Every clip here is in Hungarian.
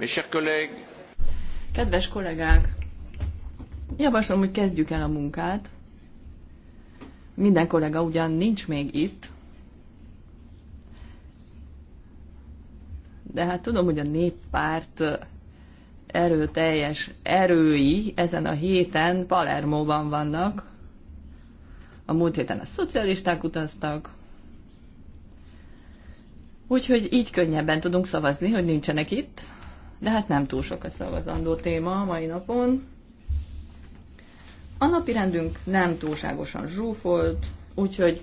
Mes chers collègues. Kedves kollégák, javaslom, hogy kezdjük el a munkát. Minden kollega ugyan nincs még itt, de hát tudom, hogy a néppárt erőteljes erői ezen a héten Palermóban vannak. A múlt héten a szocialisták utaztak, Úgyhogy így könnyebben tudunk szavazni, hogy nincsenek itt de hát nem túl sok a szavazandó téma a mai napon. A napi rendünk nem túlságosan zsúfolt, úgyhogy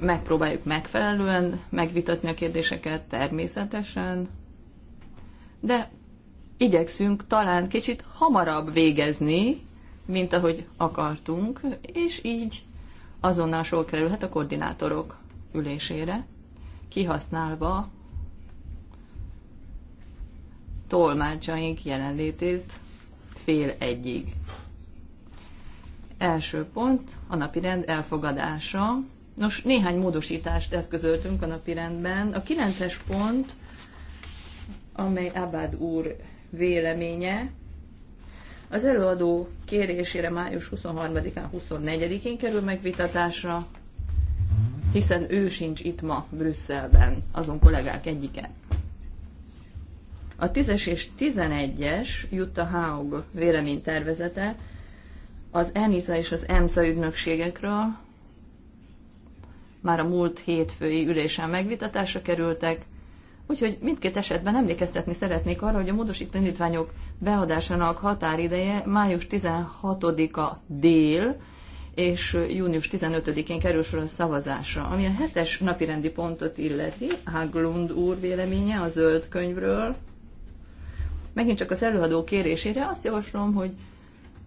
megpróbáljuk megfelelően megvitatni a kérdéseket természetesen, de igyekszünk talán kicsit hamarabb végezni, mint ahogy akartunk, és így azonnal sor kerülhet a koordinátorok ülésére, kihasználva tolmácsaink jelenlétét fél egyig. Első pont, a napirend elfogadása. Nos, néhány módosítást eszközöltünk a napirendben. A kilences pont, amely Abád úr véleménye, az előadó kérésére május 23-án, 24-én kerül megvitatásra, hiszen ő sincs itt ma Brüsszelben, azon kollégák egyike. A 10-es és 11-es Jutta Haug véleménytervezete az ENISA és az EMSA ügynökségekről már a múlt hétfői ülésen megvitatásra kerültek, úgyhogy mindkét esetben emlékeztetni szeretnék arra, hogy a módosító indítványok beadásának határideje május 16-a dél, és június 15-én kerül sor a szavazásra. Ami a hetes napirendi pontot illeti, Haglund úr véleménye a zöld könyvről, megint csak az előadó kérésére azt javaslom, hogy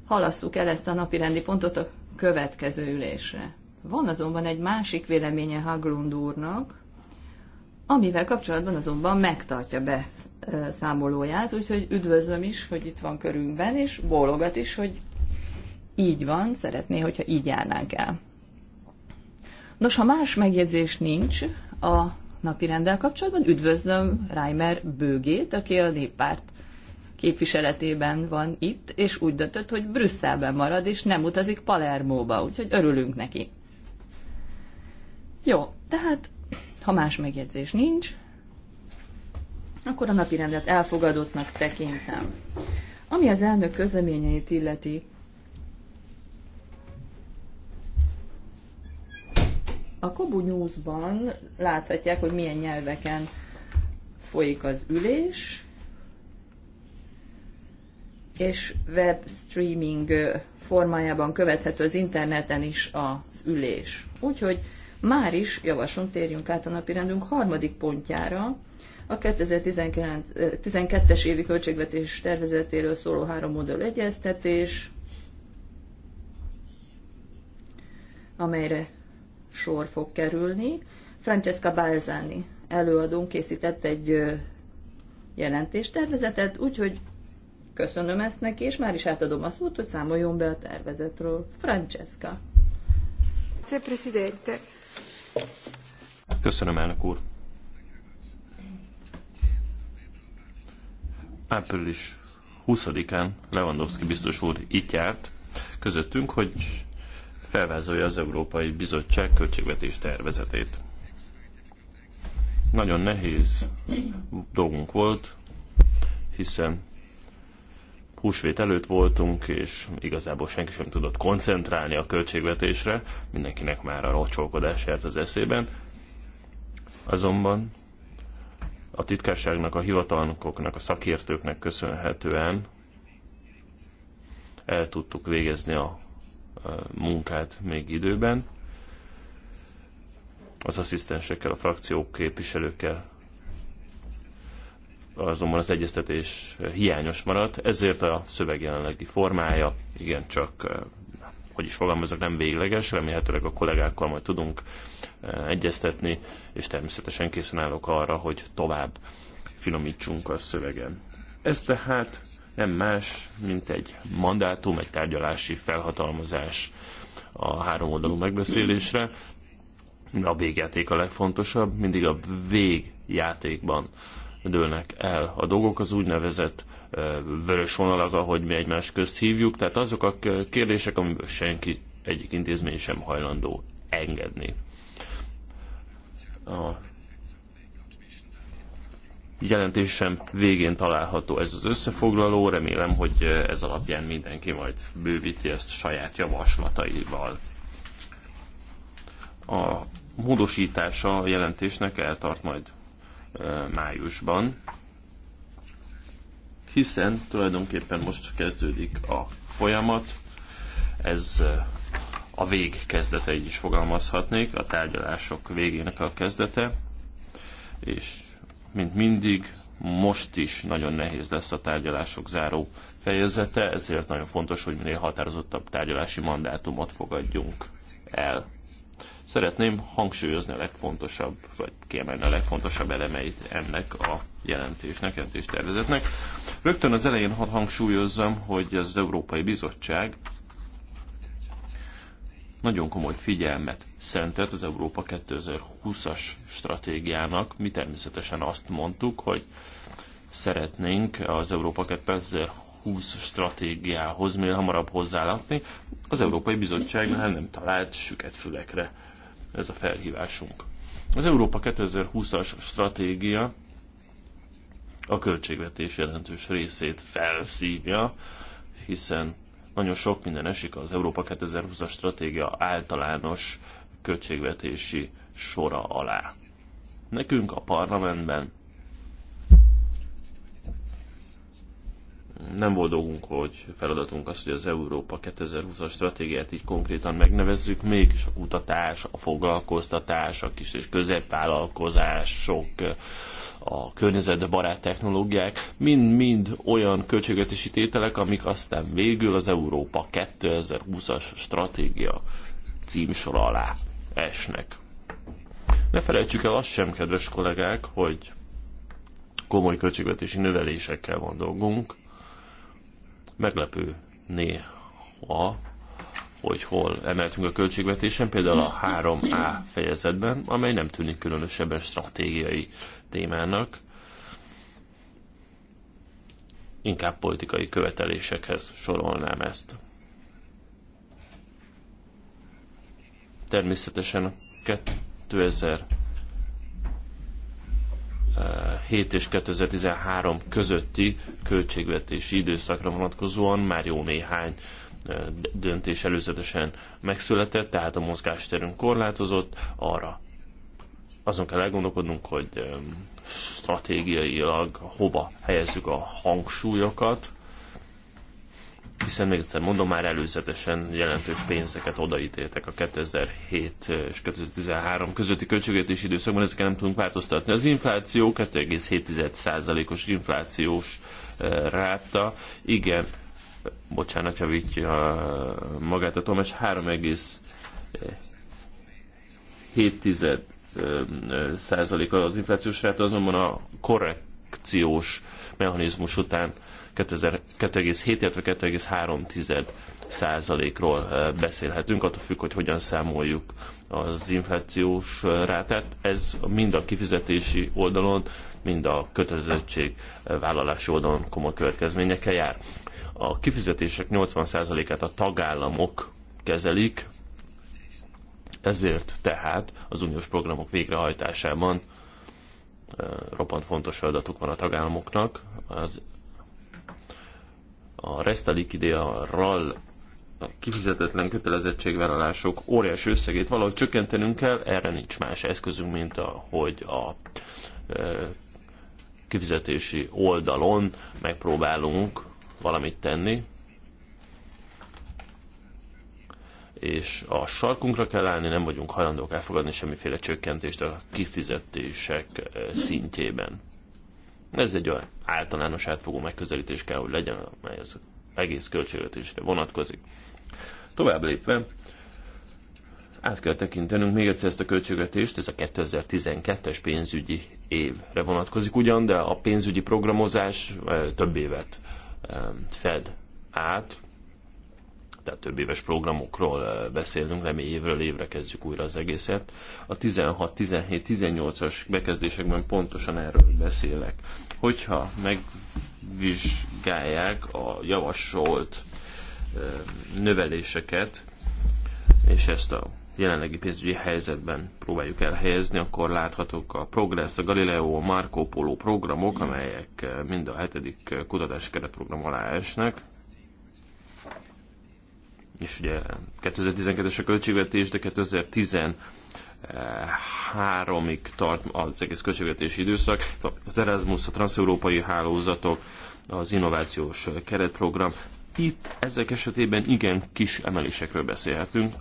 halasszuk el ezt a napi rendi pontot a következő ülésre. Van azonban egy másik véleménye Haglund úrnak, amivel kapcsolatban azonban megtartja be számolóját, úgyhogy üdvözlöm is, hogy itt van körünkben, és bólogat is, hogy így van, szeretné, hogyha így járnánk el. Nos, ha más megjegyzés nincs a napi rendel kapcsolatban, üdvözlöm Reimer Bőgét, aki a néppárt képviseletében van itt, és úgy döntött, hogy Brüsszelben marad, és nem utazik Palermóba, úgyhogy örülünk neki. Jó, tehát ha más megjegyzés nincs, akkor a napi rendet elfogadottnak tekintem. Ami az elnök közleményeit illeti, a Kobu News-ban láthatják, hogy milyen nyelveken folyik az ülés, és webstreaming formájában követhető az interneten is az ülés. Úgyhogy már is javaslom térjünk át a napirendünk harmadik pontjára, a 2012-es évi költségvetés tervezetéről szóló három modell egyeztetés, amelyre sor fog kerülni. Francesca Balzani előadón készített egy jelentéstervezetet, úgyhogy Köszönöm ezt neki, és már is átadom a szót, hogy számoljon be a tervezetről. Francesca. Köszönöm, elnök úr. Április 20-án Lewandowski biztos úr itt járt közöttünk, hogy felvázolja az Európai Bizottság költségvetés tervezetét. Nagyon nehéz dolgunk volt, hiszen húsvét előtt voltunk, és igazából senki sem tudott koncentrálni a költségvetésre, mindenkinek már a rocsolkodás járt az eszében. Azonban a titkárságnak, a hivatalnokoknak, a szakértőknek köszönhetően el tudtuk végezni a munkát még időben. Az asszisztensekkel, a frakciók képviselőkkel azonban az egyeztetés hiányos maradt, ezért a szöveg jelenlegi formája csak eh, hogy is fogalmazok, nem végleges, remélhetőleg a kollégákkal majd tudunk eh, egyeztetni, és természetesen készen állok arra, hogy tovább finomítsunk a szövegen. Ez tehát nem más, mint egy mandátum, egy tárgyalási felhatalmazás a három oldalú megbeszélésre. A végjáték a legfontosabb, mindig a végjátékban dőlnek el a dolgok, az úgynevezett vörös vonalak, ahogy mi egymás közt hívjuk, tehát azok a kérdések, amiből senki egyik intézmény sem hajlandó engedni. A jelentésem végén található ez az összefoglaló, remélem, hogy ez alapján mindenki majd bővíti ezt saját javaslataival. A módosítása a jelentésnek eltart majd májusban, hiszen tulajdonképpen most kezdődik a folyamat, ez a vég kezdete, így is fogalmazhatnék, a tárgyalások végének a kezdete, és mint mindig, most is nagyon nehéz lesz a tárgyalások záró fejezete, ezért nagyon fontos, hogy minél határozottabb tárgyalási mandátumot fogadjunk el. Szeretném hangsúlyozni a legfontosabb, vagy kiemelni a legfontosabb elemeit ennek a jelentésnek, jelentéstervezetnek. Rögtön az elején hadd hangsúlyozzam, hogy az Európai Bizottság nagyon komoly figyelmet szentelt az Európa 2020-as stratégiának. Mi természetesen azt mondtuk, hogy szeretnénk az Európa 2020 stratégiához minél hamarabb hozzálatni. Az Európai Bizottság nem talált süket fülekre ez a felhívásunk. Az Európa 2020-as stratégia a költségvetés jelentős részét felszívja, hiszen nagyon sok minden esik az Európa 2020-as stratégia általános költségvetési sora alá. Nekünk a parlamentben nem volt dolgunk, hogy feladatunk az, hogy az Európa 2020-as stratégiát így konkrétan megnevezzük, mégis a kutatás, a foglalkoztatás, a kis és középvállalkozások, a környezetbarát technológiák, mind-mind olyan költségvetési tételek, amik aztán végül az Európa 2020-as stratégia címsor alá esnek. Ne felejtsük el azt sem, kedves kollégák, hogy komoly költségvetési növelésekkel van dolgunk, Meglepő néha, hogy hol emeltünk a költségvetésen, például a 3A fejezetben, amely nem tűnik különösebben stratégiai témának, inkább politikai követelésekhez sorolnám ezt. Természetesen 2000 7 és 2013 közötti költségvetési időszakra vonatkozóan már jó néhány döntés előzetesen megszületett, tehát a mozgásterünk korlátozott, arra azon kell elgondolkodnunk, hogy stratégiailag hova helyezzük a hangsúlyokat, hiszen még egyszer mondom, már előzetesen jelentős pénzeket odaítéltek a 2007 és 2013 közötti költségvetési időszakban, ezeket nem tudunk változtatni. Az infláció 2,7%-os inflációs eh, ráta, igen, bocsánat, javítja eh, magát a Tomás, 3,7 eh, az inflációs ráta, azonban a korrekciós mechanizmus után 2,7, illetve 2,3 százalékról beszélhetünk, attól függ, hogy hogyan számoljuk az inflációs rátát. Ez mind a kifizetési oldalon, mind a kötelezettség vállalási oldalon komoly következményekkel jár. A kifizetések 80%-át a tagállamok kezelik, ezért tehát az uniós programok végrehajtásában roppant fontos feladatuk van a tagállamoknak. Az a Liquidea-ral a kifizetetlen kötelezettségvállalások óriási összegét valahogy csökkentenünk kell, erre nincs más eszközünk, mint a, hogy a e, kifizetési oldalon megpróbálunk valamit tenni, és a sarkunkra kell állni, nem vagyunk hajlandók elfogadni semmiféle csökkentést a kifizetések e, szintjében. Ez egy olyan általános átfogó megközelítés kell, hogy legyen, amely az egész költségvetésre vonatkozik. Tovább lépve, át kell tekintenünk még egyszer ezt a költségvetést, ez a 2012-es pénzügyi évre vonatkozik ugyan, de a pénzügyi programozás eh, több évet eh, fed át, tehát több éves programokról eh, beszélünk, nem évről évre kezdjük újra az egészet. A 16, 17, 18-as bekezdésekben pontosan erről beszélek. Hogyha megvizsgálják a javasolt eh, növeléseket, és ezt a jelenlegi pénzügyi helyzetben próbáljuk elhelyezni, akkor láthatók a Progress, a Galileo, a Marco Polo programok, amelyek eh, mind a hetedik kutatás keretprogram alá esnek és ugye 2012-es a költségvetés, de 2013-ig tart az egész költségvetési időszak. Az Erasmus, a transeurópai hálózatok, az innovációs keretprogram. Itt ezek esetében igen kis emelésekről beszélhetünk.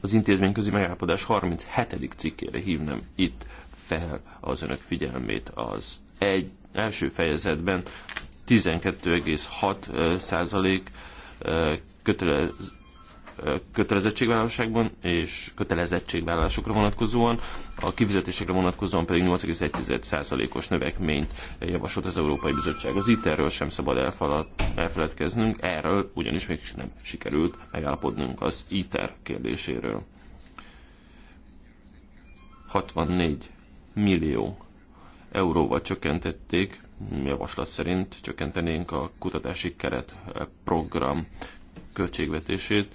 Az intézményközi megállapodás 37. cikkére hívnám itt fel az önök figyelmét az egy első fejezetben 12,6 százalék kötelez, kötelezettségvállalásokban és kötelezettségvállalásokra vonatkozóan, a kifizetésekre vonatkozóan pedig 81 százalékos növekményt javasolt az Európai Bizottság. Az ITER-ről sem szabad elfalad, elfeledkeznünk, erről ugyanis még nem sikerült megállapodnunk az ITER kérdéséről. 64 millió euróval csökkentették javaslat szerint csökkentenénk a kutatási keret eh, program költségvetését,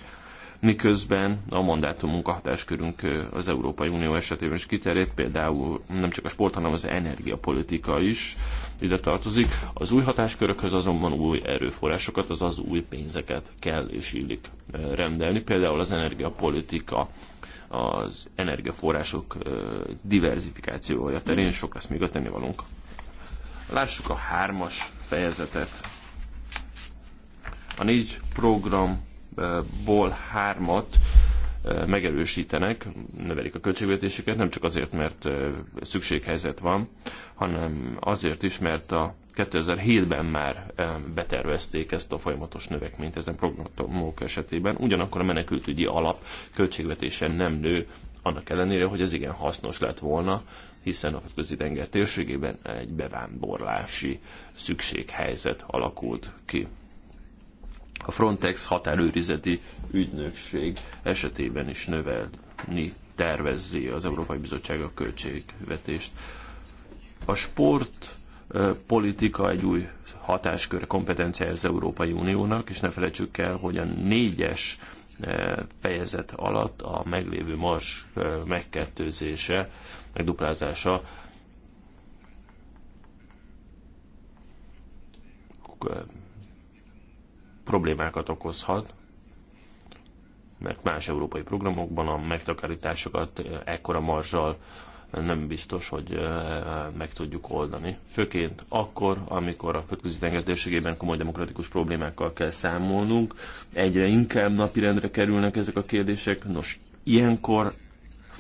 miközben a mandátumunk a hatáskörünk eh, az Európai Unió esetében is kiterjedt, például nem csak a sport, hanem az energiapolitika is ide tartozik. Az új hatáskörökhöz azonban új erőforrásokat, azaz új pénzeket kell és illik eh, rendelni, például az energiapolitika az energiaforrások diversifikációja terén sok lesz még a tennivalónk. Lássuk a hármas fejezetet. A négy programból hármat eh, megerősítenek, növelik a költségvetésüket, nem csak azért, mert eh, szükséghelyzet van, hanem azért is, mert a 2007-ben már eh, betervezték ezt a folyamatos növekményt ezen programok esetében. Ugyanakkor a menekültügyi alap költségvetésen nem nő, annak ellenére, hogy ez igen hasznos lett volna hiszen a közi-tenger térségében egy bevándorlási szükséghelyzet alakult ki. A Frontex határőrizeti ügynökség esetében is növelni tervezzi az Európai Bizottság a költségvetést. A sport politika egy új hatáskör kompetenciája az Európai Uniónak, és ne felejtsük el, hogy a négyes E, fejezet alatt a meglévő mars e, megkettőzése, megduplázása e, problémákat okozhat, mert más európai programokban a megtakarításokat ekkora marzsal nem biztos, hogy meg tudjuk oldani. Főként akkor, amikor a földközi tenger komoly demokratikus problémákkal kell számolnunk, egyre inkább napirendre kerülnek ezek a kérdések. Nos, ilyenkor,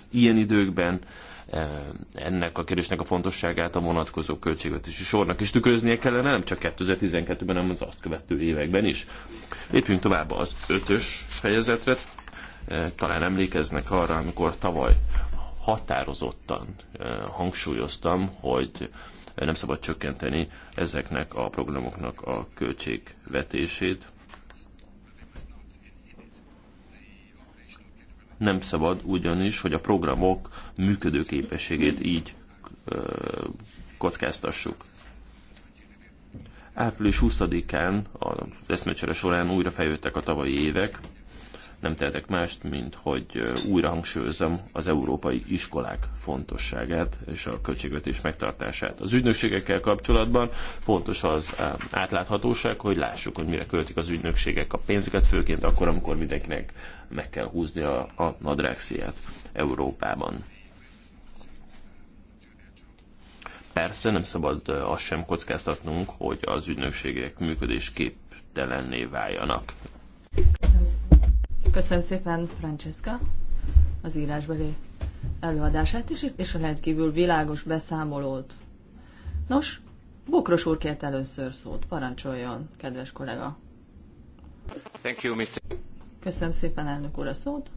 ilyen időkben ennek a kérdésnek a fontosságát a vonatkozó költségvetési sornak is tükröznie kellene, nem csak 2012-ben, hanem az azt követő években is. Lépjünk tovább az ötös fejezetre. Talán emlékeznek arra, amikor tavaly határozottan hangsúlyoztam, hogy nem szabad csökkenteni ezeknek a programoknak a költségvetését. Nem szabad ugyanis, hogy a programok működőképességét így kockáztassuk. Április 20-án az eszmecsere során újra feljöttek a tavalyi évek, nem tehetek mást, mint hogy újra hangsúlyozom az európai iskolák fontosságát és a költségvetés megtartását. Az ügynökségekkel kapcsolatban fontos az átláthatóság, hogy lássuk, hogy mire költik az ügynökségek a pénzeket, főként akkor, amikor mindenkinek meg kell húzni a, a nadrágsziát Európában. Persze nem szabad azt sem kockáztatnunk, hogy az ügynökségek működés képtelenné váljanak. Köszönöm Köszönöm szépen, Francesca, az írásbeli előadását is, és a rendkívül világos beszámolót. Nos, Bokros úr kért először szót. Parancsoljon, kedves kollega. Thank you, Mr. Köszönöm szépen, elnök úr, a szót.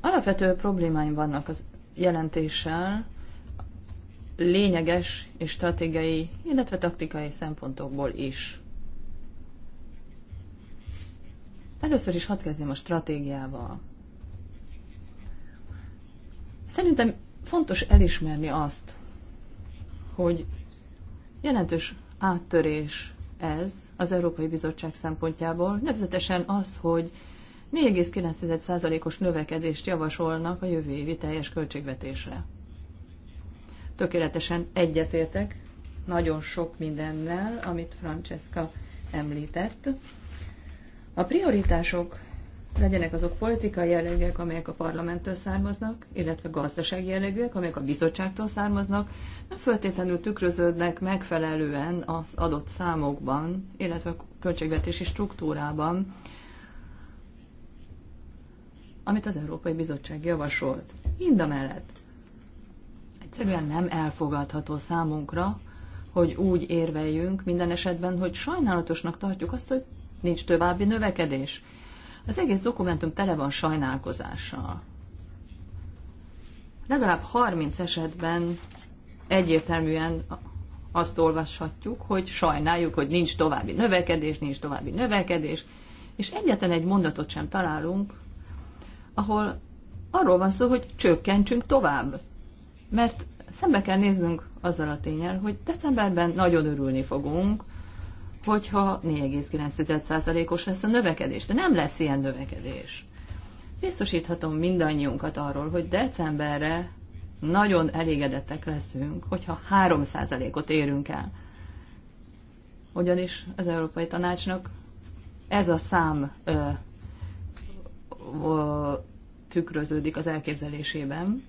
Alapvető problémáim vannak az jelentéssel, lényeges és stratégiai, illetve taktikai szempontokból is. Először is hadd kezdjem a stratégiával. Szerintem fontos elismerni azt, hogy jelentős áttörés ez az Európai Bizottság szempontjából, nevezetesen az, hogy 4,9%-os növekedést javasolnak a jövő évi teljes költségvetésre. Tökéletesen egyetértek nagyon sok mindennel, amit Francesca említett, a prioritások legyenek azok politikai jellegűek, amelyek a parlamenttől származnak, illetve gazdasági jellegűek, amelyek a bizottságtól származnak, nem feltétlenül tükröződnek megfelelően az adott számokban, illetve a költségvetési struktúrában, amit az Európai Bizottság javasolt. Mind a mellett egyszerűen nem elfogadható számunkra, hogy úgy érveljünk minden esetben, hogy sajnálatosnak tartjuk azt, hogy nincs további növekedés. Az egész dokumentum tele van sajnálkozással. Legalább 30 esetben egyértelműen azt olvashatjuk, hogy sajnáljuk, hogy nincs további növekedés, nincs további növekedés, és egyetlen egy mondatot sem találunk, ahol arról van szó, hogy csökkentsünk tovább. Mert szembe kell néznünk azzal a tényel, hogy decemberben nagyon örülni fogunk, hogyha 4,9%-os lesz a növekedés. De nem lesz ilyen növekedés. Biztosíthatom mindannyiunkat arról, hogy decemberre nagyon elégedettek leszünk, hogyha 3%-ot érünk el. Ugyanis az Európai Tanácsnak ez a szám ö, ö, tükröződik az elképzelésében.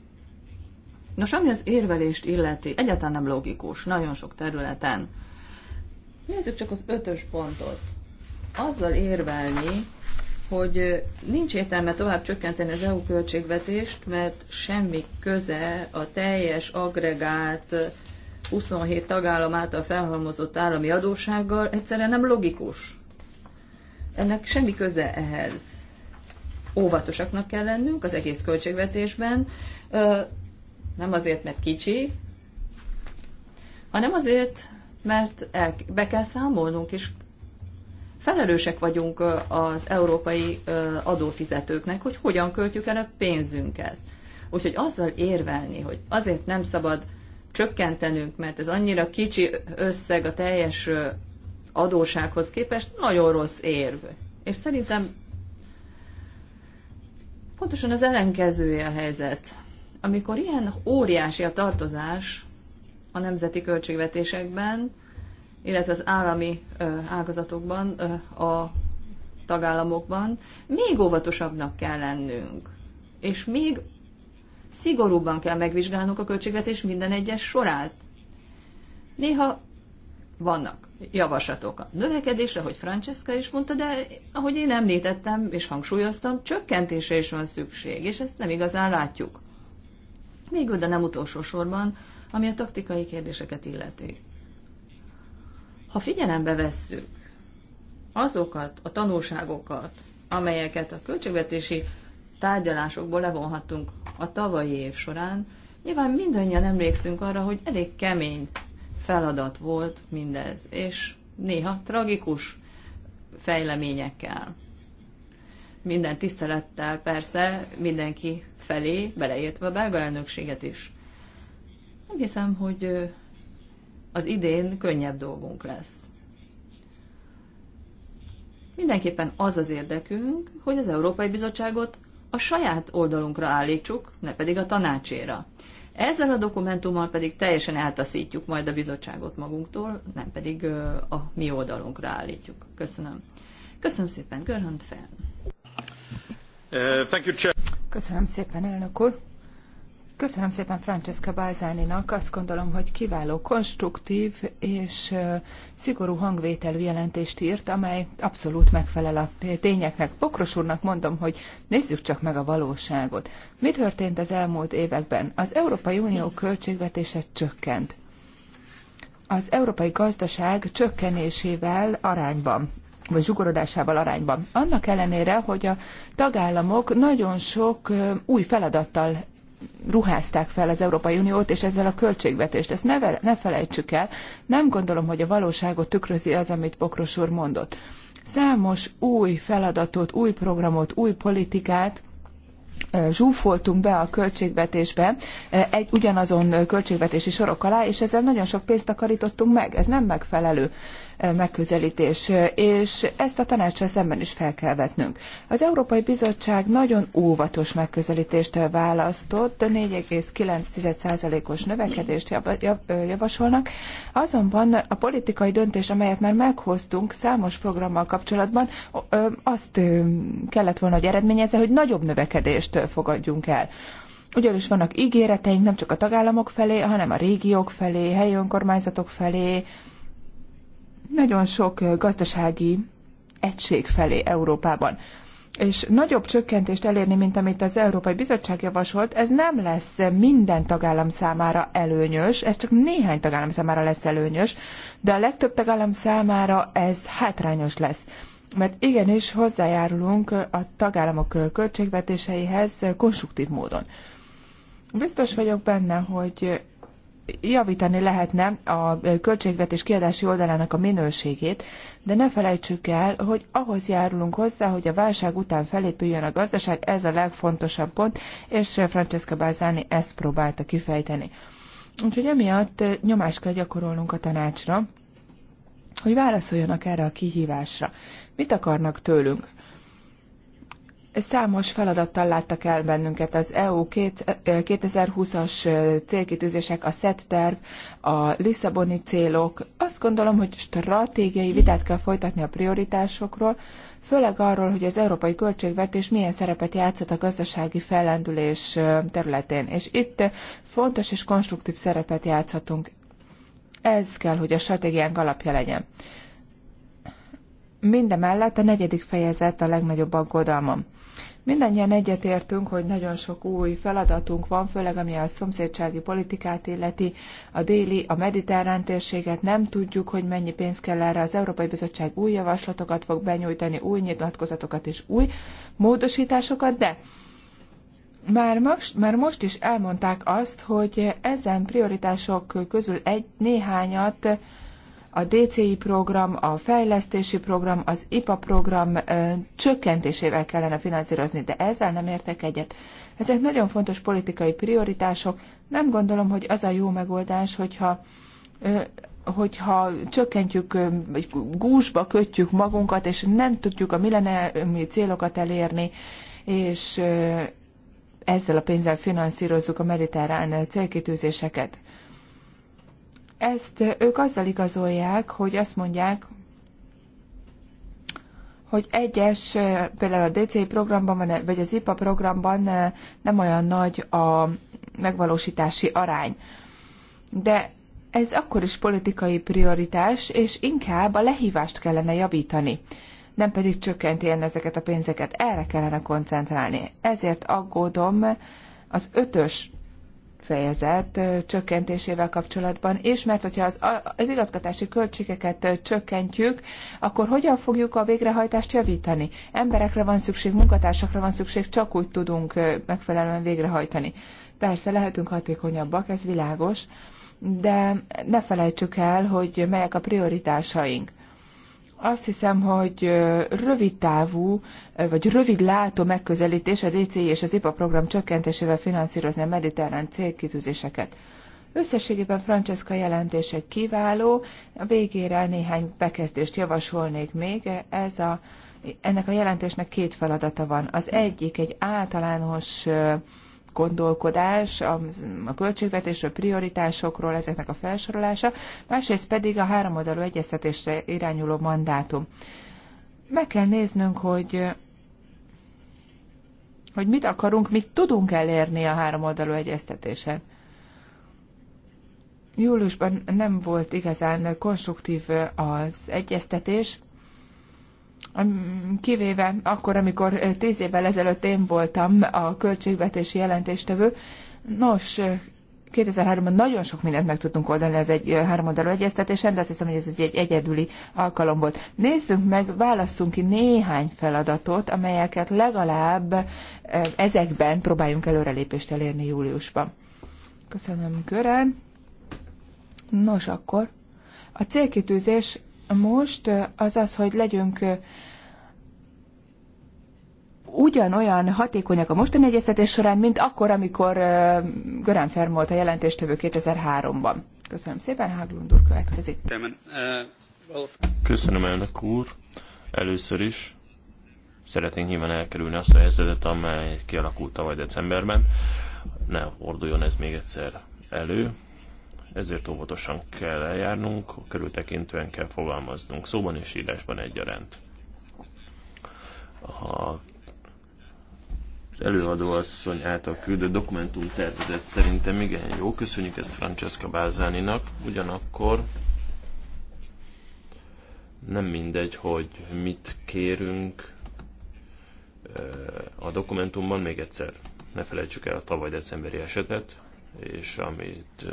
Nos, ami az érvelést illeti, egyáltalán nem logikus, nagyon sok területen Nézzük csak az ötös pontot. Azzal érvelni, hogy nincs értelme tovább csökkenteni az EU költségvetést, mert semmi köze a teljes agregált 27 tagállam által felhalmozott állami adóssággal egyszerűen nem logikus. Ennek semmi köze ehhez. Óvatosaknak kell lennünk az egész költségvetésben, nem azért, mert kicsi, hanem azért, mert el, be kell számolnunk, és felelősek vagyunk az európai adófizetőknek, hogy hogyan költjük el a pénzünket. Úgyhogy azzal érvelni, hogy azért nem szabad csökkentenünk, mert ez annyira kicsi összeg a teljes adósághoz képest, nagyon rossz érv. És szerintem pontosan az ellenkezője a helyzet. Amikor ilyen óriási a tartozás, a nemzeti költségvetésekben, illetve az állami ágazatokban, a tagállamokban még óvatosabbnak kell lennünk, és még szigorúban kell megvizsgálnunk a költségvetés minden egyes sorát. Néha vannak javaslatok a növekedésre, hogy Francesca is mondta, de ahogy én említettem és hangsúlyoztam, csökkentésre is van szükség, és ezt nem igazán látjuk. Végül, de nem utolsó sorban, ami a taktikai kérdéseket illeti. Ha figyelembe vesszük azokat a tanulságokat, amelyeket a költségvetési tárgyalásokból levonhattunk a tavalyi év során, nyilván mindannyian emlékszünk arra, hogy elég kemény feladat volt mindez, és néha tragikus fejleményekkel. Minden tisztelettel persze mindenki felé, beleértve a belga elnökséget is. Nem hiszem, hogy az idén könnyebb dolgunk lesz. Mindenképpen az az érdekünk, hogy az Európai Bizottságot a saját oldalunkra állítsuk, ne pedig a tanácséra. Ezzel a dokumentummal pedig teljesen eltaszítjuk majd a bizottságot magunktól, nem pedig a mi oldalunkra állítjuk. Köszönöm. Köszönöm szépen, Görhönt fel. Uh, Köszönöm szépen, elnök úr. Köszönöm szépen Francesca Balzáninak. Azt gondolom, hogy kiváló, konstruktív és szigorú hangvételű jelentést írt, amely abszolút megfelel a tényeknek. Pokros úrnak mondom, hogy nézzük csak meg a valóságot. Mi történt az elmúlt években? Az Európai Unió költségvetése csökkent. Az európai gazdaság csökkenésével arányban vagy zsugorodásával arányban. Annak ellenére, hogy a tagállamok nagyon sok új feladattal ruházták fel az Európai Uniót, és ezzel a költségvetést. Ezt ne, ne felejtsük el. Nem gondolom, hogy a valóságot tükrözi az, amit Bokros úr mondott. Számos új feladatot, új programot, új politikát zsúfoltunk be a költségvetésbe egy ugyanazon költségvetési sorok alá, és ezzel nagyon sok pénzt takarítottunk meg. Ez nem megfelelő megközelítés, és ezt a tanácssal szemben is fel kell vetnünk. Az Európai Bizottság nagyon óvatos megközelítést választott, 4,9%-os növekedést javasolnak, azonban a politikai döntés, amelyet már meghoztunk számos programmal kapcsolatban, azt kellett volna, hogy eredményezze, hogy nagyobb növekedést fogadjunk el. Ugyanis vannak ígéreteink nem csak a tagállamok felé, hanem a régiók felé, helyi önkormányzatok felé, nagyon sok gazdasági egység felé Európában. És nagyobb csökkentést elérni, mint amit az Európai Bizottság javasolt, ez nem lesz minden tagállam számára előnyös, ez csak néhány tagállam számára lesz előnyös, de a legtöbb tagállam számára ez hátrányos lesz. Mert igenis hozzájárulunk a tagállamok költségvetéseihez konstruktív módon. Biztos vagyok benne, hogy javítani lehetne a költségvetés kiadási oldalának a minőségét, de ne felejtsük el, hogy ahhoz járulunk hozzá, hogy a válság után felépüljön a gazdaság, ez a legfontosabb pont, és Francesca Balzani ezt próbálta kifejteni. Úgyhogy emiatt nyomást kell gyakorolnunk a tanácsra, hogy válaszoljanak erre a kihívásra. Mit akarnak tőlünk? Számos feladattal láttak el bennünket az EU 2020-as célkitűzések, a SZET terv, a Lisszaboni célok. Azt gondolom, hogy stratégiai vitát kell folytatni a prioritásokról, főleg arról, hogy az európai költségvetés milyen szerepet játszott a gazdasági fellendülés területén. És itt fontos és konstruktív szerepet játszhatunk. Ez kell, hogy a stratégiánk alapja legyen. Mindemellett a negyedik fejezet a legnagyobb aggodalmam. Mindannyian egyetértünk, hogy nagyon sok új feladatunk van, főleg ami a szomszédsági politikát illeti, a déli, a mediterrán térséget, nem tudjuk, hogy mennyi pénz kell erre, az Európai Bizottság új javaslatokat fog benyújtani, új nyilatkozatokat és új módosításokat, de már most, már most is elmondták azt, hogy ezen prioritások közül egy néhányat a DCI program, a fejlesztési program, az IPA program csökkentésével kellene finanszírozni, de ezzel nem értek egyet. Ezek nagyon fontos politikai prioritások. Nem gondolom, hogy az a jó megoldás, hogyha hogyha csökkentjük, vagy gúzsba kötjük magunkat, és nem tudjuk a millenniumi célokat elérni, és ezzel a pénzzel finanszírozzuk a mediterrán célkitűzéseket. Ezt ők azzal igazolják, hogy azt mondják, hogy egyes, eh, például a DC programban, vagy az IPA programban eh, nem olyan nagy a megvalósítási arány. De ez akkor is politikai prioritás, és inkább a lehívást kellene javítani, nem pedig csökkentélni ezeket a pénzeket. Erre kellene koncentrálni. Ezért aggódom az ötös fejezet csökkentésével kapcsolatban is, mert hogyha az, az igazgatási költségeket csökkentjük, akkor hogyan fogjuk a végrehajtást javítani? Emberekre van szükség, munkatársakra van szükség, csak úgy tudunk megfelelően végrehajtani. Persze lehetünk hatékonyabbak, ez világos, de ne felejtsük el, hogy melyek a prioritásaink azt hiszem, hogy rövidtávú vagy rövid látó megközelítés a DCI és az IPA program csökkentésével finanszírozni a mediterrán célkitűzéseket. Összességében Francesca jelentése kiváló, a végére néhány bekezdést javasolnék még. Ez a, ennek a jelentésnek két feladata van. Az egyik egy általános gondolkodás, a, a költségvetésről, prioritásokról, ezeknek a felsorolása, másrészt pedig a háromoldalú egyeztetésre irányuló mandátum. Meg kell néznünk, hogy hogy mit akarunk, mit tudunk elérni a háromoldalú egyeztetésen júliusban nem volt igazán konstruktív az egyeztetés, kivéve akkor, amikor tíz évvel ezelőtt én voltam a költségvetési jelentéstevő. Nos, 2003-ban nagyon sok mindent meg tudtunk oldani az egy háromoldalú egyeztetésen, de azt hiszem, hogy ez egy egyedüli alkalom volt. Nézzünk meg, válasszunk ki néhány feladatot, amelyeket legalább ezekben próbáljunk előrelépést elérni júliusban. Köszönöm, Körán. Nos, akkor a célkitűzés most, az az, hogy legyünk ugyanolyan hatékonyak a mostani egyeztetés során, mint akkor, amikor Görán Ferm volt a jelentéstevő 2003-ban. Köszönöm szépen, Háglund úr következik. Uh, Köszönöm, elnök úr. Először is szeretnénk nyilván elkerülni azt a helyzetet, amely kialakult tavaly decemberben. Ne forduljon ez még egyszer elő ezért óvatosan kell eljárnunk, körültekintően kell fogalmaznunk, szóban és írásban egyaránt. A az asszony által küldött dokumentum tervezet szerintem igen jó, köszönjük ezt Francesca Bázáninak, ugyanakkor nem mindegy, hogy mit kérünk a dokumentumban, még egyszer ne felejtsük el a tavaly decemberi esetet, és amit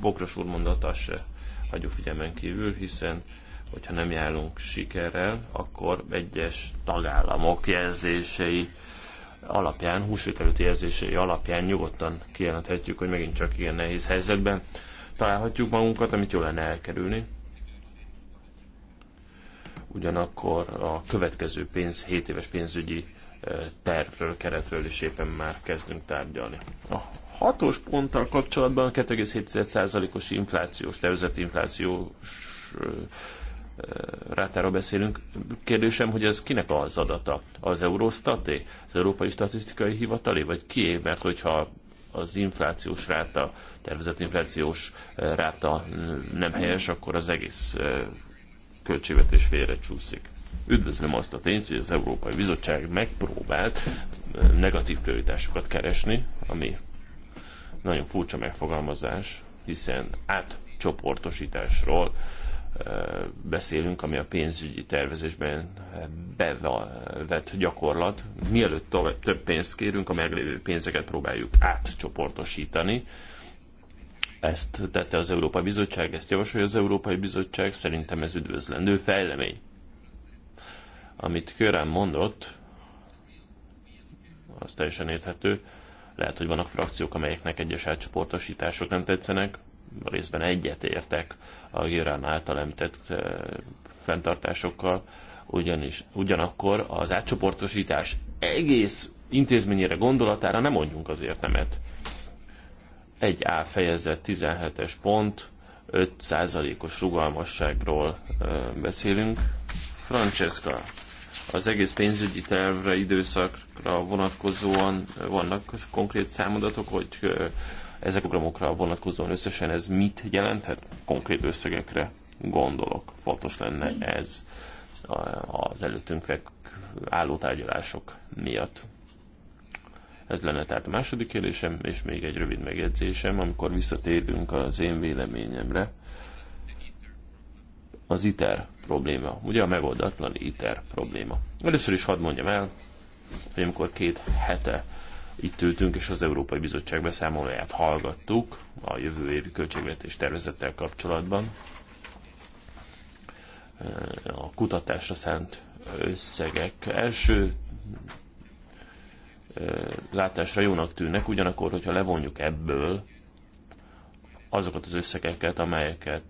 Bokros úr mondott, azt se hagyjuk figyelmen kívül, hiszen hogyha nem járunk sikerrel, akkor egyes tagállamok jelzései alapján, húsvét előtti jelzései alapján nyugodtan kijelenthetjük, hogy megint csak ilyen nehéz helyzetben találhatjuk magunkat, amit jól lenne elkerülni. Ugyanakkor a következő pénz, 7 éves pénzügyi tervről, keretről is éppen már kezdünk tárgyalni. A ah, hatos ponttal kapcsolatban 2,7%-os inflációs, tervezett inflációs rátára beszélünk. Kérdésem, hogy ez kinek az adata? Az Eurostaté? Az Európai Statisztikai Hivatalé? Vagy kié? Mert hogyha az inflációs ráta, tervezett inflációs ráta nem helyes, akkor az egész költségvetés félre csúszik. Üdvözlöm azt a tényt, hogy az Európai Bizottság megpróbált negatív prioritásokat keresni, ami nagyon furcsa megfogalmazás, hiszen átcsoportosításról beszélünk, ami a pénzügyi tervezésben bevett gyakorlat. Mielőtt több pénzt kérünk, a meglévő pénzeket próbáljuk átcsoportosítani. Ezt tette az Európai Bizottság, ezt javasolja az Európai Bizottság, szerintem ez üdvözlendő fejlemény. Amit Körán mondott, az teljesen érthető, lehet, hogy vannak frakciók, amelyeknek egyes átcsoportosítások nem tetszenek, részben egyetértek a Girán által említett fenntartásokkal, ugyanis, ugyanakkor az átcsoportosítás egész intézményére gondolatára nem mondjunk az értemet. Egy A fejezet 17-es pont, 5%-os rugalmasságról beszélünk. Francesca az egész pénzügyi tervre időszakra vonatkozóan vannak konkrét számodatok, hogy ezek a programokra vonatkozóan összesen ez mit jelenthet? Konkrét összegekre gondolok. Fontos lenne ez az előttünk álló tárgyalások miatt. Ez lenne tehát a második kérdésem, és még egy rövid megjegyzésem, amikor visszatérünk az én véleményemre az ITER probléma, ugye a megoldatlan ITER probléma. Először is hadd mondjam el, hogy amikor két hete itt ültünk, és az Európai Bizottság beszámolóját hallgattuk a jövő évi költségvetés tervezettel kapcsolatban. Eh, a kutatásra szánt összegek első eh, látásra jónak tűnnek, ugyanakkor, hogyha levonjuk ebből azokat az összegeket, amelyeket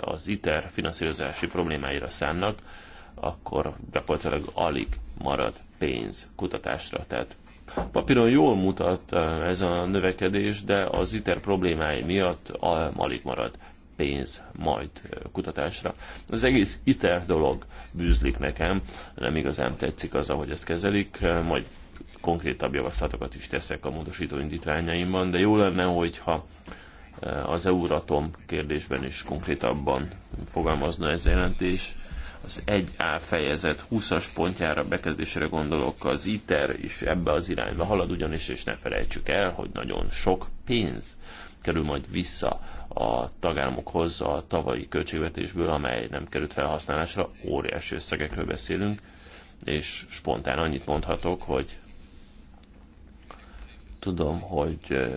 az ITER finanszírozási problémáira szánnak, akkor gyakorlatilag alig marad pénz kutatásra. Tehát papíron jól mutat ez a növekedés, de az ITER problémái miatt alig marad pénz majd kutatásra. Az egész ITER dolog bűzlik nekem, nem igazán tetszik az, ahogy ezt kezelik, majd konkrétabb javaslatokat is teszek a módosító indítványaimban, de jó lenne, hogyha az Euratom kérdésben is konkrétabban fogalmazna ez jelentés. Az 1A fejezet 20-as pontjára bekezdésre gondolok, az ITER is ebbe az irányba halad ugyanis, és ne felejtsük el, hogy nagyon sok pénz kerül majd vissza a tagállamokhoz a tavalyi költségvetésből, amely nem került felhasználásra, óriási összegekről beszélünk, és spontán annyit mondhatok, hogy Tudom, hogy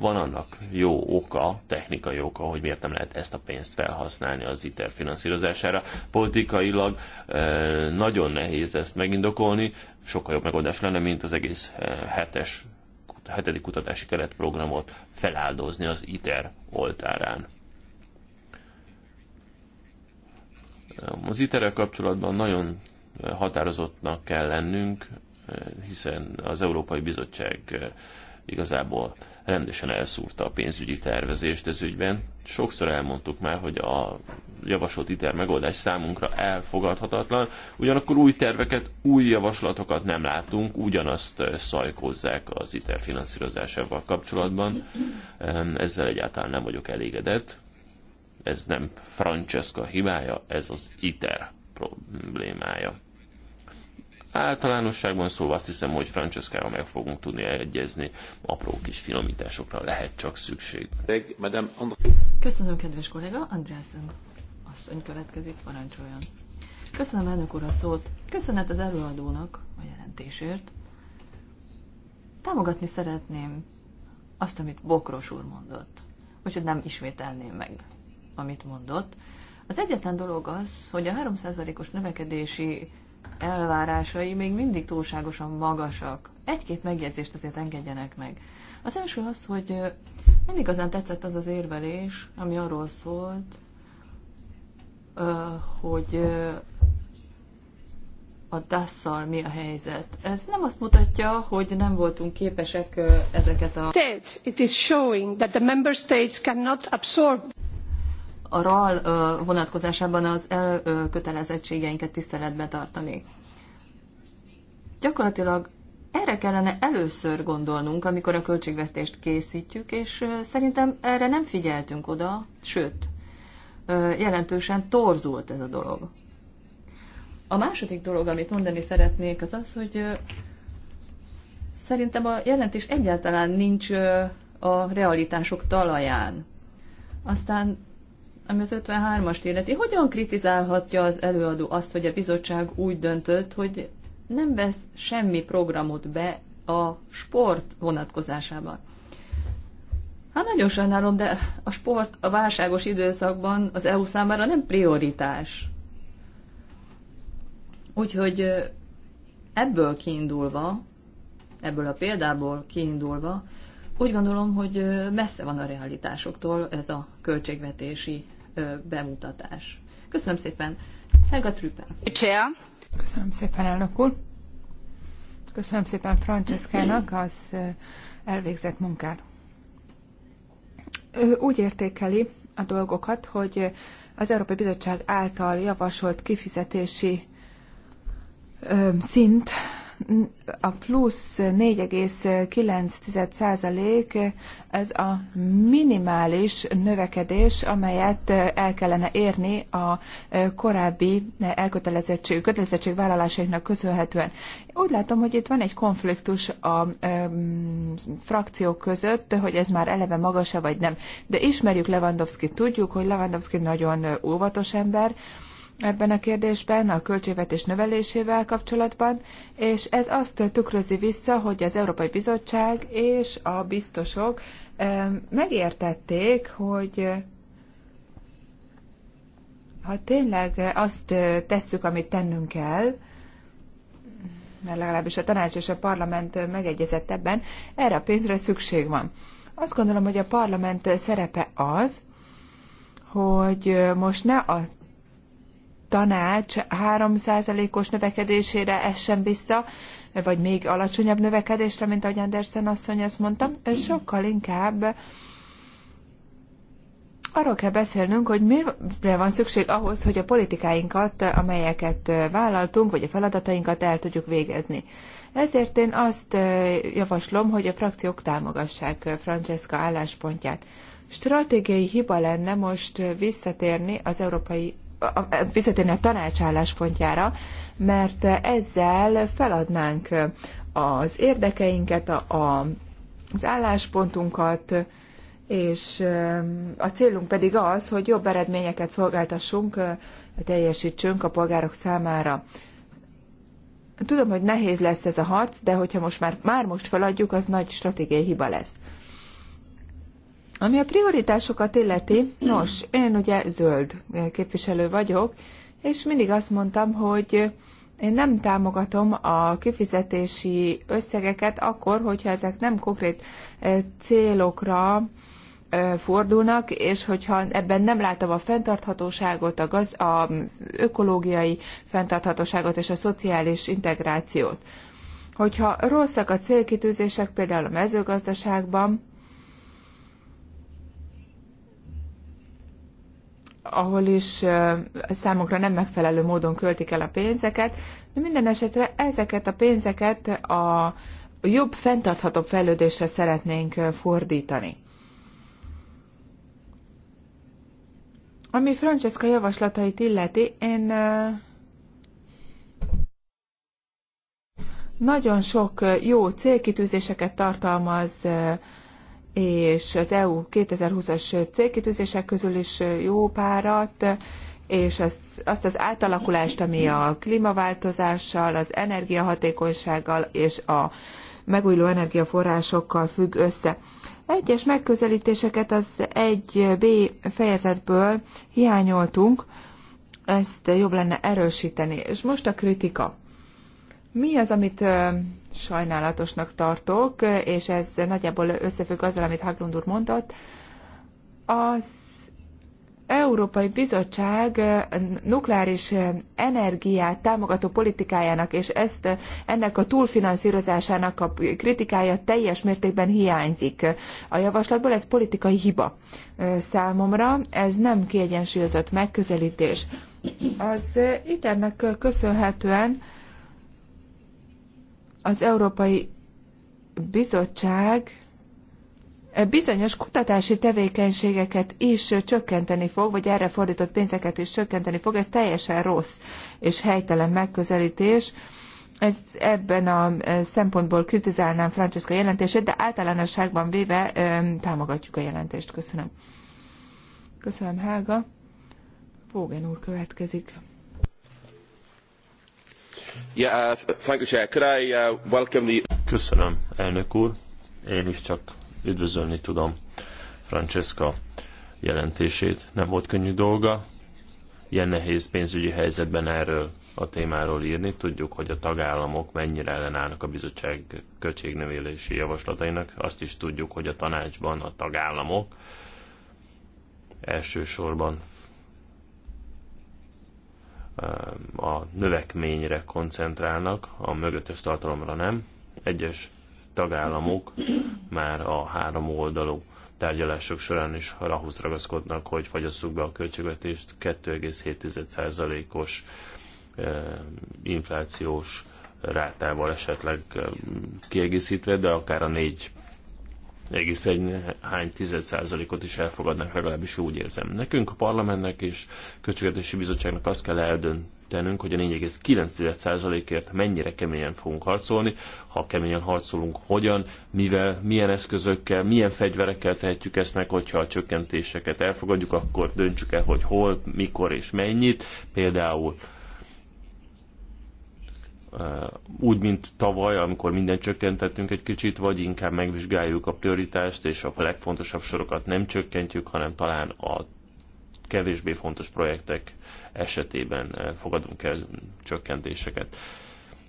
van annak jó oka, technikai oka, hogy miért nem lehet ezt a pénzt felhasználni az ITER finanszírozására. Politikailag nagyon nehéz ezt megindokolni, sokkal jobb megoldás lenne, mint az egész hetes, hetedik kutatási keretprogramot feláldozni az ITER oltárán. Az iter kapcsolatban nagyon határozottnak kell lennünk, hiszen az Európai Bizottság eh, igazából rendesen elszúrta a pénzügyi tervezést ez ügyben. Sokszor elmondtuk már, hogy a javasolt ITER megoldás számunkra elfogadhatatlan, ugyanakkor új terveket, új javaslatokat nem látunk, ugyanazt eh, szajkozzák az ITER finanszírozásával kapcsolatban. Ezzel egyáltalán nem vagyok elégedett. Ez nem Francesca hibája, ez az ITER problémája. Általánosságban szóval azt hiszem, hogy Francescával meg fogunk tudni egyezni, apró kis finomításokra lehet csak szükség. Köszönöm, kedves kollega, Andrásen asszony következik, parancsoljon. Köszönöm elnök úr a szót, köszönet az előadónak a jelentésért. Támogatni szeretném azt, amit Bokros úr mondott, úgyhogy nem ismételném meg, amit mondott. Az egyetlen dolog az, hogy a 3%-os növekedési elvárásai még mindig túlságosan magasak. Egy-két megjegyzést azért engedjenek meg. Az első az, hogy nem igazán tetszett az az érvelés, ami arról szólt, hogy a dasz mi a helyzet. Ez nem azt mutatja, hogy nem voltunk képesek ezeket a... It is showing that the member states cannot absorb a RAL vonatkozásában az elkötelezettségeinket tiszteletbe tartani. Gyakorlatilag erre kellene először gondolnunk, amikor a költségvetést készítjük, és szerintem erre nem figyeltünk oda, sőt, jelentősen torzult ez a dolog. A második dolog, amit mondani szeretnék, az az, hogy szerintem a jelentés egyáltalán nincs a realitások talaján. Aztán ami az 53-ast illeti, hogyan kritizálhatja az előadó azt, hogy a bizottság úgy döntött, hogy nem vesz semmi programot be a sport vonatkozásában? Hát nagyon sajnálom, de a sport a válságos időszakban az EU számára nem prioritás. Úgyhogy ebből kiindulva, ebből a példából kiindulva, úgy gondolom, hogy messze van a realitásoktól ez a költségvetési bemutatás. Köszönöm szépen. Helga Trüppel. Köszönöm szépen, elnök úr. Köszönöm szépen Franceszkának az elvégzett munkát. Ő úgy értékeli a dolgokat, hogy az Európai Bizottság által javasolt kifizetési szint a plusz 4,9% ez a minimális növekedés, amelyet el kellene érni a korábbi elkötelezettség, kötelezettségvállalásainknak köszönhetően. Úgy látom, hogy itt van egy konfliktus a frakciók között, hogy ez már eleve magasa vagy nem. De ismerjük Lewandowski, tudjuk, hogy Lewandowski nagyon óvatos ember, ebben a kérdésben, a költségvetés növelésével kapcsolatban, és ez azt tükrözi vissza, hogy az Európai Bizottság és a biztosok megértették, hogy ha tényleg azt tesszük, amit tennünk kell, mert legalábbis a tanács és a parlament megegyezett ebben, erre a pénzre szükség van. Azt gondolom, hogy a parlament szerepe az, hogy most ne a tanács 3%-os növekedésére essen vissza, vagy még alacsonyabb növekedésre, mint ahogy Andersen asszony ezt mondta, sokkal inkább arról kell beszélnünk, hogy mire van szükség ahhoz, hogy a politikáinkat, amelyeket vállaltunk, vagy a feladatainkat el tudjuk végezni. Ezért én azt javaslom, hogy a frakciók támogassák Francesca álláspontját. Stratégiai hiba lenne most visszatérni az európai visszatérni a tanácsálláspontjára, mert ezzel feladnánk az érdekeinket, a, a, az álláspontunkat, és a célunk pedig az, hogy jobb eredményeket szolgáltassunk, teljesítsünk a polgárok számára. Tudom, hogy nehéz lesz ez a harc, de hogyha most már, már most feladjuk, az nagy stratégiai hiba lesz. Ami a prioritásokat illeti, nos, én ugye zöld képviselő vagyok, és mindig azt mondtam, hogy én nem támogatom a kifizetési összegeket akkor, hogyha ezek nem konkrét eh, célokra eh, fordulnak, és hogyha ebben nem látom a fenntarthatóságot, a gaz, az ökológiai fenntarthatóságot és a szociális integrációt. Hogyha rosszak a célkitűzések például a mezőgazdaságban, ahol is számunkra nem megfelelő módon költik el a pénzeket, de minden esetre ezeket a pénzeket a jobb, fenntarthatóbb fejlődésre szeretnénk fordítani. Ami Francesca javaslatait illeti, én nagyon sok jó célkitűzéseket tartalmaz, és az EU 2020-as célkitűzések közül is jó párat, és azt, azt az átalakulást, ami a klímaváltozással, az energiahatékonysággal és a megújuló energiaforrásokkal függ össze. Egyes megközelítéseket az 1B fejezetből hiányoltunk, ezt jobb lenne erősíteni. És most a kritika. Mi az, amit sajnálatosnak tartok, és ez nagyjából összefügg azzal, amit Haglund úr mondott, az Európai Bizottság nukleáris energiát támogató politikájának és ezt ennek a túlfinanszírozásának a kritikája teljes mértékben hiányzik a javaslatból. Ez politikai hiba számomra, ez nem kiegyensúlyozott megközelítés. Az ennek köszönhetően az Európai Bizottság eh, bizonyos kutatási tevékenységeket is csökkenteni fog, vagy erre fordított pénzeket is csökkenteni fog, ez teljesen rossz és helytelen megközelítés. Ez, ebben a eh, szempontból kritizálnám Francesca jelentését, de általánosságban véve eh, támogatjuk a jelentést. Köszönöm. Köszönöm, Hága. Vógen úr következik. Uh, uh, Köszönöm, elnök úr. Én is csak üdvözölni tudom Francesca jelentését. Nem volt könnyű dolga. Ilyen nehéz pénzügyi helyzetben erről a témáról írni. Tudjuk, hogy a tagállamok mennyire ellenállnak a bizottság költségnövelési javaslatainak. Azt is tudjuk, hogy a tanácsban a tagállamok elsősorban a növekményre koncentrálnak, a mögöttes tartalomra nem. Egyes tagállamok már a három oldalú tárgyalások során is rahúz ragaszkodnak, hogy fagyasszuk be a költségvetést 2,7%-os inflációs rátával esetleg kiegészítve, de akár a 4 egész egy hány tized százalékot is elfogadnak, legalábbis úgy érzem. Nekünk a parlamentnek és költségvetési bizottságnak azt kell eldöntenünk, hogy a 4,9 százalékért mennyire keményen fogunk harcolni, ha keményen harcolunk, hogyan, mivel, milyen eszközökkel, milyen fegyverekkel tehetjük ezt meg, hogyha a csökkentéseket elfogadjuk, akkor döntsük el, hogy hol, mikor és mennyit, például Eh, úgy, mint tavaly, amikor mindent csökkentettünk egy kicsit, vagy inkább megvizsgáljuk a prioritást, és a legfontosabb sorokat nem csökkentjük, hanem talán a kevésbé fontos projektek esetében eh, fogadunk el csökkentéseket.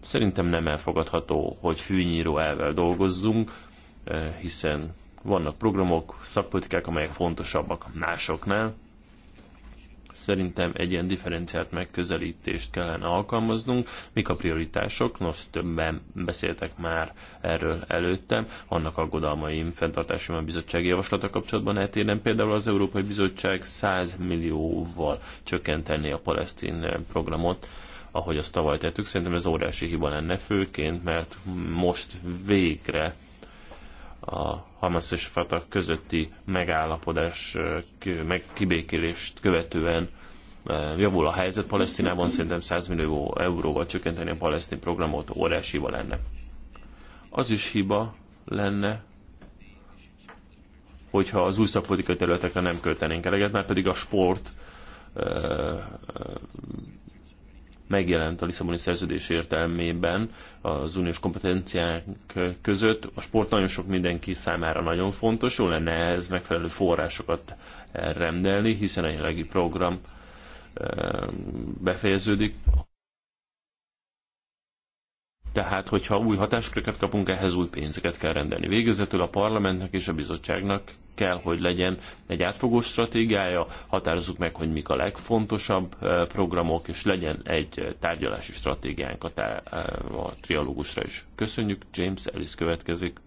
Szerintem nem elfogadható, hogy fűnyíró elvel dolgozzunk, eh, hiszen vannak programok, szakpolitikák, amelyek fontosabbak másoknál, Szerintem egy ilyen differenciált megközelítést kellene alkalmaznunk. Mik a prioritások? Nos, többen beszéltek már erről előttem. Vannak aggodalmaim fenntartási a bizottsági javaslata kapcsolatban eltérnem. Például az Európai Bizottság 100 millióval csökkenteni a palesztin eh, programot ahogy azt tavaly tettük. Szerintem ez óriási hiba lenne, főként, mert most végre a Hamas és Fatah közötti megállapodás, meg kibékélést követően javul a helyzet Palesztinában, szerintem 100 millió euróval csökkenteni a palesztin programot óriás hiba lenne. Az is hiba lenne, hogyha az új szakpolitikai területekre nem költenénk eleget, mert pedig a sport megjelent a Lisszaboni szerződés értelmében az uniós kompetenciák között. A sport nagyon sok mindenki számára nagyon fontos, jó lenne ehhez megfelelő forrásokat rendelni, hiszen a jelenlegi program befejeződik. Tehát, hogyha új hatásköröket kapunk, ehhez új pénzeket kell rendelni. Végezetül a parlamentnek és a bizottságnak kell, hogy legyen egy átfogó stratégiája, határozzuk meg, hogy mik a legfontosabb eh, programok, és legyen egy eh, tárgyalási stratégiánk a, tá- eh, a trialógusra is. Köszönjük, James Ellis következik.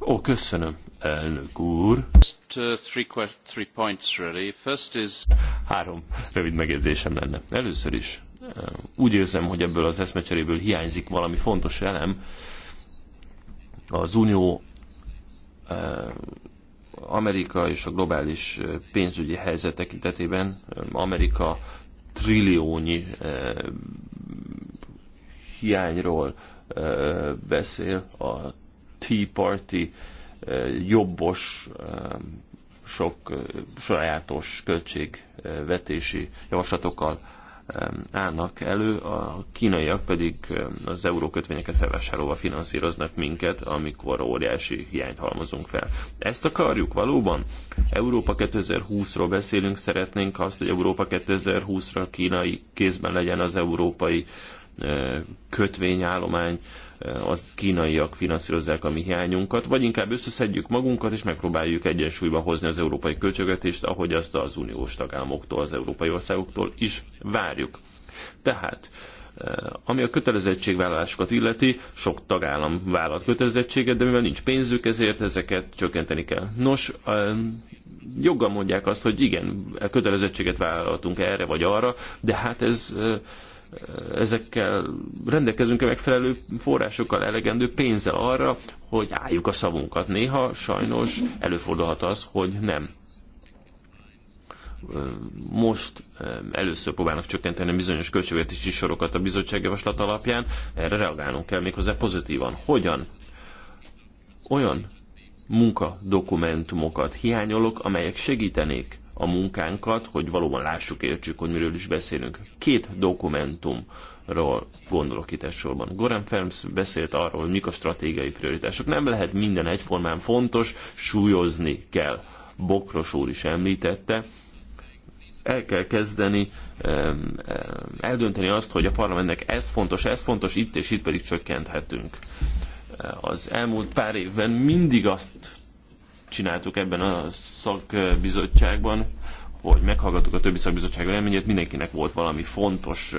Ó, köszönöm, elnök úr. Uh, Három rövid megjegyzésem lenne. Először is úgy érzem, hogy ebből az eszmecseréből hiányzik valami fontos elem, az unió Amerika és a globális pénzügyi helyzet tekintetében Amerika trilliónyi hiányról beszél a Tea Party jobbos sok sajátos költségvetési javaslatokkal állnak elő, a kínaiak pedig az eurókötvényeket felvásárolva finanszíroznak minket, amikor óriási hiányt halmozunk fel. Ezt akarjuk valóban? Európa 2020-ról beszélünk, szeretnénk azt, hogy Európa 2020-ra kínai kézben legyen az európai kötvényállomány, az kínaiak finanszírozzák a mi hiányunkat, vagy inkább összeszedjük magunkat, és megpróbáljuk egyensúlyba hozni az európai költségvetést, ahogy azt az uniós tagállamoktól, az európai országoktól is várjuk. Tehát ami a kötelezettségvállalásokat illeti, sok tagállam vállalt kötelezettséget, de mivel nincs pénzük, ezért ezeket csökkenteni kell. Nos, joggal mondják azt, hogy igen, kötelezettséget vállaltunk erre vagy arra, de hát ez ezekkel rendelkezünk-e megfelelő forrásokkal, elegendő pénzzel arra, hogy álljuk a szavunkat. Néha sajnos előfordulhat az, hogy nem. Most először próbálnak csökkenteni bizonyos költségvetési sorokat a bizottság javaslat alapján, erre reagálnunk kell méghozzá pozitívan. Hogyan? Olyan munkadokumentumokat hiányolok, amelyek segítenék a munkánkat, hogy valóban lássuk, értsük, hogy miről is beszélünk. Két dokumentumról gondolok itt elsősorban. Goran Ferms beszélt arról, hogy mik a stratégiai prioritások. Nem lehet minden egyformán fontos, súlyozni kell. Bokros úr is említette, el kell kezdeni eldönteni azt, hogy a parlamentnek ez fontos, ez fontos, itt és itt pedig csökkenthetünk. Az elmúlt pár évben mindig azt csináltuk ebben a szakbizottságban, hogy meghallgattuk a többi szakbizottság véleményét, mindenkinek volt valami fontos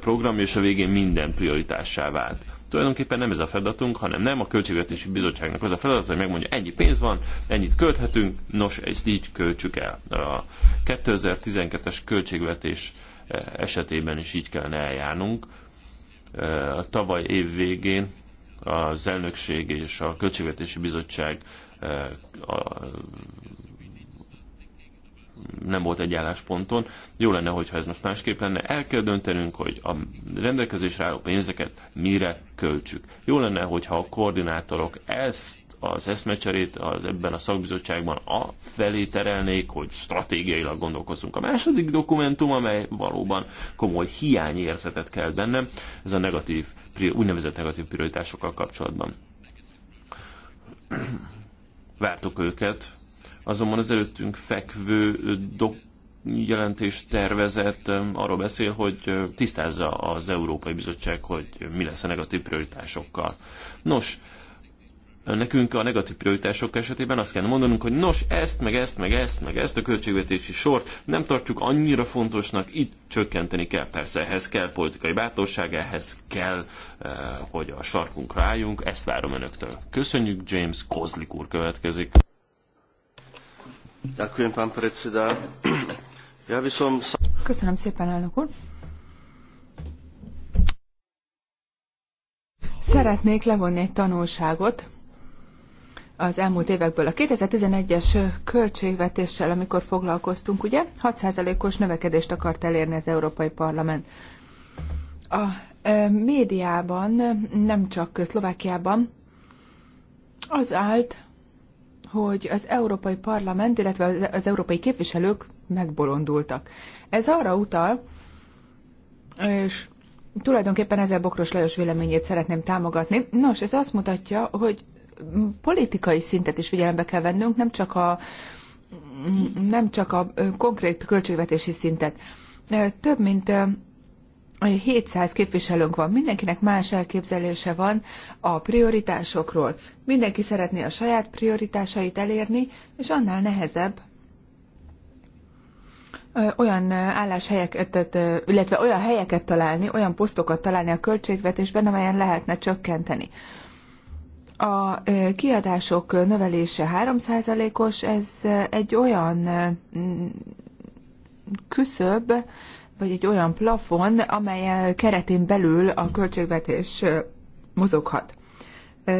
program, és a végén minden prioritássá vált. Tulajdonképpen nem ez a feladatunk, hanem nem a Költségvetési Bizottságnak az a feladat, hogy megmondja, ennyi pénz van, ennyit költhetünk, nos, ezt így költsük el. A 2012-es költségvetés esetében is így kellene eljárnunk. A tavaly év végén az elnökség és a Költségvetési Bizottság nem volt egy állásponton. Jó lenne, hogyha ez most másképp lenne. El kell döntenünk, hogy a rendelkezésre álló pénzeket mire költsük. Jó lenne, hogyha a koordinátorok ezt az eszmecserét az, ebben a szakbizottságban a felé terelnék, hogy stratégiailag gondolkozunk. A második dokumentum, amely valóban komoly hiányérzetet kell bennem, ez a negatív, úgynevezett negatív prioritásokkal kapcsolatban vártuk őket, azonban az előttünk fekvő dok- jelentés tervezett arról beszél, hogy tisztázza az Európai Bizottság, hogy mi lesz a negatív prioritásokkal. Nos, nekünk a negatív prioritások esetében azt kell mondanunk, hogy nos, ezt, meg ezt, meg ezt, meg ezt a költségvetési sort nem tartjuk annyira fontosnak, itt csökkenteni kell. Persze ehhez kell politikai bátorság, ehhez kell, eh, hogy a sarkunkra álljunk, ezt várom önöktől. Köszönjük, James Kozlik úr következik. Köszönöm szépen, elnök úr. Szeretnék levonni egy tanulságot az elmúlt évekből. A 2011-es költségvetéssel, amikor foglalkoztunk, ugye 6%-os növekedést akart elérni az Európai Parlament. A médiában, nem csak Szlovákiában, az állt, hogy az Európai Parlament, illetve az európai képviselők megbolondultak. Ez arra utal, és tulajdonképpen ezzel Bokros Lajos véleményét szeretném támogatni. Nos, ez azt mutatja, hogy politikai szintet is figyelembe kell vennünk, nem csak a, nem csak a konkrét költségvetési szintet. Több mint 700 képviselőnk van, mindenkinek más elképzelése van a prioritásokról. Mindenki szeretné a saját prioritásait elérni, és annál nehezebb olyan álláshelyeket, illetve olyan helyeket találni, olyan posztokat találni a költségvetésben, amelyen lehetne csökkenteni. A kiadások növelése 3%-os, ez egy olyan küszöb, vagy egy olyan plafon, amely keretén belül a költségvetés mozoghat.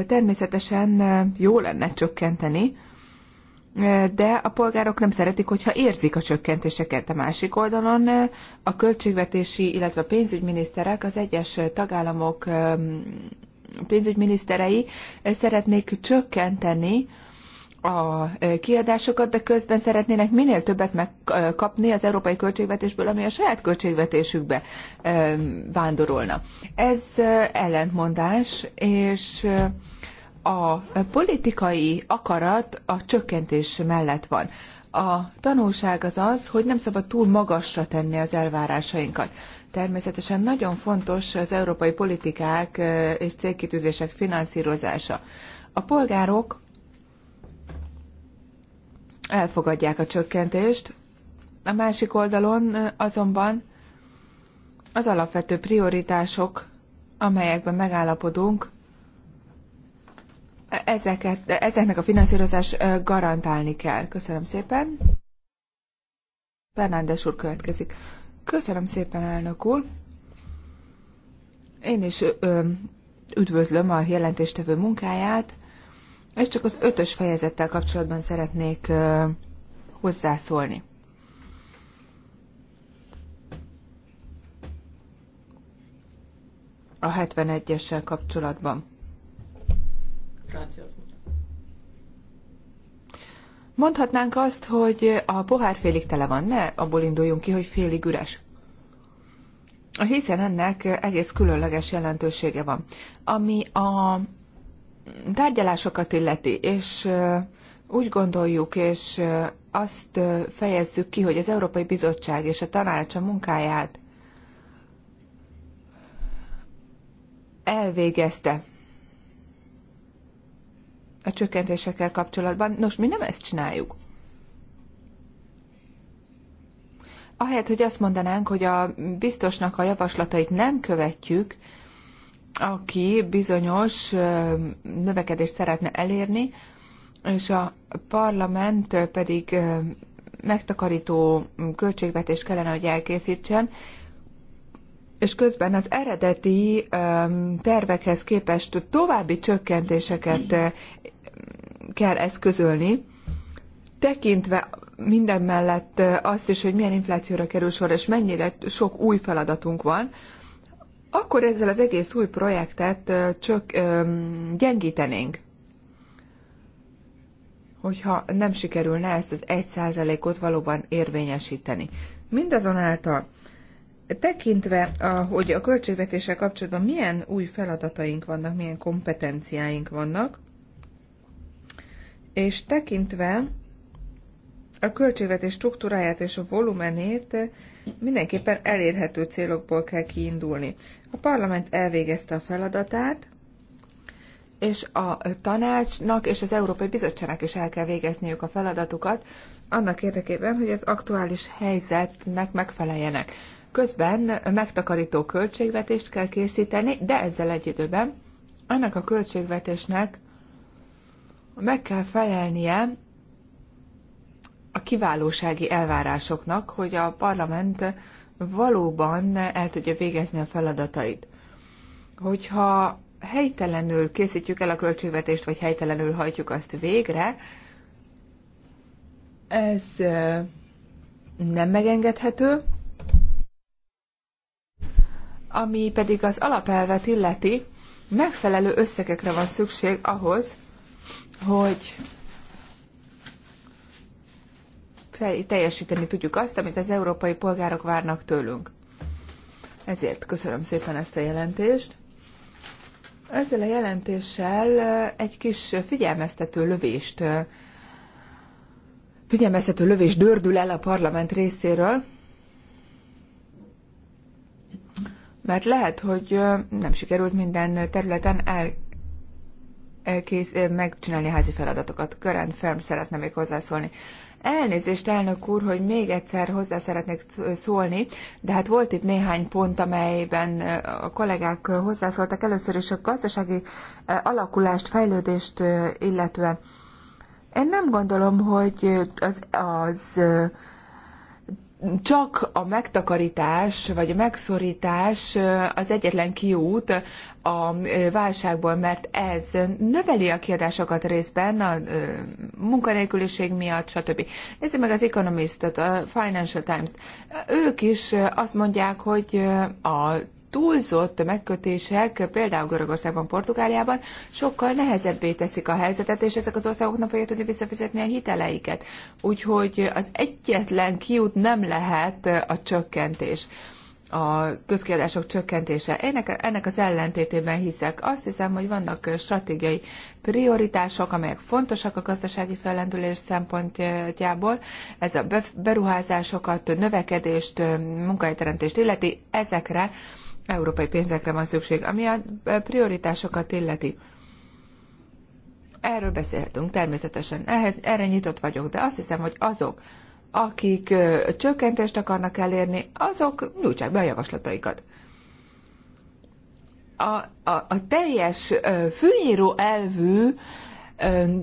Természetesen jó lenne csökkenteni, de a polgárok nem szeretik, hogyha érzik a csökkentéseket. A másik oldalon a költségvetési, illetve a pénzügyminiszterek az egyes tagállamok pénzügyminiszterei szeretnék csökkenteni a kiadásokat, de közben szeretnének minél többet megkapni az európai költségvetésből, ami a saját költségvetésükbe vándorolna. Ez ellentmondás, és a politikai akarat a csökkentés mellett van. A tanulság az az, hogy nem szabad túl magasra tenni az elvárásainkat természetesen nagyon fontos az európai politikák és célkitűzések finanszírozása. A polgárok elfogadják a csökkentést, a másik oldalon azonban az alapvető prioritások, amelyekben megállapodunk, ezeket, ezeknek a finanszírozás garantálni kell. Köszönöm szépen. Fernándes úr következik. Köszönöm szépen, elnök úr. Én is ö, üdvözlöm a jelentéstevő munkáját, és csak az ötös fejezettel kapcsolatban szeretnék ö, hozzászólni. A 71-essel kapcsolatban. Gracias. Mondhatnánk azt, hogy a pohár félig tele van, ne abból induljunk ki, hogy félig üres. Hiszen ennek egész különleges jelentősége van. Ami a tárgyalásokat illeti, és úgy gondoljuk, és azt fejezzük ki, hogy az Európai Bizottság és a tanács a munkáját elvégezte a csökkentésekkel kapcsolatban. Nos, mi nem ezt csináljuk. Ahelyett, hogy azt mondanánk, hogy a biztosnak a javaslatait nem követjük, aki bizonyos növekedést szeretne elérni, és a parlament pedig megtakarító költségvetést kellene, hogy elkészítsen, és közben az eredeti tervekhez képest további csökkentéseket kell ezt közölni, tekintve minden mellett azt is, hogy milyen inflációra kerül sor, és mennyire sok új feladatunk van, akkor ezzel az egész új projektet csak gyengítenénk. Hogyha nem sikerülne ezt az egy százalékot valóban érvényesíteni. Mindazonáltal, tekintve, hogy a költségvetéssel kapcsolatban milyen új feladataink vannak, milyen kompetenciáink vannak, és tekintve a költségvetés struktúráját és a volumenét mindenképpen elérhető célokból kell kiindulni. A parlament elvégezte a feladatát, és a tanácsnak és az Európai Bizottságnak is el kell végezniük a feladatukat, annak érdekében, hogy az aktuális helyzetnek megfeleljenek. Közben megtakarító költségvetést kell készíteni, de ezzel egy időben annak a költségvetésnek meg kell felelnie a kiválósági elvárásoknak, hogy a parlament valóban el tudja végezni a feladatait. Hogyha helytelenül készítjük el a költségvetést, vagy helytelenül hajtjuk azt végre, ez nem megengedhető. Ami pedig az alapelvet illeti, megfelelő összegekre van szükség ahhoz, hogy teljesíteni tudjuk azt, amit az európai polgárok várnak tőlünk. Ezért köszönöm szépen ezt a jelentést. Ezzel a jelentéssel egy kis figyelmeztető lövést, figyelmeztető lövés dördül el a parlament részéről, mert lehet, hogy nem sikerült minden területen el elkész, megcsinálni házi feladatokat. Körán Ferm szeretne még hozzászólni. Elnézést, elnök úr, hogy még egyszer hozzá szeretnék szólni, de hát volt itt néhány pont, amelyben a kollégák hozzászóltak. Először is a gazdasági alakulást, fejlődést illetve. Én nem gondolom, hogy az, az csak a megtakarítás vagy a megszorítás az egyetlen kiút a válságból, mert ez növeli a kiadásokat részben a munkanélküliség miatt, stb. Nézzük meg az economist a Financial Times-t. Ők is azt mondják, hogy a túlzott megkötések, például Görögországban, Portugáliában sokkal nehezebbé teszik a helyzetet, és ezek az országok nem fogják tudni visszafizetni a hiteleiket. Úgyhogy az egyetlen kiút nem lehet a csökkentés a közkiadások csökkentése. Ennek, ennek az ellentétében hiszek. Azt hiszem, hogy vannak stratégiai prioritások, amelyek fontosak a gazdasági fellendülés szempontjából. Ez a beruházásokat, növekedést, munkahelyteremtést illeti. Ezekre európai pénzekre van szükség, ami a e, prioritásokat illeti. Erről beszéltünk természetesen, ehhez, erre nyitott vagyok, de azt hiszem, hogy azok, akik e, csökkentést akarnak elérni, azok nyújtsák be a javaslataikat. A, a, a teljes e, fűnyíró elvű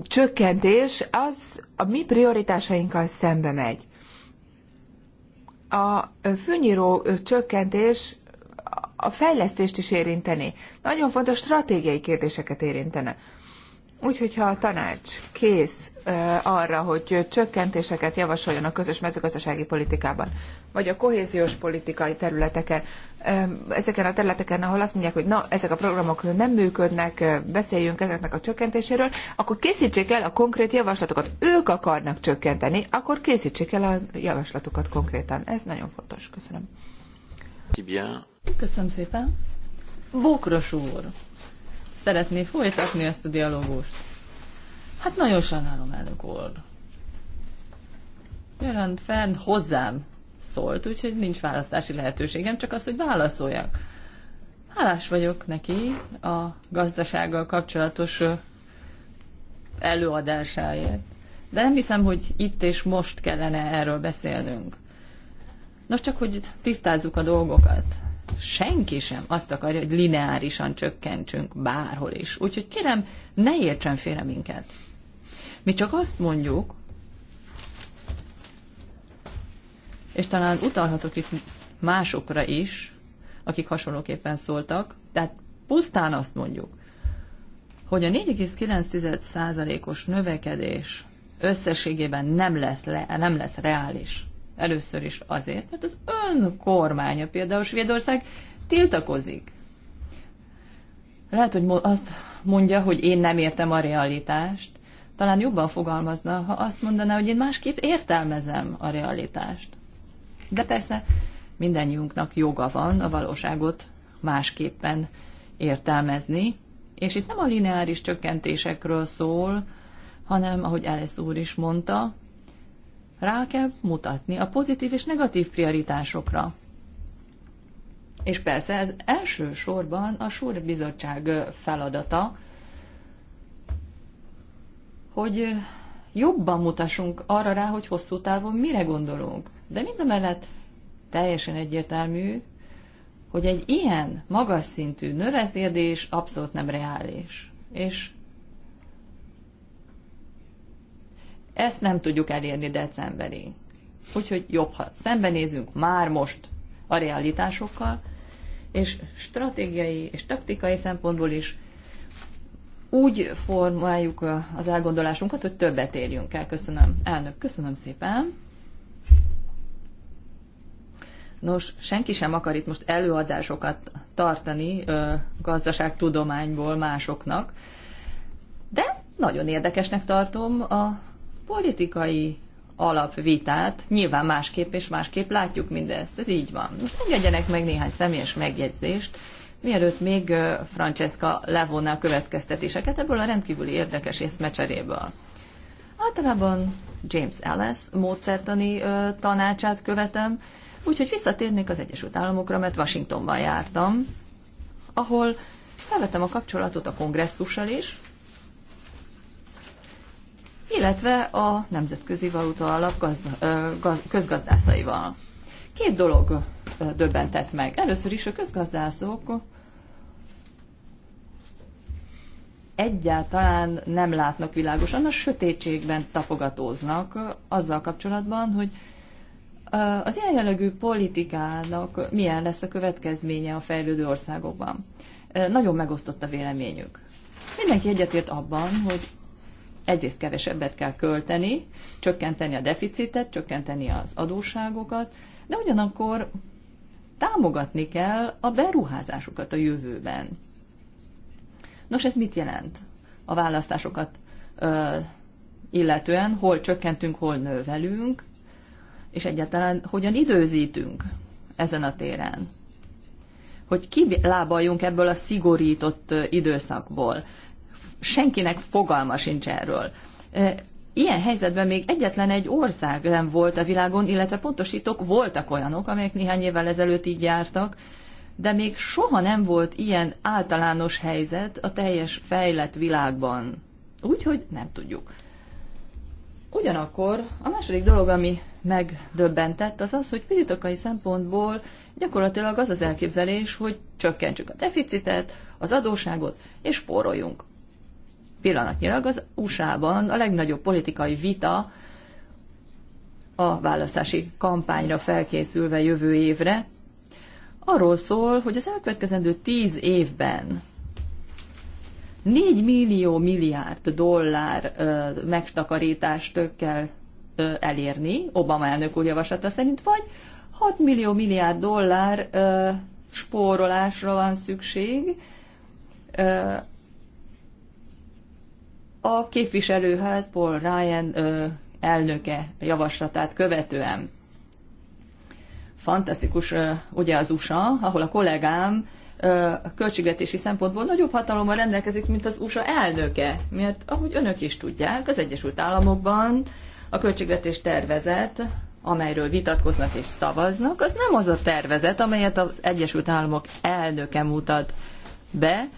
csökkentés az a mi prioritásainkkal szembe megy. A fűnyíró csökkentés a fejlesztést is érinteni. Nagyon fontos stratégiai kérdéseket érintene. Úgyhogy ha a tanács kész arra, hogy csökkentéseket javasoljon a közös mezőgazdasági politikában, vagy a kohéziós politikai területeken, ezeken a területeken, ahol azt mondják, hogy na, ezek a programok nem működnek, beszéljünk ezeknek a csökkentéséről, akkor készítsék el a konkrét javaslatokat. Ők akarnak csökkenteni, akkor készítsék el a javaslatokat konkrétan. Ez nagyon fontos. Köszönöm. Köszönöm szépen. Bokros úr, szeretné folytatni ezt a dialógust? Hát nagyon sajnálom, elnök úr. Jörand Fern hozzám szólt, úgyhogy nincs választási lehetőségem, csak az, hogy válaszoljak. Hálás vagyok neki a gazdasággal kapcsolatos előadásáért. De nem hiszem, hogy itt és most kellene erről beszélnünk. Nos, csak hogy tisztázzuk a dolgokat senki sem azt akarja, hogy lineárisan csökkentsünk bárhol is. Úgyhogy kérem, ne értsen félre minket. Mi csak azt mondjuk, és talán utalhatok itt másokra is, akik hasonlóképpen szóltak, tehát pusztán azt mondjuk, hogy a 4,9%-os növekedés összességében nem lesz, le, nem lesz reális. Először is azért, mert az kormánya, például Svédország tiltakozik. Lehet, hogy azt mondja, hogy én nem értem a realitást. Talán jobban fogalmazna, ha azt mondaná, hogy én másképp értelmezem a realitást. De persze mindannyiunknak joga van a valóságot másképpen értelmezni, és itt nem a lineáris csökkentésekről szól, hanem, ahogy Alice úr is mondta, rá kell mutatni a pozitív és negatív prioritásokra. És persze ez elsősorban a Súr Bizottság feladata, hogy jobban mutassunk arra rá, hogy hosszú távon mire gondolunk. De mellett teljesen egyértelmű, hogy egy ilyen magas szintű növekedés abszolút nem reális. És Ezt nem tudjuk elérni decemberig. Úgyhogy jobb, ha szembenézünk már most a realitásokkal, és stratégiai és taktikai szempontból is úgy formáljuk az elgondolásunkat, hogy többet érjünk el. Köszönöm, elnök. Köszönöm szépen. Nos, senki sem akar itt most előadásokat tartani ö, gazdaságtudományból másoknak, de nagyon érdekesnek tartom a politikai alapvitát, nyilván másképp és másképp látjuk mindezt. Ez így van. Most engedjenek meg néhány személyes megjegyzést, mielőtt még Francesca levonna a következtetéseket ebből a rendkívüli érdekes észmecseréből. Általában James Ellis módszertani ö, tanácsát követem, úgyhogy visszatérnék az Egyesült Államokra, mert Washingtonban jártam, ahol felvettem a kapcsolatot a kongresszussal is, illetve a Nemzetközi Valuta Alap gazda, gaz, közgazdászaival. Két dolog döbbentett meg. Először is a közgazdászok egyáltalán nem látnak világosan, a sötétségben tapogatóznak azzal kapcsolatban, hogy az ilyen jellegű politikának milyen lesz a következménye a fejlődő országokban. Nagyon megosztott a véleményük. Mindenki egyetért abban, hogy egyrészt kevesebbet kell költeni, csökkenteni a deficitet, csökkenteni az adósságokat, de ugyanakkor támogatni kell a beruházásukat a jövőben. Nos, ez mit jelent? A választásokat ö, illetően hol csökkentünk, hol növelünk, és egyáltalán hogyan időzítünk ezen a téren. Hogy kilábaljunk ebből a szigorított időszakból senkinek fogalma sincs erről. Ilyen helyzetben még egyetlen egy ország nem volt a világon, illetve pontosítok, voltak olyanok, amelyek néhány évvel ezelőtt így jártak, de még soha nem volt ilyen általános helyzet a teljes fejlett világban. Úgyhogy nem tudjuk. Ugyanakkor a második dolog, ami megdöbbentett, az az, hogy politikai szempontból gyakorlatilag az az elképzelés, hogy csökkentsük a deficitet, az adóságot, és spóroljunk. Pillanatnyilag az USA-ban a legnagyobb politikai vita a választási kampányra felkészülve jövő évre arról szól, hogy az elkövetkezendő tíz évben 4 millió milliárd dollár ö, megtakarítást kell ö, elérni, Obama elnök úr javaslata szerint, vagy 6 millió milliárd dollár ö, spórolásra van szükség, ö, a képviselőházból Ryan ö, elnöke javaslatát követően. Fantasztikus ö, ugye az USA, ahol a kollégám ö, költségvetési szempontból nagyobb hatalommal rendelkezik, mint az USA elnöke, mert ahogy önök is tudják, az Egyesült Államokban a költségvetés tervezet, amelyről vitatkoznak és szavaznak, az nem az a tervezet, amelyet az Egyesült Államok elnöke mutat be,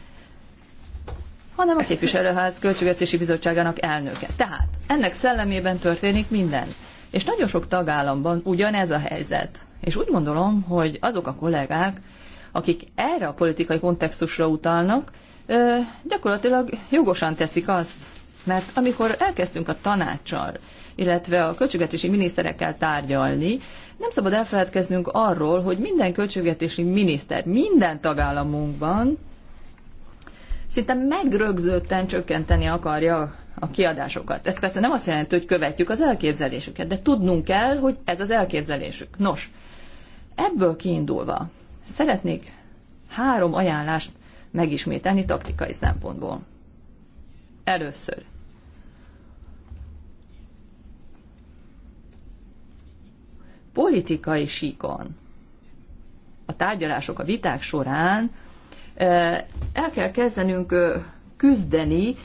hanem a képviselőház költségvetési bizottságának elnöke. Tehát ennek szellemében történik minden. És nagyon sok tagállamban ugyanez a helyzet. És úgy gondolom, hogy azok a kollégák, akik erre a politikai kontextusra utalnak, gyakorlatilag jogosan teszik azt, mert amikor elkezdtünk a tanácssal, illetve a költségvetési miniszterekkel tárgyalni, nem szabad elfeledkeznünk arról, hogy minden költségvetési miniszter minden tagállamunkban szinte megrögzölten csökkenteni akarja a kiadásokat. Ez persze nem azt jelenti, hogy követjük az elképzelésüket, de tudnunk kell, hogy ez az elképzelésük. Nos, ebből kiindulva szeretnék három ajánlást megismételni taktikai szempontból. Először. Politikai síkon. A tárgyalások, a viták során el kell kezdenünk küzdeni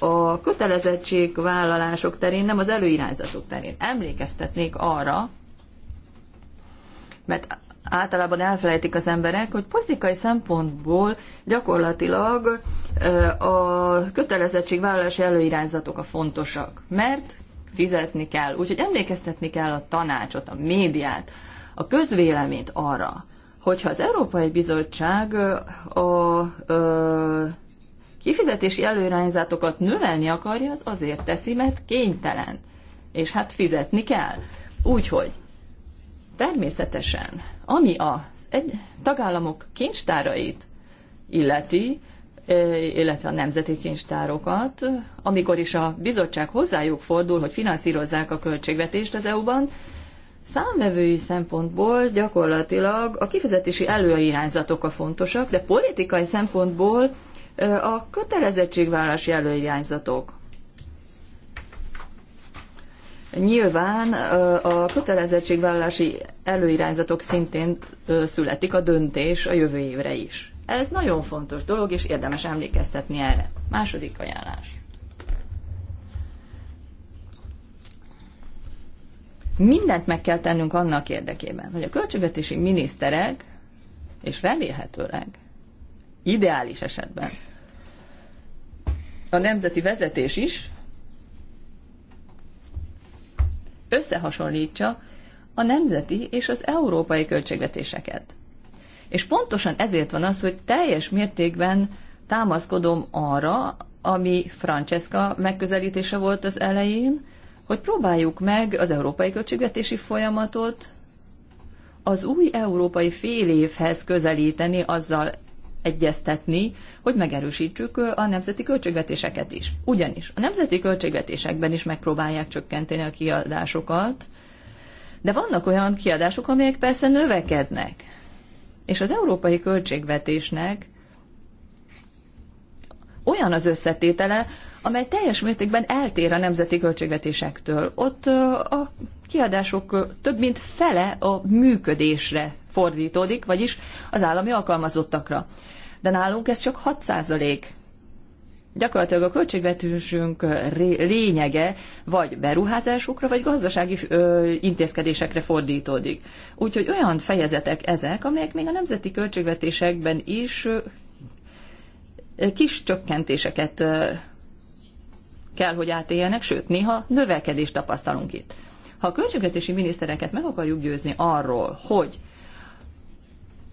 a kötelezettségvállalások terén, nem az előirányzatok terén. Emlékeztetnék arra, mert általában elfelejtik az emberek, hogy politikai szempontból gyakorlatilag a kötelezettségvállalási előirányzatok a fontosak, mert fizetni kell. Úgyhogy emlékeztetni kell a tanácsot, a médiát, a közvéleményt arra, hogyha az Európai Bizottság a kifizetési előrányzatokat növelni akarja, az azért teszi, mert kénytelen. És hát fizetni kell. Úgyhogy természetesen, ami a egy, tagállamok kincstárait illeti, illetve a nemzeti kincstárokat, amikor is a bizottság hozzájuk fordul, hogy finanszírozzák a költségvetést az EU-ban, számvevői szempontból gyakorlatilag a kifizetési előirányzatok a fontosak, de politikai szempontból a kötelezettségvállalási előirányzatok. Nyilván a kötelezettségvállalási előirányzatok szintén születik a döntés a jövő évre is. Ez nagyon fontos dolog, és érdemes emlékeztetni erre. Második ajánlás. mindent meg kell tennünk annak érdekében, hogy a költségvetési miniszterek, és remélhetőleg, ideális esetben, a nemzeti vezetés is összehasonlítsa a nemzeti és az európai költségvetéseket. És pontosan ezért van az, hogy teljes mértékben támaszkodom arra, ami Francesca megközelítése volt az elején, hogy próbáljuk meg az európai költségvetési folyamatot az új európai fél évhez közelíteni, azzal egyeztetni, hogy megerősítsük a nemzeti költségvetéseket is. Ugyanis a nemzeti költségvetésekben is megpróbálják csökkenteni a kiadásokat, de vannak olyan kiadások, amelyek persze növekednek. És az európai költségvetésnek olyan az összetétele, amely teljes mértékben eltér a nemzeti költségvetésektől. Ott a kiadások több mint fele a működésre fordítódik, vagyis az állami alkalmazottakra. De nálunk ez csak 6 százalék. Gyakorlatilag a költségvetésünk lényege vagy beruházásokra, vagy gazdasági intézkedésekre fordítódik. Úgyhogy olyan fejezetek ezek, amelyek még a nemzeti költségvetésekben is kis csökkentéseket kell, hogy átéljenek, sőt, néha növekedést tapasztalunk itt. Ha a költségvetési minisztereket meg akarjuk győzni arról, hogy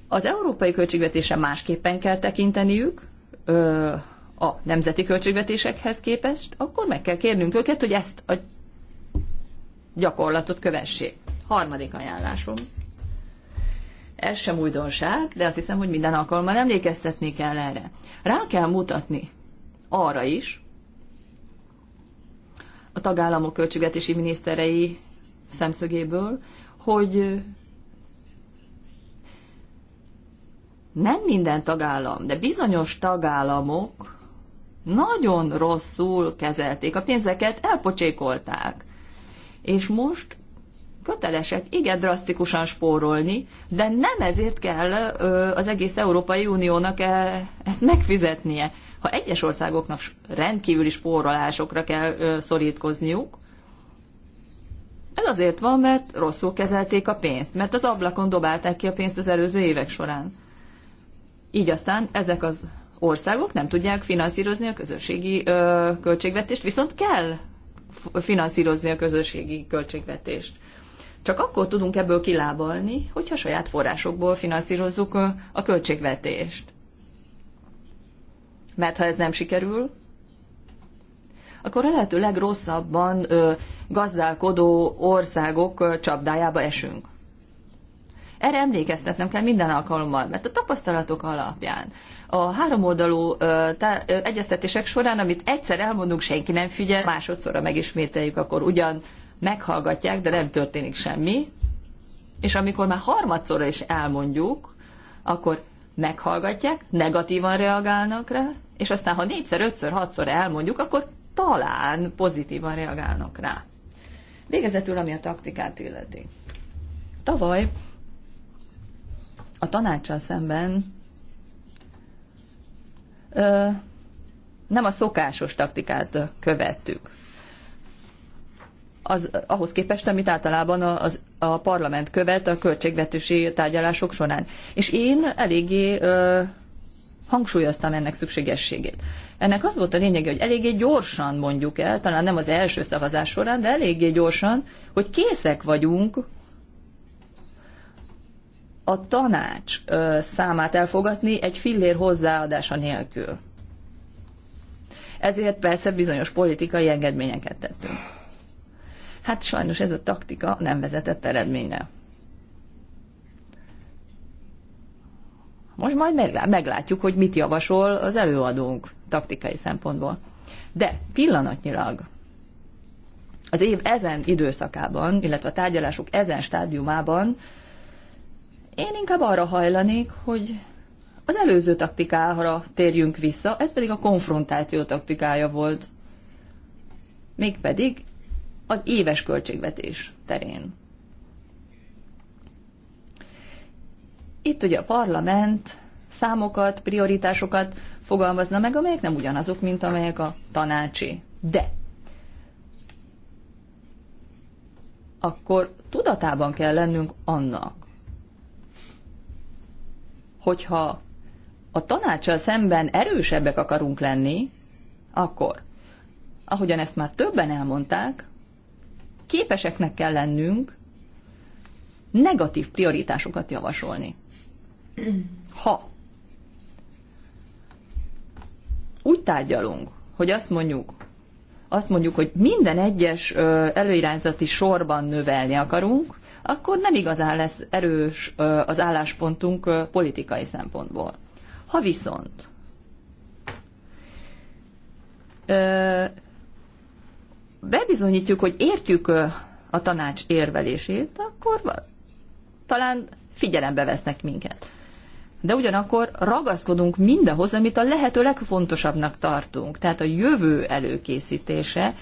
az európai költségvetésre másképpen kell tekinteniük ö, a nemzeti költségvetésekhez képest, akkor meg kell kérnünk őket, hogy ezt a gyakorlatot kövessék. Harmadik ajánlásom. Ez sem újdonság, de azt hiszem, hogy minden alkalommal emlékeztetni kell erre. Rá kell mutatni arra is, a tagállamok költségvetési miniszterei szemszögéből, hogy nem minden tagállam, de bizonyos tagállamok nagyon rosszul kezelték a pénzeket, elpocsékolták. És most kötelesek igen drasztikusan spórolni, de nem ezért kell az egész Európai Uniónak e, ezt megfizetnie. Ha egyes országoknak rendkívüli spórolásokra kell ö, szorítkozniuk, ez azért van, mert rosszul kezelték a pénzt, mert az ablakon dobálták ki a pénzt az előző évek során. Így aztán ezek az országok nem tudják finanszírozni a közösségi ö, költségvetést, viszont kell finanszírozni a közösségi költségvetést. Csak akkor tudunk ebből kilábalni, hogyha saját forrásokból finanszírozzuk a, a költségvetést mert ha ez nem sikerül, akkor a lehető legrosszabban ö, gazdálkodó országok ö, csapdájába esünk. Erre emlékeztetnem kell minden alkalommal, mert a tapasztalatok alapján a háromoldalú egyeztetések során, amit egyszer elmondunk, senki nem figyel, másodszorra megismételjük, akkor ugyan meghallgatják, de nem történik semmi, és amikor már harmadszorra is elmondjuk, akkor meghallgatják, negatívan reagálnak rá, és aztán, ha négyszer, ötször, hatszor elmondjuk, akkor talán pozitívan reagálnak rá. Végezetül, ami a taktikát illeti. Tavaly a tanácssal szemben ö, nem a szokásos taktikát követtük. Az, ahhoz képest, amit általában az, a parlament követ a költségvetési tárgyalások során. És én eléggé ö, hangsúlyoztam ennek szükségességét. Ennek az volt a lényege, hogy eléggé gyorsan mondjuk el, talán nem az első szavazás során, de eléggé gyorsan, hogy készek vagyunk a tanács számát elfogadni egy fillér hozzáadása nélkül. Ezért persze bizonyos politikai engedményeket tettünk. Hát sajnos ez a taktika nem vezetett eredményre. Most majd meglátjuk, hogy mit javasol az előadónk taktikai szempontból. De pillanatnyilag az év ezen időszakában, illetve a tárgyalások ezen stádiumában én inkább arra hajlanék, hogy az előző taktikára térjünk vissza, ez pedig a konfrontáció taktikája volt, mégpedig az éves költségvetés terén. Itt ugye a parlament számokat, prioritásokat fogalmazna meg, amelyek nem ugyanazok, mint amelyek a tanácsi. De akkor tudatában kell lennünk annak, hogyha a tanácsal szemben erősebbek akarunk lenni, akkor, ahogyan ezt már többen elmondták, képeseknek kell lennünk negatív prioritásokat javasolni. ha úgy tárgyalunk, hogy azt mondjuk, azt mondjuk, hogy minden egyes előirányzati sorban növelni akarunk, akkor nem igazán lesz erős az álláspontunk politikai szempontból. Ha viszont bebizonyítjuk, hogy értjük a tanács érvelését, akkor talán figyelembe vesznek minket de ugyanakkor ragaszkodunk mindahhoz, amit a lehető legfontosabbnak tartunk, tehát a jövő előkészítése,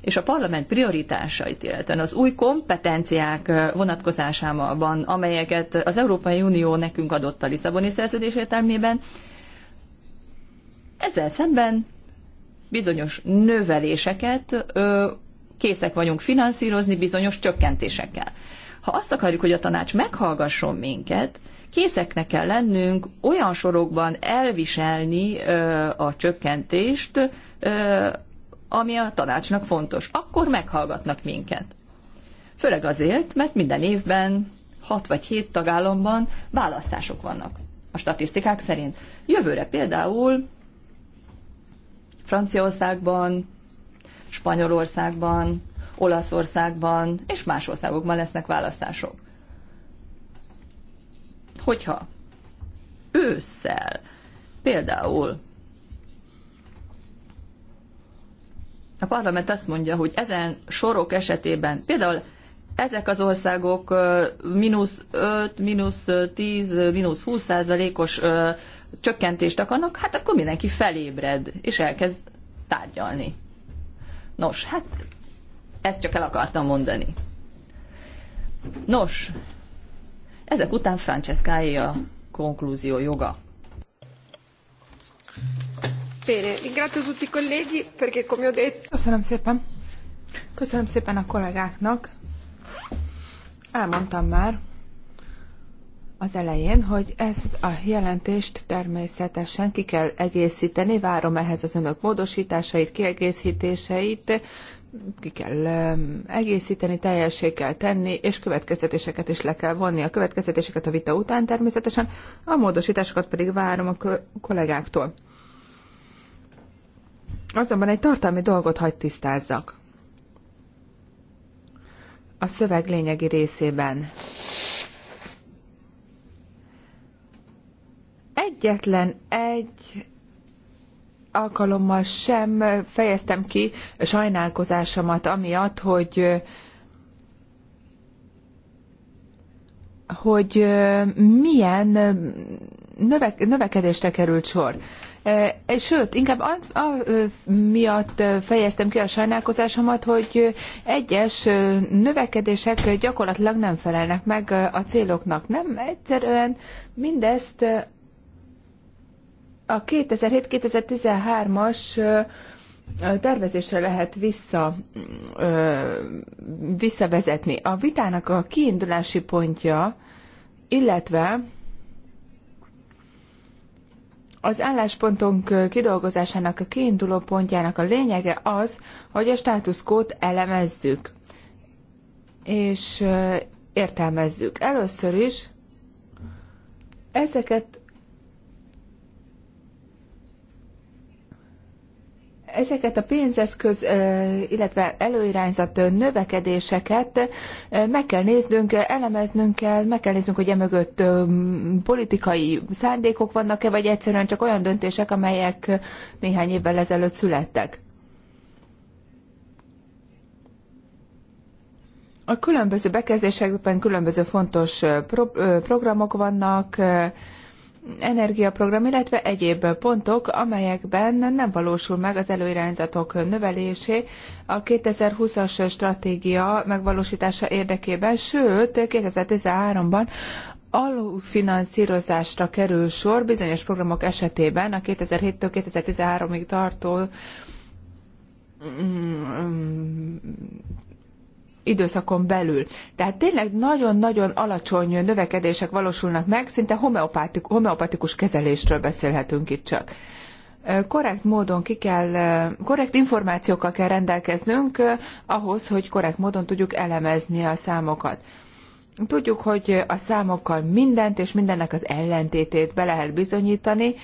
és a parlament prioritásait, illetve az új kompetenciák vonatkozásában, amelyeket az Európai Unió nekünk adott a Lisszaboni szerződés értelmében, ezzel szemben bizonyos növeléseket készek vagyunk finanszírozni bizonyos csökkentésekkel. Ha azt akarjuk, hogy a tanács meghallgasson minket, készeknek kell lennünk olyan sorokban elviselni a csökkentést, ami a tanácsnak fontos. Akkor meghallgatnak minket. Főleg azért, mert minden évben 6 vagy 7 tagállamban választások vannak. A statisztikák szerint. Jövőre például Franciaországban, Spanyolországban, Olaszországban és más országokban lesznek választások hogyha ősszel például a parlament azt mondja, hogy ezen sorok esetében például ezek az országok mínusz 5, mínusz 10, mínusz 20 százalékos csökkentést akarnak, hát akkor mindenki felébred, és elkezd tárgyalni. Nos, hát ezt csak el akartam mondani. Nos, ezek után Francescáé a konklúzió joga. Bene, ringrazio tutti i colleghi perché come ho detto... Köszönöm szépen. Köszönöm szépen a kollégáknak. Elmondtam már az elején, hogy ezt a jelentést természetesen ki kell egészíteni. Várom ehhez az önök módosításait, kiegészítéseit, ki kell egészíteni, teljessé kell tenni, és következtetéseket is le kell vonni. A következtetéseket a vita után természetesen, a módosításokat pedig várom a kollégáktól. Azonban egy tartalmi dolgot hagy tisztázzak. A szöveg lényegi részében egyetlen egy alkalommal sem fejeztem ki sajnálkozásomat amiatt, hogy hogy milyen növek, növekedésre került sor. Sőt, inkább miatt fejeztem ki a sajnálkozásomat, hogy egyes növekedések gyakorlatilag nem felelnek meg a céloknak. Nem egyszerűen mindezt a 2007-2013-as tervezésre lehet vissza, visszavezetni. A vitának a kiindulási pontja, illetve az álláspontunk kidolgozásának a kiinduló pontjának a lényege az, hogy a státuszkót elemezzük és értelmezzük. Először is ezeket ezeket a pénzeszköz, illetve előirányzat növekedéseket meg kell néznünk, elemeznünk kell, meg kell néznünk, hogy emögött politikai szándékok vannak-e, vagy egyszerűen csak olyan döntések, amelyek néhány évvel ezelőtt születtek. A különböző bekezdésekben különböző fontos pro programok vannak, energiaprogram, illetve egyéb pontok, amelyekben nem valósul meg az előirányzatok növelésé a 2020-as stratégia megvalósítása érdekében, sőt 2013-ban alulfinanszírozásra kerül sor bizonyos programok esetében a 2007-től 2013-ig tartó mm, mm, időszakon belül. Tehát tényleg nagyon-nagyon alacsony növekedések valósulnak meg, szinte homeopátik, homeopatikus kezelésről beszélhetünk itt csak. Korrekt módon ki kell, korrekt információkkal kell rendelkeznünk ahhoz, hogy korrekt módon tudjuk elemezni a számokat. Tudjuk, hogy a számokkal mindent és mindennek az ellentétét be lehet bizonyítani.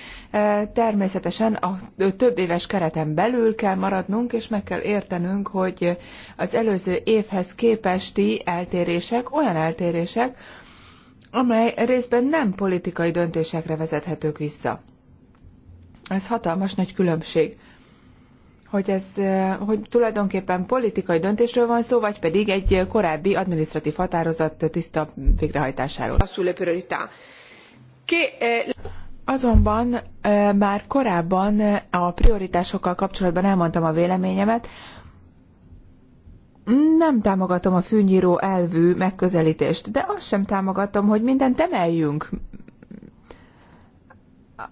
Természetesen a több éves kereten belül kell maradnunk, és meg kell értenünk, hogy az előző évhez képesti eltérések olyan eltérések, amely részben nem politikai döntésekre vezethetők vissza. Ez hatalmas nagy különbség hogy ez, hogy tulajdonképpen politikai döntésről van szó, vagy pedig egy korábbi adminisztratív határozat tiszta végrehajtásáról. Azonban már korábban a prioritásokkal kapcsolatban elmondtam a véleményemet, nem támogatom a fűnyíró elvű megközelítést, de azt sem támogatom, hogy mindent emeljünk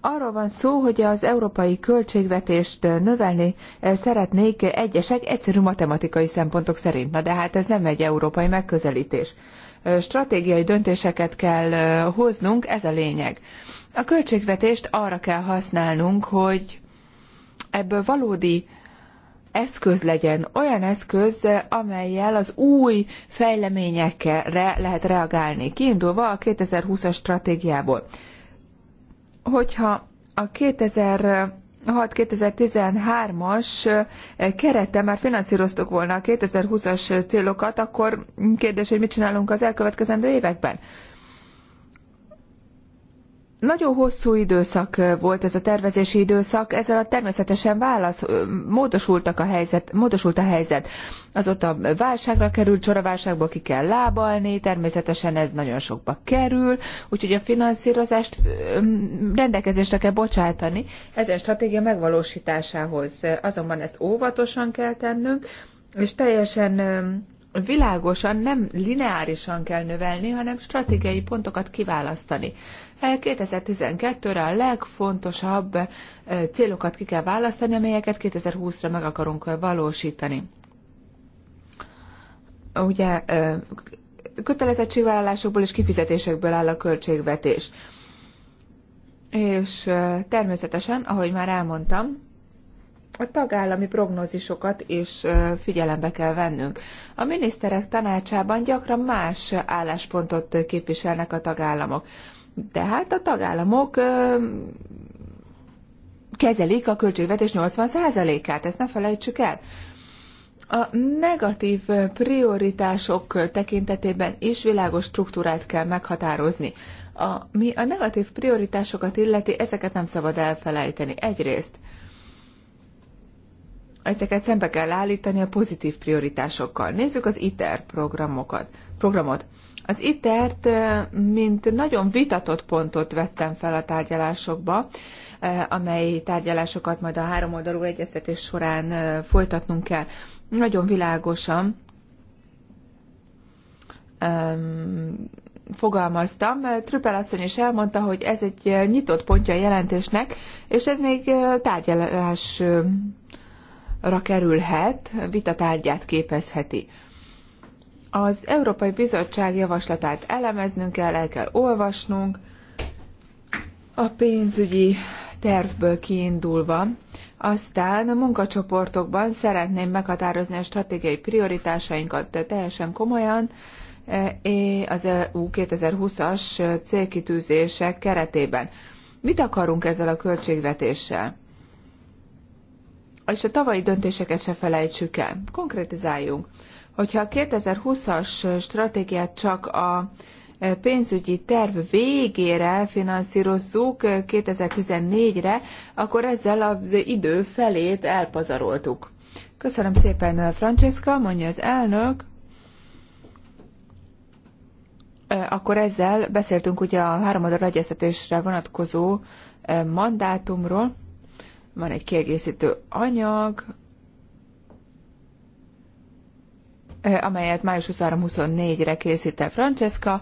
Arról van szó, hogy az európai költségvetést eh, növelni eh, szeretnék egyesek egyszerű matematikai szempontok szerint. Na de hát ez nem egy európai megközelítés. Eh, stratégiai döntéseket kell hoznunk, ez a lényeg. A költségvetést arra kell használnunk, hogy ebből valódi eszköz legyen, olyan eszköz, amelyel az új fejleményekre lehet reagálni, kiindulva a 2020-as stratégiából hogyha a 2000 2006-2013-as kerete már finanszíroztuk volna a 2020-as célokat, akkor kérdés, hogy mit csinálunk az elkövetkezendő években. Nagyon hosszú időszak volt ez a tervezési időszak, ezzel a természetesen válasz, módosultak a helyzet, módosult a helyzet. Azóta válságra került, csoraválságból ki kell lábalni, természetesen ez nagyon sokba kerül, úgyhogy a finanszírozást rendelkezésre kell bocsátani ezen stratégia megvalósításához. Azonban ezt óvatosan kell tennünk, és teljesen világosan, nem lineárisan kell növelni, hanem stratégiai pontokat kiválasztani. 2012-re a legfontosabb célokat ki kell választani, amelyeket 2020-ra meg akarunk valósítani. Ugye kötelezettségvállalásokból és kifizetésekből áll a költségvetés. És természetesen, ahogy már elmondtam, a tagállami prognózisokat is figyelembe kell vennünk. A miniszterek tanácsában gyakran más álláspontot képviselnek a tagállamok. Tehát a tagállamok kezelik a költségvetés 80%-át, ezt ne felejtsük el. A negatív prioritások tekintetében is világos struktúrát kell meghatározni. A, mi a negatív prioritásokat illeti, ezeket nem szabad elfelejteni. Egyrészt ezeket szembe kell állítani a pozitív prioritásokkal. Nézzük az ITER programokat, programot. Az ITER-t, mint nagyon vitatott pontot vettem fel a tárgyalásokba, amely tárgyalásokat majd a háromoldalú egyeztetés során folytatnunk kell. Nagyon világosan fogalmaztam. Trüppel asszony is elmondta, hogy ez egy nyitott pontja a jelentésnek, és ez még tárgyalásra kerülhet, vitatárgyát képezheti. Az Európai Bizottság javaslatát elemeznünk kell, el kell olvasnunk, a pénzügyi tervből kiindulva. Aztán a munkacsoportokban szeretném meghatározni a stratégiai prioritásainkat teljesen komolyan, eh, eh, az EU 2020-as célkitűzések keretében. Mit akarunk ezzel a költségvetéssel? És a tavalyi döntéseket se felejtsük el. Konkretizáljunk. Hogyha a 2020-as stratégiát csak a e, pénzügyi terv végére finanszírozzuk 2014-re, e, akkor ezzel az idő felét elpazaroltuk. Köszönöm szépen, e, Francesca, mondja az elnök. Akkor ezzel beszéltünk ugye a háromadal egyeztetésre vonatkozó mandátumról. Van egy kiegészítő anyag, amelyet május 23-24-re készít el Francesca.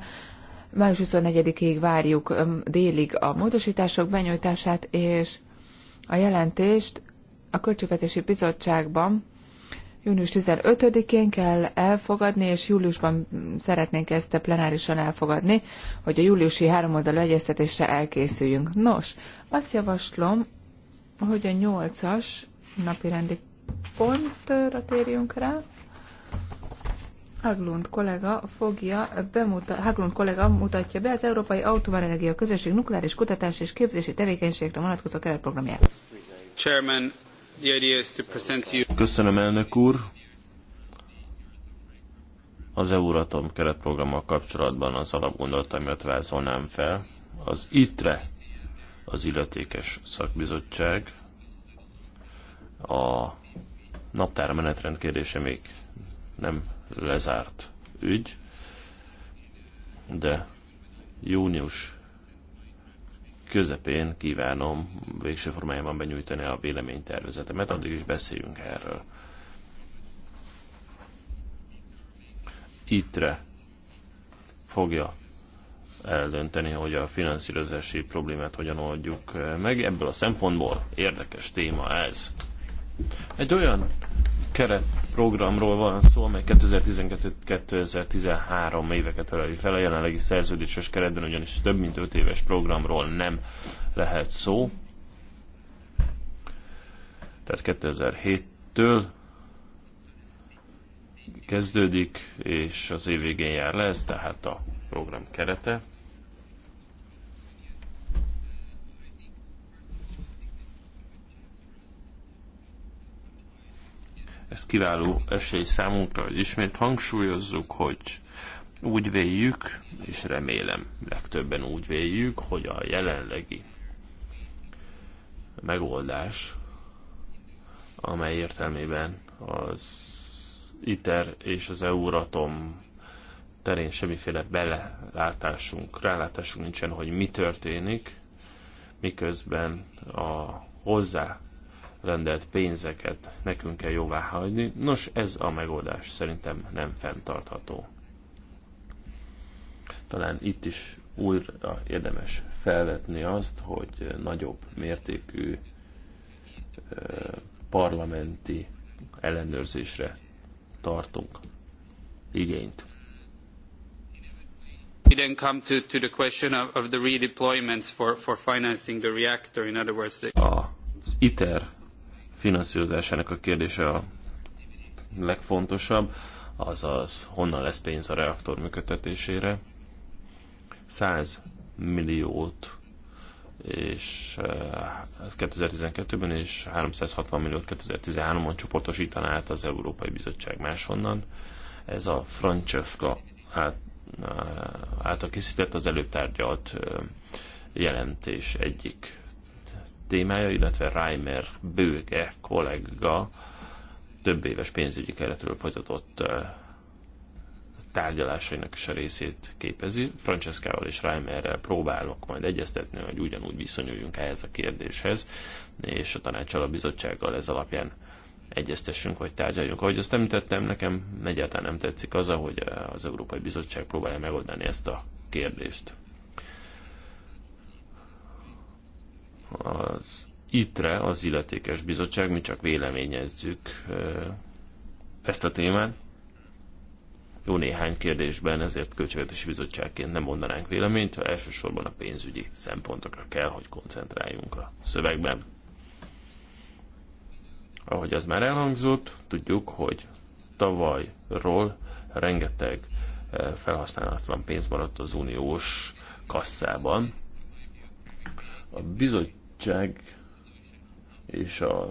Május 24-ig várjuk délig a módosítások benyújtását, és a jelentést a Költségvetési Bizottságban június 15-én kell elfogadni, és júliusban szeretnénk ezt a plenárisan elfogadni, hogy a júliusi háromoldalú egyeztetésre elkészüljünk. Nos, azt javaslom, hogy a 8-as napirendi pontra térjünk rá. Haglund kollega fogja bemuta, Haglund kollega mutatja be az Európai Atomenergia Közösség nukleáris kutatás és képzési tevékenységre vonatkozó keretprogramját. Chairman, the idea is to present you... Köszönöm, elnök úr. Az Euratom keretprogrammal kapcsolatban az alapgondolatomat vázolnám fel. Az ITRE, az illetékes szakbizottság, a naptármenetrend kérdése még nem lezárt ügy, de június közepén kívánom végső formájában benyújtani a véleménytervezetemet, addig is beszéljünk erről. Ittre fogja eldönteni, hogy a finanszírozási problémát hogyan oldjuk meg. Ebből a szempontból érdekes téma ez. Egy olyan keretprogramról van szó, amely 2012-2013 éveket öleli fel. A jelenlegi szerződéses keretben ugyanis több mint 5 éves programról nem lehet szó. Tehát 2007-től kezdődik, és az év végén jár le, ez tehát a program kerete. Ez kiváló esély számunkra, hogy ismét hangsúlyozzuk, hogy úgy véljük, és remélem legtöbben úgy véljük, hogy a jelenlegi megoldás, amely értelmében az ITER és az Euratom terén semmiféle belelátásunk, rálátásunk nincsen, hogy mi történik, miközben a hozzá rendelt pénzeket nekünk kell jóvá hagyni. Nos, ez a megoldás szerintem nem fenntartható. Talán itt is újra érdemes felvetni azt, hogy nagyobb mértékű parlamenti ellenőrzésre tartunk igényt. We then come to, to the question of, of the redeployments for, for financing the reactor, in other words, the... Az ITER finanszírozásának a kérdése a legfontosabb, azaz honnan lesz pénz a reaktor működtetésére. 100 milliót és 2012-ben eh, hát és 360 milliót 2013-ban csoportosítan át az Európai Bizottság máshonnan. Ez a Francesca eh, által készített az előtárgyalt eh, jelentés egyik témája, illetve Reimer Bőge kollega több éves pénzügyi keretről folytatott tárgyalásainak is a részét képezi. Francescával és Reimerrel próbálok majd egyeztetni, hogy ugyanúgy viszonyuljunk ehhez a kérdéshez, és a tanácsal, a bizottsággal ez alapján egyeztessünk, hogy tárgyaljunk. Ahogy azt említettem, nekem egyáltalán nem tetszik az, hogy az Európai Bizottság próbálja megoldani ezt a kérdést. az ITRE, az illetékes bizottság, mi csak véleményezzük ezt a témát. Jó néhány kérdésben ezért költségvetési bizottságként nem mondanánk véleményt, ha elsősorban a pénzügyi szempontokra kell, hogy koncentráljunk a szövegben. Ahogy az már elhangzott, tudjuk, hogy tavalyról rengeteg felhasználatlan pénz maradt az uniós kasszában. A bizottság bizottság és a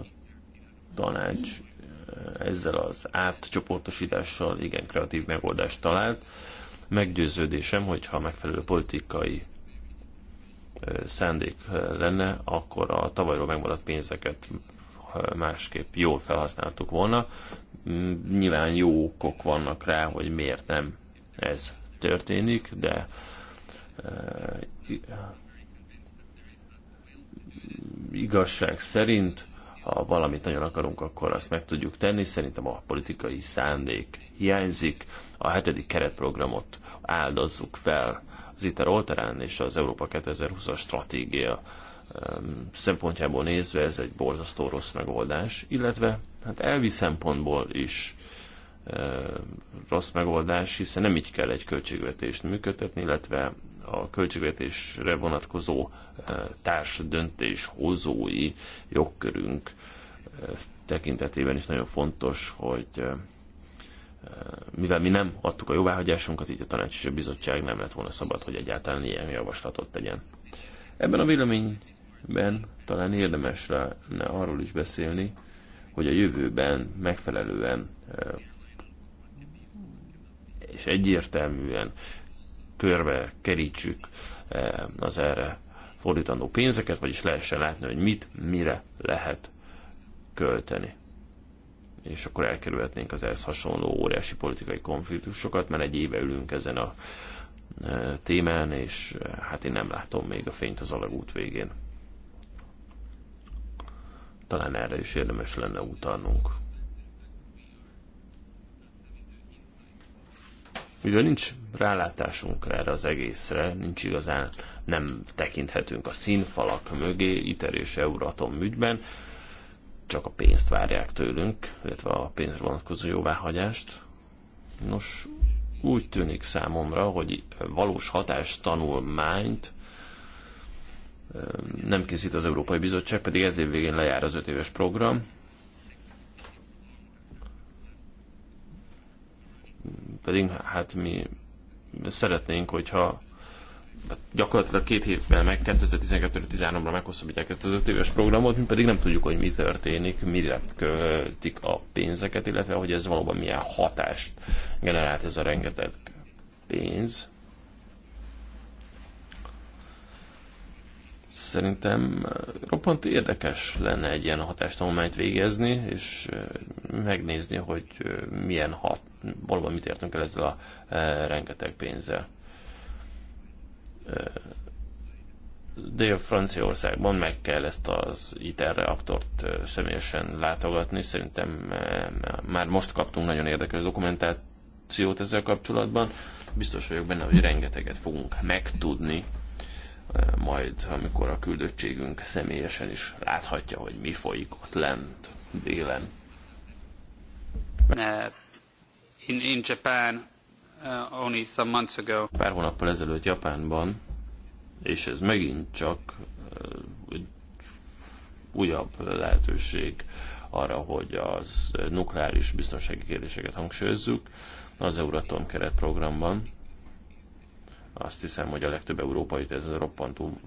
tanács eh, ezzel az átcsoportosítással igen kreatív megoldást talált. Meggyőződésem, hogy ha megfelelő politikai eh, szándék eh, lenne, akkor a tavalyról megmaradt pénzeket másképp jól felhasználtuk volna. Mm, nyilván jó okok vannak rá, hogy miért nem ez történik, de igazság szerint, ha valamit nagyon akarunk, akkor azt meg tudjuk tenni. Szerintem a politikai szándék hiányzik. A hetedik keretprogramot áldozzuk fel az ITER oltarán és az Európa 2020-as stratégia szempontjából nézve ez egy borzasztó rossz megoldás, illetve hát elvi szempontból is rossz megoldás, hiszen nem így kell egy költségvetést működtetni, illetve a költségvetésre vonatkozó eh, társ döntéshozói jogkörünk eh, tekintetében is nagyon fontos, hogy eh, mivel mi nem adtuk a jóváhagyásunkat, így a tanács és a bizottság nem lett volna szabad, hogy egyáltalán ilyen javaslatot tegyen. Ebben a véleményben talán érdemes lenne arról is beszélni, hogy a jövőben megfelelően és egyértelműen körbe kerítsük eh, az erre fordítandó pénzeket, vagyis lehessen látni, hogy mit, mire lehet költeni. És akkor elkerülhetnénk az ehhez hasonló óriási politikai konfliktusokat, mert egy éve ülünk ezen a eh, témán, és eh, hát én nem látom még a fényt az alagút végén. Talán erre is érdemes lenne utalnunk. mivel nincs rálátásunk erre az egészre, nincs igazán, nem tekinthetünk a színfalak mögé, ITER és Euratom ügyben, csak a pénzt várják tőlünk, illetve a pénzre vonatkozó jóváhagyást. Nos, úgy tűnik számomra, hogy valós tanulmányt nem készít az Európai Bizottság, pedig ez év végén lejár az öt éves program. pedig hát mi szeretnénk, hogyha hát gyakorlatilag két hétben meg 2012-13-ra meghosszabbítják ezt az öt éves programot, mi pedig nem tudjuk, hogy mi történik, mire költik a pénzeket, illetve hogy ez valóban milyen hatást generált ez a rengeteg pénz. Szerintem eh, roppant érdekes lenne egy ilyen hatástanulmányt végezni, és eh, megnézni, hogy eh, milyen hat, valóban mit értünk el ezzel a rengeteg pénzzel. Dél-Franciaországban meg kell ezt az ITER reaktort személyesen látogatni. Szerintem már most kaptunk nagyon érdekes dokumentációt ezzel kapcsolatban. Biztos vagyok benne, hogy rengeteget fogunk megtudni majd amikor a küldöttségünk személyesen is láthatja, hogy mi folyik ott lent délen. Uh, in, in Japan, uh, only some months ago. Pár hónappal ezelőtt Japánban, és ez megint csak uh, újabb lehetőség arra, hogy az nukleáris biztonsági kérdéseket hangsúlyozzuk az Euratom keretprogramban azt hiszem, hogy a legtöbb Európai ez roppantú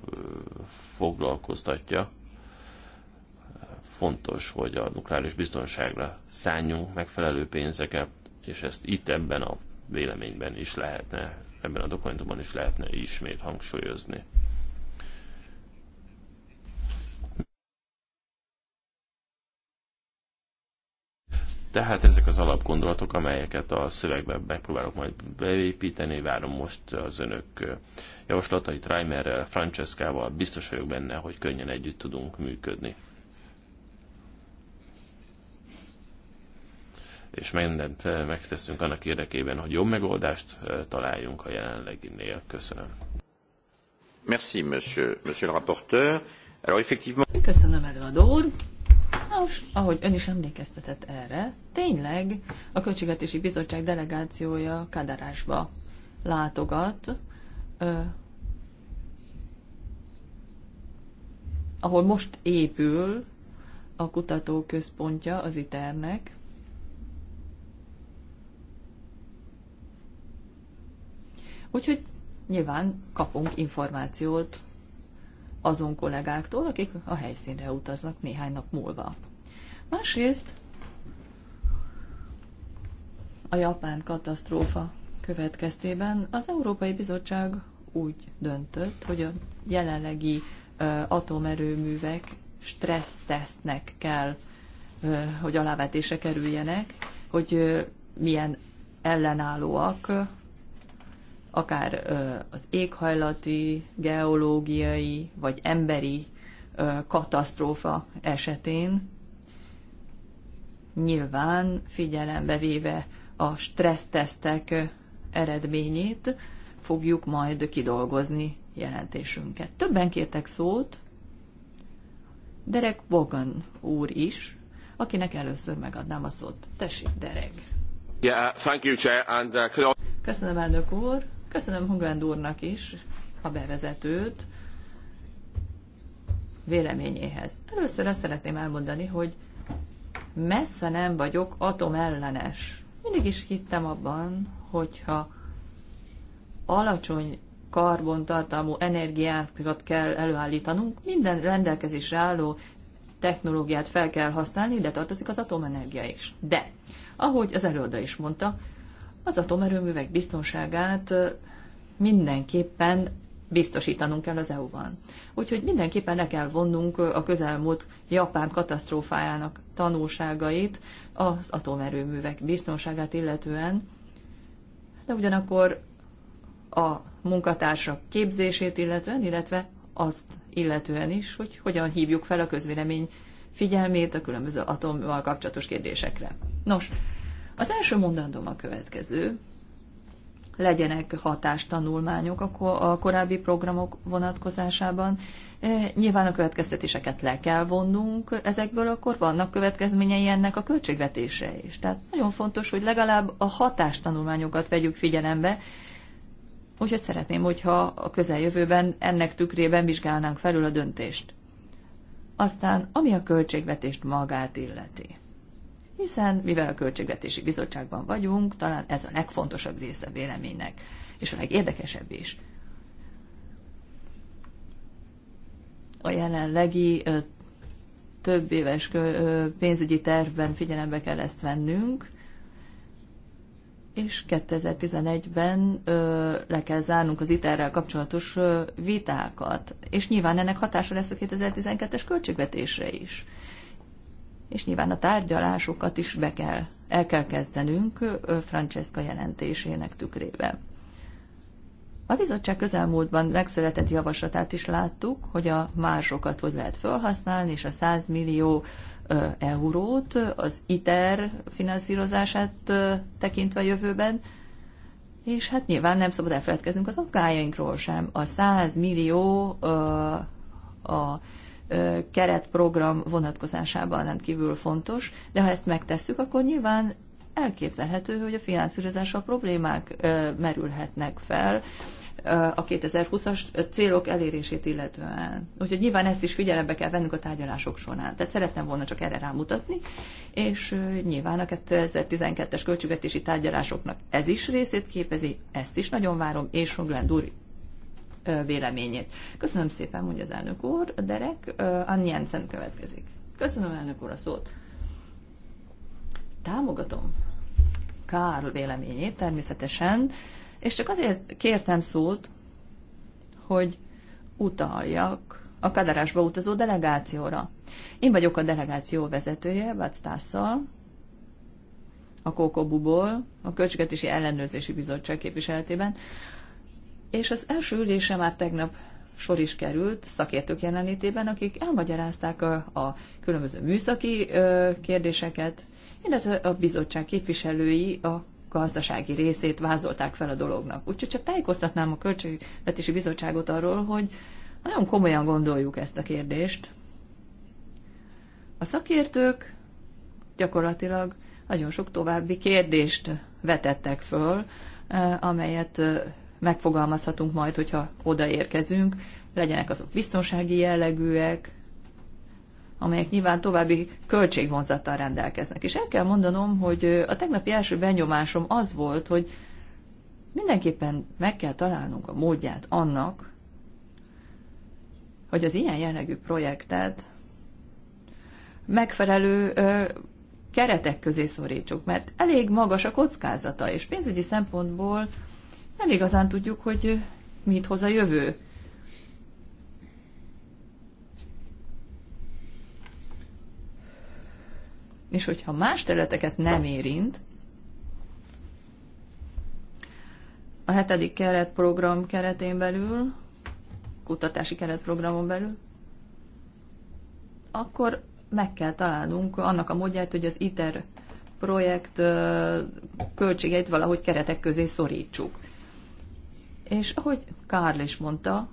foglalkoztatja. Fontos, hogy a nukleáris biztonságra szálljunk megfelelő pénzeket, és ezt itt ebben a véleményben is lehetne, ebben a dokumentumban is lehetne ismét hangsúlyozni. Tehát ezek az alapgondolatok, amelyeket a szövegbe megpróbálok majd beépíteni, várom most az önök javaslatait Reimerrel, Francescával, biztos vagyok benne, hogy könnyen együtt tudunk működni. És mindent megteszünk annak érdekében, hogy jobb megoldást találjunk a jelenleginél. Köszönöm. Merci, monsieur, monsieur le rapporteur. Alors, effectivement... Köszönöm, előadó úr. Nos, ahogy ön is emlékeztetett erre, tényleg a Költségvetési Bizottság delegációja Kadarásba látogat, eh, ahol most épül a kutatóközpontja az ITER-nek. Úgyhogy nyilván kapunk információt azon kollégáktól, akik a helyszínre utaznak néhány nap múlva. Másrészt a japán katasztrófa következtében az Európai Bizottság úgy döntött, hogy a jelenlegi atomerőművek stressztesztnek kell, hogy alávetésre kerüljenek, hogy milyen ellenállóak akár az éghajlati, geológiai vagy emberi katasztrófa esetén, nyilván figyelembe véve a stressztesztek eredményét, fogjuk majd kidolgozni jelentésünket. Többen kértek szót, Derek Vogan úr is, akinek először megadnám a szót. Tessék, Derek! Yeah, uh, thank you, Chair, and, uh, could I... Köszönöm, elnök úr! Köszönöm Hugland úrnak is a bevezetőt véleményéhez. Először azt szeretném elmondani, hogy messze nem vagyok atomellenes. Mindig is hittem abban, hogyha alacsony karbontartalmú energiákat kell előállítanunk, minden rendelkezésre álló technológiát fel kell használni, de tartozik az atomenergia is. De, ahogy az előadó is mondta, az atomerőművek biztonságát mindenképpen biztosítanunk kell az EU-ban. Úgyhogy mindenképpen le kell vonnunk a közelmúlt Japán katasztrófájának tanulságait az atomerőművek biztonságát illetően, de ugyanakkor a munkatársak képzését illetően, illetve azt illetően is, hogy hogyan hívjuk fel a közvélemény figyelmét a különböző atommal kapcsolatos kérdésekre. Nos, az első mondandóm a következő. Legyenek hatástanulmányok a korábbi programok vonatkozásában. E, nyilván a következtetéseket le kell vonnunk ezekből, akkor vannak következményei ennek a költségvetése is. Tehát nagyon fontos, hogy legalább a hatástanulmányokat vegyük figyelembe, Úgyhogy szeretném, hogyha a közeljövőben ennek tükrében vizsgálnánk felül a döntést. Aztán, ami a költségvetést magát illeti hiszen mivel a Költségvetési Bizottságban vagyunk, talán ez a legfontosabb része a véleménynek, és a legérdekesebb is. A jelenlegi ö, több éves ö, pénzügyi tervben figyelembe kell ezt vennünk, és 2011-ben ö, le kell zárnunk az iter kapcsolatos ö, vitákat, és nyilván ennek hatása lesz a 2012-es költségvetésre is és nyilván a tárgyalásokat is be kell, el kell kezdenünk Francesca jelentésének tükrében. A bizottság közelmúltban megszületett javaslatát is láttuk, hogy a másokat hogy lehet felhasználni, és a 100 millió eurót az ITER finanszírozását tekintve a jövőben, és hát nyilván nem szabad elfeledkeznünk az aggájainkról sem. A 100 millió a keretprogram vonatkozásában rendkívül fontos, de ha ezt megtesszük, akkor nyilván elképzelhető, hogy a finanszírozással problémák merülhetnek fel a 2020-as célok elérését illetően. Úgyhogy nyilván ezt is figyelembe kell vennünk a tárgyalások során. Tehát szerettem volna csak erre rámutatni, és nyilván a 2012-es költségvetési tárgyalásoknak ez is részét képezi, ezt is nagyon várom, és Roglend úr véleményét. Köszönöm szépen, mondja az elnök úr. A Derek Ann Jensen következik. Köszönöm, elnök úr, a szót. Támogatom Kár véleményét természetesen, és csak azért kértem szót, hogy utaljak a Kadarásba utazó delegációra. Én vagyok a delegáció vezetője, Vactásszal, a Kókobuból, a Költségvetési Ellenőrzési Bizottság képviseletében, és az első ülése már tegnap sor is került szakértők jelenlétében, akik elmagyarázták a, a különböző műszaki ö, kérdéseket, illetve a bizottság képviselői a gazdasági részét vázolták fel a dolognak. Úgyhogy csak tájékoztatnám a Költségvetési Bizottságot arról, hogy nagyon komolyan gondoljuk ezt a kérdést. A szakértők gyakorlatilag nagyon sok további kérdést vetettek föl, amelyet megfogalmazhatunk majd, hogyha odaérkezünk, legyenek azok biztonsági jellegűek, amelyek nyilván további költségvonzattal rendelkeznek. És el kell mondanom, hogy a tegnapi első benyomásom az volt, hogy mindenképpen meg kell találnunk a módját annak, hogy az ilyen jellegű projektet megfelelő ö, keretek közé szorítsuk, mert elég magas a kockázata, és pénzügyi szempontból nem igazán tudjuk, hogy mit hoz a jövő. És hogyha más területeket nem érint, a hetedik keretprogram keretén belül, kutatási keretprogramon belül, akkor meg kell találnunk annak a módját, hogy az ITER projekt költségeit valahogy keretek közé szorítsuk. És ahogy Kárl is mondta,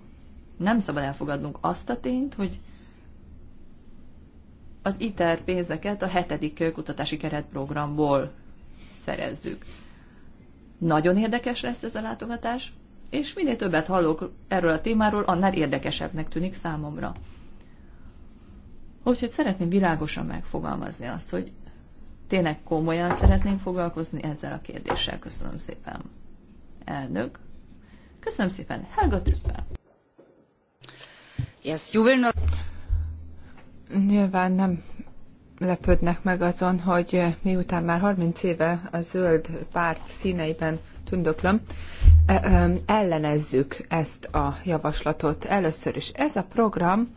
nem szabad elfogadnunk azt a tényt, hogy az ITER pénzeket a hetedik kutatási keretprogramból szerezzük. Nagyon érdekes lesz ez a látogatás, és minél többet hallok erről a témáról, annál érdekesebbnek tűnik számomra. Úgyhogy szeretném világosan megfogalmazni azt, hogy tényleg komolyan szeretnénk foglalkozni ezzel a kérdéssel. Köszönöm szépen. Elnök. Köszönöm szépen. Helga Trüppel. Yes, you will not... Nyilván nem lepődnek meg azon, hogy miután már 30 éve a zöld párt színeiben tündöklöm, e, ellenezzük ezt a javaslatot. Először is ez a program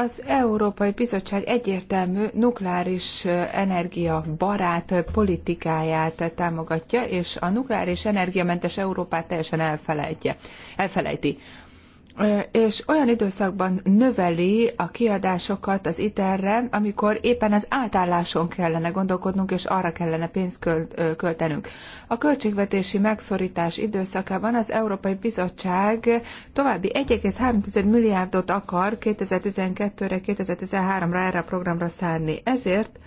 az Európai Bizottság egyértelmű nukleáris energia barát politikáját támogatja, és a nukleáris energiamentes Európát teljesen elfelejtje, elfelejti és olyan időszakban növeli a kiadásokat az ITER-re, amikor éppen az átálláson kellene gondolkodnunk, és arra kellene pénzt költenünk. A költségvetési megszorítás időszakában az Európai Bizottság további 1,3 milliárdot akar 2012-re, 2013-ra erre a programra szánni. Ezért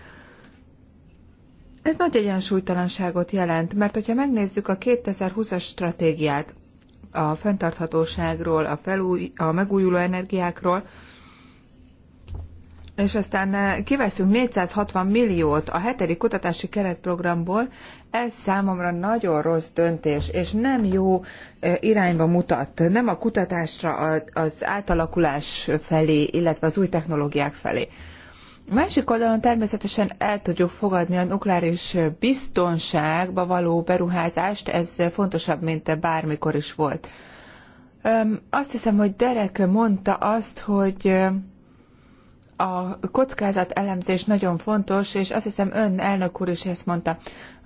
ez nagy egyensúlytalanságot jelent, mert hogyha megnézzük a 2020-as stratégiát, a fenntarthatóságról, a, felúj, a megújuló energiákról, és aztán eh, kiveszünk 460 milliót a hetedik kutatási keretprogramból, ez számomra nagyon rossz döntés, és nem jó eh, irányba mutat, nem a kutatásra, az átalakulás felé, illetve az új technológiák felé. Másik oldalon természetesen el tudjuk fogadni a nukleáris biztonságba való beruházást, ez fontosabb, mint bármikor is volt. Azt hiszem, hogy Derek mondta azt, hogy a kockázat elemzés nagyon fontos, és azt hiszem ön elnök úr is ezt mondta.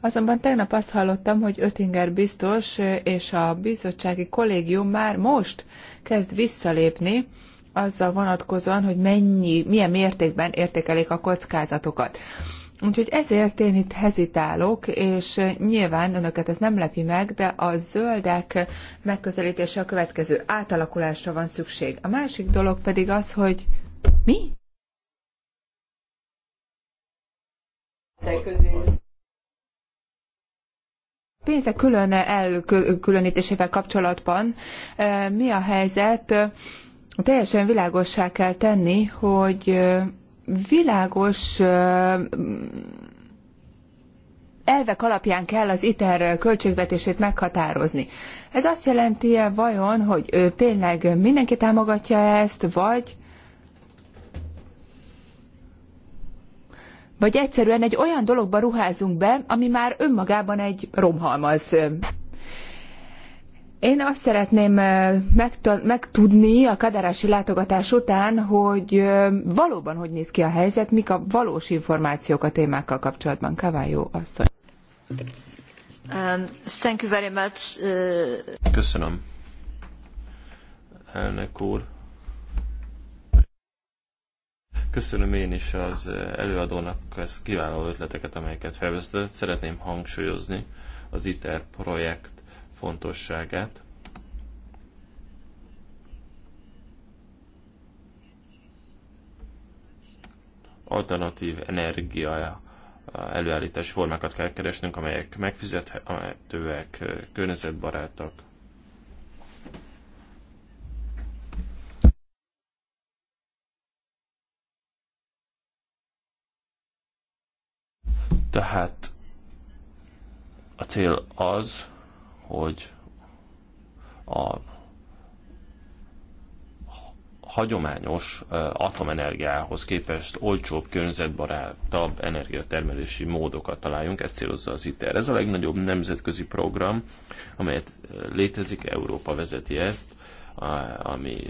Azonban tegnap azt hallottam, hogy Ötinger biztos és a bizottsági kollégium már most kezd visszalépni, azzal vonatkozóan, hogy mennyi, milyen mértékben értékelik a kockázatokat. Úgyhogy ezért én itt hezitálok, és nyilván önöket ez nem lepi meg, de a zöldek megközelítése a következő átalakulásra van szükség. A másik dolog pedig az, hogy mi? pénzek külön elkülönítésével kapcsolatban e, mi a helyzet? teljesen világossá kell tenni, hogy világos elvek alapján kell az ITER költségvetését meghatározni. Ez azt jelenti-e vajon, hogy tényleg mindenki támogatja ezt, vagy vagy egyszerűen egy olyan dologba ruházunk be, ami már önmagában egy romhalmaz én azt szeretném megtudni a kadárási látogatás után, hogy valóban hogy néz ki a helyzet, mik a valós információk a témákkal kapcsolatban. Kavályó asszony. Um, thank you very much. Uh, Köszönöm. Elnök úr. Köszönöm én is az előadónak ezt kiváló ötleteket, amelyeket felvezetett. Szeretném hangsúlyozni az ITER projekt fontosságát. Alternatív energia eh, előállítás formákat kell keresnünk, amelyek megfizethetőek, környezetbarátak, Tehát a cél az, hogy a hagyományos atomenergiához képest olcsóbb, környezetbarátabb energiatermelési módokat találjunk, ezt célozza az ITER. Ez a legnagyobb nemzetközi program, amelyet létezik, Európa vezeti ezt, ami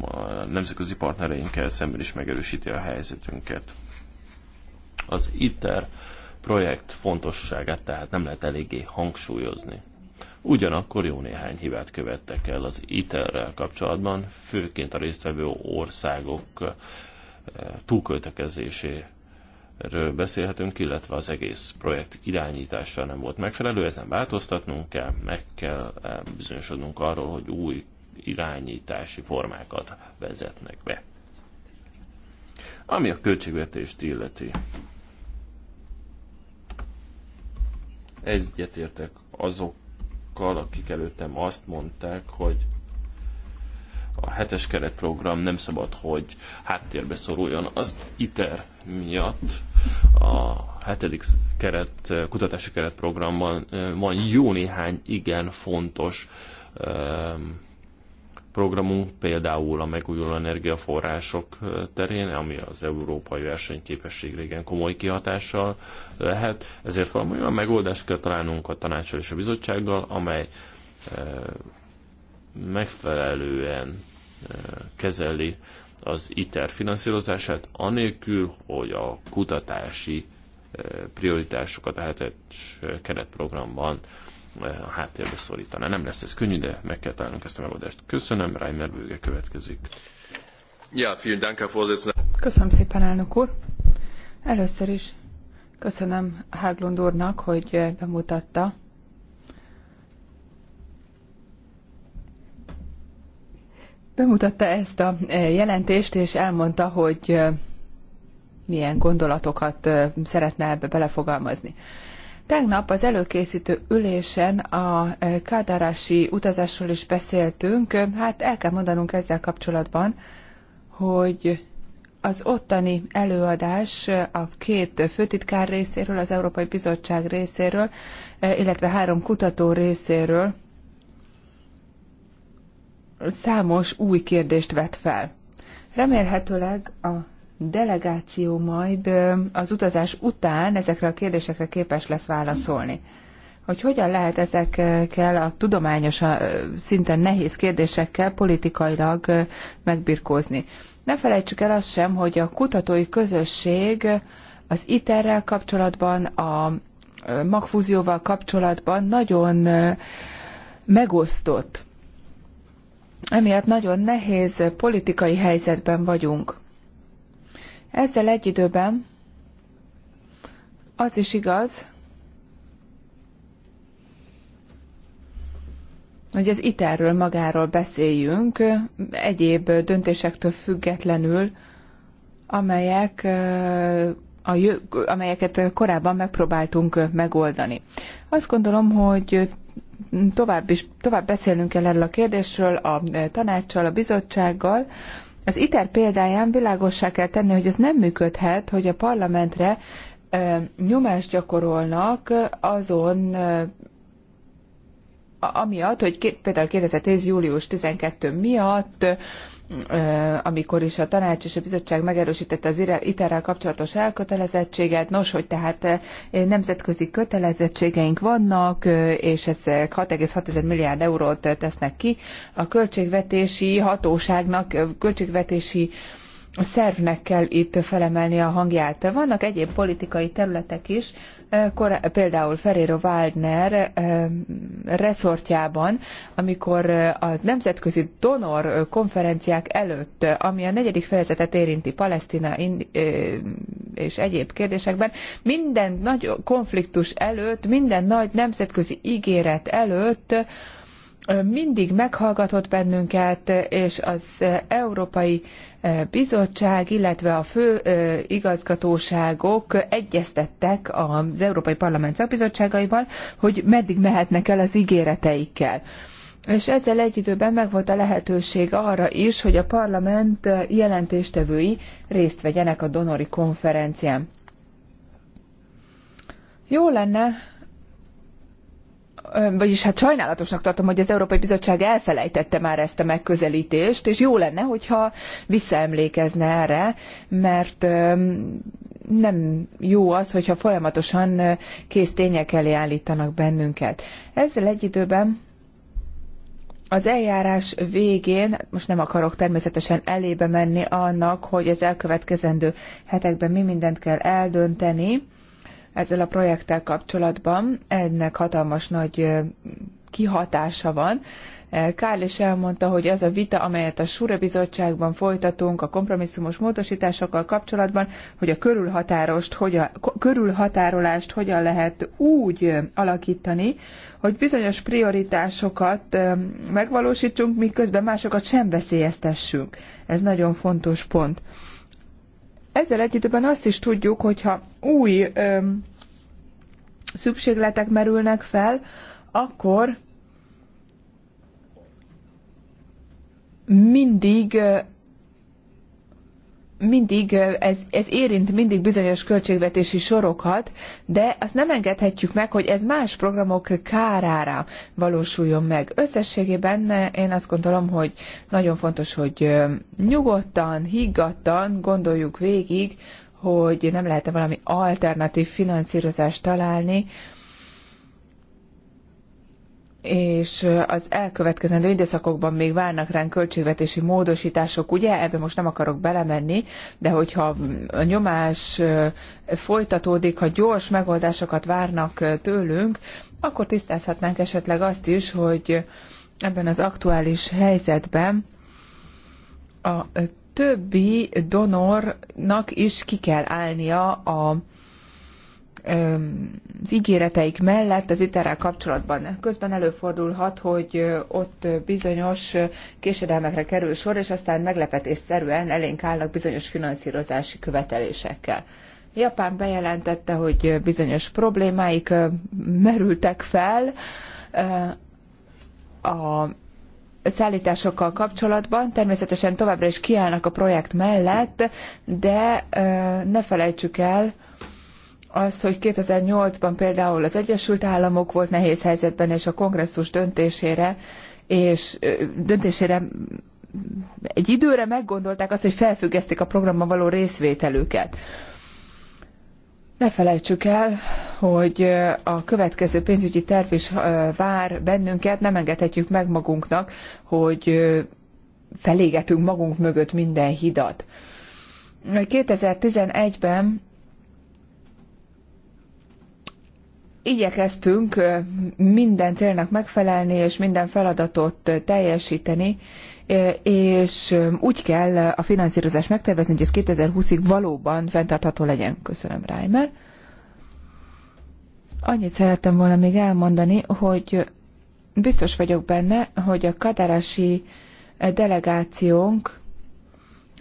a nemzetközi partnereinkkel szemben is megerősíti a helyzetünket. Az ITER projekt fontosságát tehát nem lehet eléggé hangsúlyozni. Ugyanakkor jó néhány hibát követtek el az iter kapcsolatban, főként a résztvevő országok eh, túlköltekezéséről beszélhetünk, illetve az egész projekt irányítása nem volt megfelelő, ezen változtatnunk kell, meg kell eh, bizonyosodnunk arról, hogy új irányítási formákat vezetnek be. Ami a költségvetést illeti. Egyetértek azok azokkal, akik előttem azt mondták, hogy a hetes keretprogram nem szabad, hogy háttérbe szoruljon az ITER miatt. A hetedik keret, kutatási keretprogramban eh, van jó néhány igen fontos um, programunk, például a megújuló energiaforrások terén, ami az európai versenyképességre igen komoly kihatással lehet. Ezért valami olyan megoldást kell találnunk a tanácsal és a bizottsággal, amely megfelelően kezeli az ITER finanszírozását, anélkül, hogy a kutatási prioritásokat a hetes keretprogramban a háttérbe szorítaná. Nem lesz ez könnyű, de meg kell találnunk ezt a megoldást. Köszönöm, Reimer Bőge következik. Ja, vielen Dank, Herr Vorsitzender. Köszönöm szépen, elnök úr. Először is köszönöm Háglund úrnak, hogy bemutatta bemutatta ezt a jelentést, és elmondta, hogy milyen gondolatokat szeretne ebbe belefogalmazni. Tegnap az előkészítő ülésen a e, kádárási utazásról is beszéltünk. Hát el kell mondanunk ezzel kapcsolatban, hogy az ottani előadás a két főtitkár részéről, az Európai Bizottság részéről, e, illetve három kutató részéről számos új kérdést vet fel. Remélhetőleg a delegáció majd az utazás után ezekre a kérdésekre képes lesz válaszolni. Hogy hogyan lehet ezekkel a tudományos szinten nehéz kérdésekkel politikailag megbirkózni. Ne felejtsük el azt sem, hogy a kutatói közösség az ITER-rel kapcsolatban, a magfúzióval kapcsolatban nagyon megosztott. Emiatt nagyon nehéz politikai helyzetben vagyunk. Ezzel egy időben az is igaz, hogy az iterről magáról beszéljünk, egyéb döntésektől függetlenül, amelyek, a, amelyeket korábban megpróbáltunk megoldani. Azt gondolom, hogy tovább, is, tovább beszélnünk kell erről a kérdésről a tanácssal, a bizottsággal, az ITER példáján világossá kell tenni, hogy ez nem működhet, hogy a parlamentre nyomást gyakorolnak azon, amiatt, hogy például 2010. július 12 miatt amikor is a tanács és a bizottság megerősítette az iterrel kapcsolatos elkötelezettséget, nos, hogy tehát nemzetközi kötelezettségeink vannak, és ezek 6,6 milliárd eurót tesznek ki. A költségvetési hatóságnak, költségvetési szervnek kell itt felemelni a hangját. Vannak egyéb politikai területek is, például Ferrero Waldner reszortjában, amikor a nemzetközi donor konferenciák előtt, ami a negyedik fejezetet érinti Palesztina és egyéb kérdésekben, minden nagy konfliktus előtt, minden nagy nemzetközi ígéret előtt, mindig meghallgatott bennünket, és az Európai Bizottság, illetve a fő igazgatóságok egyeztettek az Európai Parlament szakbizottságaival, hogy meddig mehetnek el az ígéreteikkel. És ezzel egy időben megvolt a lehetőség arra is, hogy a parlament jelentéstevői részt vegyenek a donori konferencián. Jó lenne, vagyis hát sajnálatosnak tartom, hogy az Európai Bizottság elfelejtette már ezt a megközelítést, és jó lenne, hogyha visszaemlékezne erre, mert nem jó az, hogyha folyamatosan kész tények elé állítanak bennünket. Ezzel egy időben az eljárás végén, most nem akarok természetesen elébe menni annak, hogy az elkövetkezendő hetekben mi mindent kell eldönteni, ezzel a projekttel kapcsolatban. Ennek hatalmas nagy kihatása van. Kál is elmondta, hogy az a vita, amelyet a Súra Bizottságban folytatunk a kompromisszumos módosításokkal kapcsolatban, hogy a körülhatárost, a körülhatárolást hogyan lehet úgy alakítani, hogy bizonyos prioritásokat megvalósítsunk, miközben másokat sem veszélyeztessünk. Ez nagyon fontos pont. Ezzel egy időben azt is tudjuk, hogyha új ö, szükségletek merülnek fel, akkor mindig mindig, ez, ez érint mindig bizonyos költségvetési sorokat, de azt nem engedhetjük meg, hogy ez más programok kárára valósuljon meg. Összességében én azt gondolom, hogy nagyon fontos, hogy nyugodtan, higgadtan gondoljuk végig, hogy nem lehet-e valami alternatív finanszírozást találni és az elkövetkezendő időszakokban még várnak ránk költségvetési módosítások, ugye? Ebbe most nem akarok belemenni, de hogyha a nyomás folytatódik, ha gyors megoldásokat várnak tőlünk, akkor tisztázhatnánk esetleg azt is, hogy ebben az aktuális helyzetben a többi donornak is ki kell állnia a az ígéreteik mellett az iterrel kapcsolatban. Közben előfordulhat, hogy ott bizonyos késedelmekre kerül sor, és aztán meglepetésszerűen elénk állnak bizonyos finanszírozási követelésekkel. Japán bejelentette, hogy bizonyos problémáik merültek fel a szállításokkal kapcsolatban. Természetesen továbbra is kiállnak a projekt mellett, de ne felejtsük el, az, hogy 2008-ban például az Egyesült Államok volt nehéz helyzetben, és a kongresszus döntésére, és döntésére egy időre meggondolták azt, hogy felfüggesztik a programban való részvételüket. Ne felejtsük el, hogy a következő pénzügyi terv is vár bennünket, nem engedhetjük meg magunknak, hogy felégetünk magunk mögött minden hidat. 2011-ben igyekeztünk minden célnak megfelelni, és minden feladatot teljesíteni, és úgy kell a finanszírozást megtervezni, hogy ez 2020-ig valóban fenntartható legyen. Köszönöm, Reimer. Annyit szerettem volna még elmondani, hogy biztos vagyok benne, hogy a kadárási delegációnk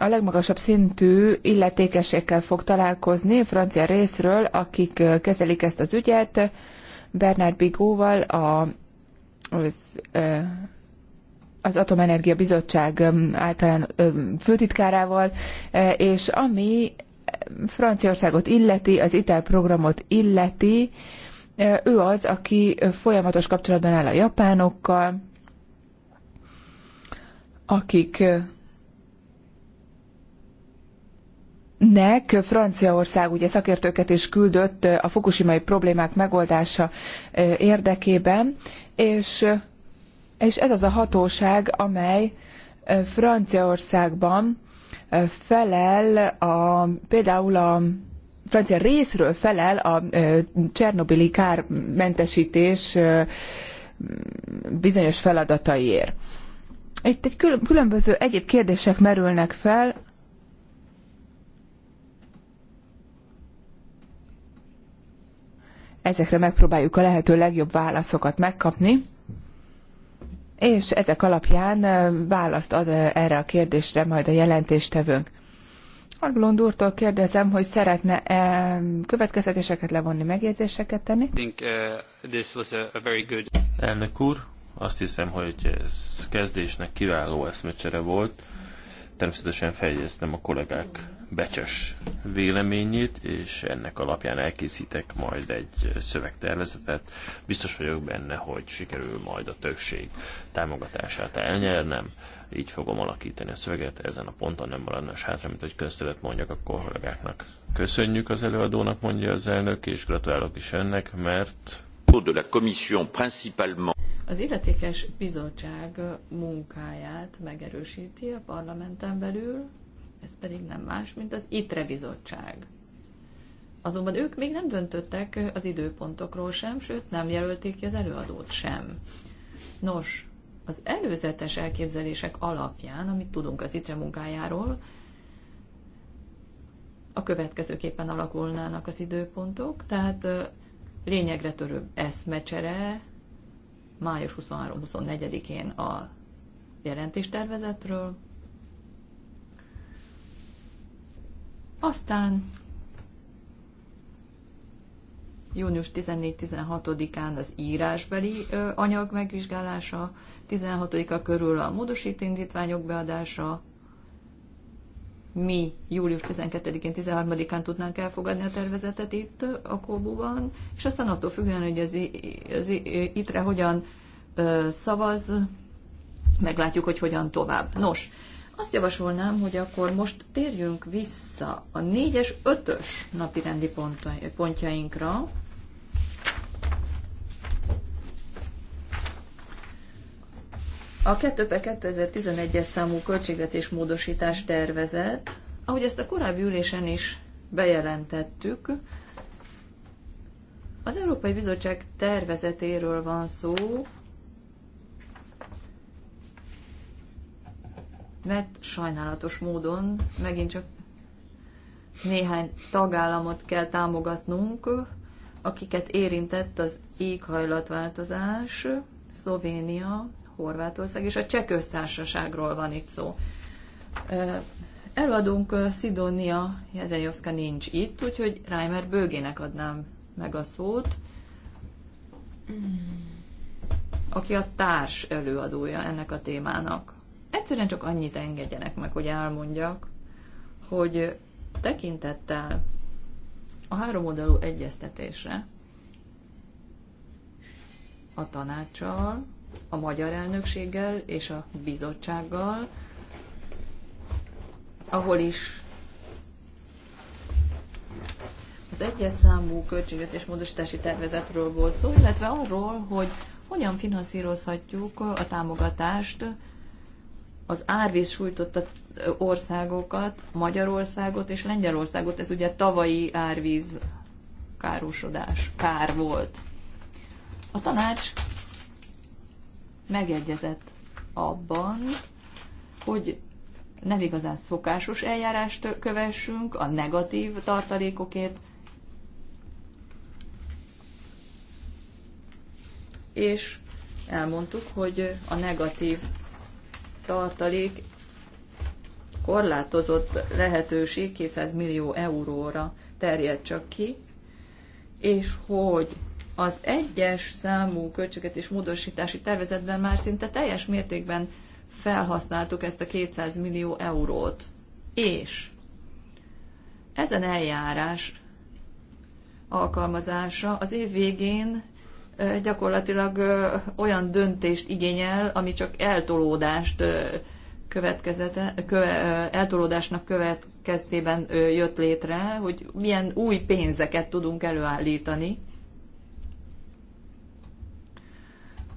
a legmagasabb szintű illetékesekkel fog találkozni francia részről, akik kezelik ezt az ügyet, Bernard Bigóval, a, az, az Atomenergia Bizottság általán főtitkárával, és ami Franciaországot illeti, az programot illeti, ő az, aki folyamatos kapcsolatban áll a japánokkal, akik nek Franciaország ugye szakértőket is küldött eh, a fukushimai problémák megoldása eh, érdekében, és, eh, és ez az a hatóság, amely Franciaországban felel a, például a francia részről felel a Csernobili kármentesítés bizonyos feladataiért. Itt egy különböző egyéb kérdések merülnek fel, Ezekre megpróbáljuk a lehető legjobb válaszokat megkapni, és ezek alapján választ ad erre a kérdésre majd a jelentéstevőnk. Arglond úrtól kérdezem, hogy szeretne -e következtetéseket levonni, megjegyzéseket tenni? Think, uh, good... Elnök úr, azt hiszem, hogy ez kezdésnek kiváló eszmecsere volt. Természetesen feljegyeztem a kollégák becses véleményét, és ennek alapján elkészítek majd egy szövegtervezetet. Biztos vagyok benne, hogy sikerül majd a többség támogatását elnyernem. Így fogom alakítani a szöveget, ezen a ponton nem maradna a mint hogy köszönet mondjak a kollégáknak. Köszönjük az előadónak, mondja az elnök, és gratulálok is önnek, mert... De la commission principalement az illetékes bizottság munkáját megerősíti a parlamenten belül, ez pedig nem más, mint az ITRE bizottság. Azonban ők még nem döntöttek az időpontokról sem, sőt nem jelölték ki az előadót sem. Nos, az előzetes elképzelések alapján, amit tudunk az ITRE munkájáról, a következőképpen alakulnának az időpontok, tehát lényegre törőbb eszmecsere május 23-24-én a jelentéstervezetről, Aztán június 14-16-án az írásbeli anyag megvizsgálása, 16-a körül a módosító indítványok beadása, mi július 12-én, 13-án tudnánk elfogadni a tervezetet itt a Kóbuban, és aztán attól függően, hogy az, az itre hogyan ö, szavaz, meglátjuk, hogy hogyan tovább. Nos, azt javasolnám, hogy akkor most térjünk vissza a 4-es, 5-ös napi rendi pontjainkra. A 2 2011-es számú költségvetés módosítás tervezet, ahogy ezt a korábbi ülésen is bejelentettük, az Európai Bizottság tervezetéről van szó, mert sajnálatos módon megint csak néhány tagállamot kell támogatnunk, akiket érintett az éghajlatváltozás, Szlovénia, Horvátország és a Cseh köztársaságról van itt szó. Előadónk Szidónia Jedenjovszka nincs itt, úgyhogy Reimer Bőgének adnám meg a szót, aki a társ előadója ennek a témának. Egyszerűen csak annyit engedjenek meg, hogy elmondjak, hogy tekintettel a három oldalú egyeztetésre a tanácssal, a magyar elnökséggel és a bizottsággal, ahol is az egyes számú költségvetés módosítási tervezetről volt szó, illetve arról, hogy hogyan finanszírozhatjuk a támogatást az árvíz sújtotta országokat, Magyarországot és Lengyelországot, ez ugye tavalyi árvíz károsodás, kár volt. A tanács megegyezett abban, hogy nem igazán szokásos eljárást kövessünk a negatív tartalékokért, és elmondtuk, hogy a negatív tartalék korlátozott lehetőség 200 millió euróra terjed csak ki, és hogy az egyes számú és módosítási tervezetben már szinte teljes mértékben felhasználtuk ezt a 200 millió eurót. És ezen eljárás alkalmazása az év végén gyakorlatilag olyan döntést igényel, ami csak eltolódást következete, köve, eltolódásnak következtében jött létre, hogy milyen új pénzeket tudunk előállítani.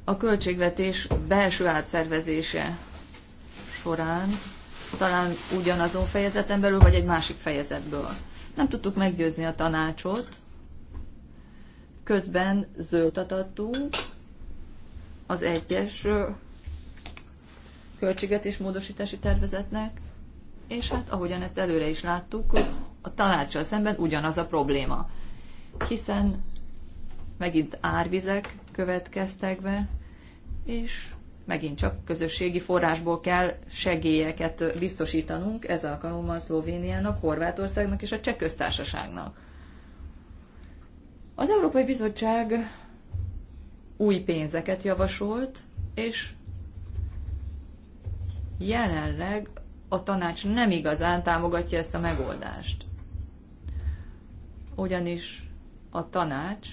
A költségvetés belső átszervezése során, talán ugyanazon fejezeten belül, vagy egy másik fejezetből. Nem tudtuk meggyőzni a tanácsot, Közben zöldet adtunk az egyes költségvetés módosítási tervezetnek, és hát ahogyan ezt előre is láttuk, a tanácssal szemben ugyanaz a probléma. Hiszen megint árvizek következtek be, és megint csak közösségi forrásból kell segélyeket biztosítanunk, ez alkalommal Szlovéniának, Horvátországnak és a Cseh köztársaságnak. Az Európai Bizottság új pénzeket javasolt, és jelenleg a tanács nem igazán támogatja ezt a megoldást. Ugyanis a tanács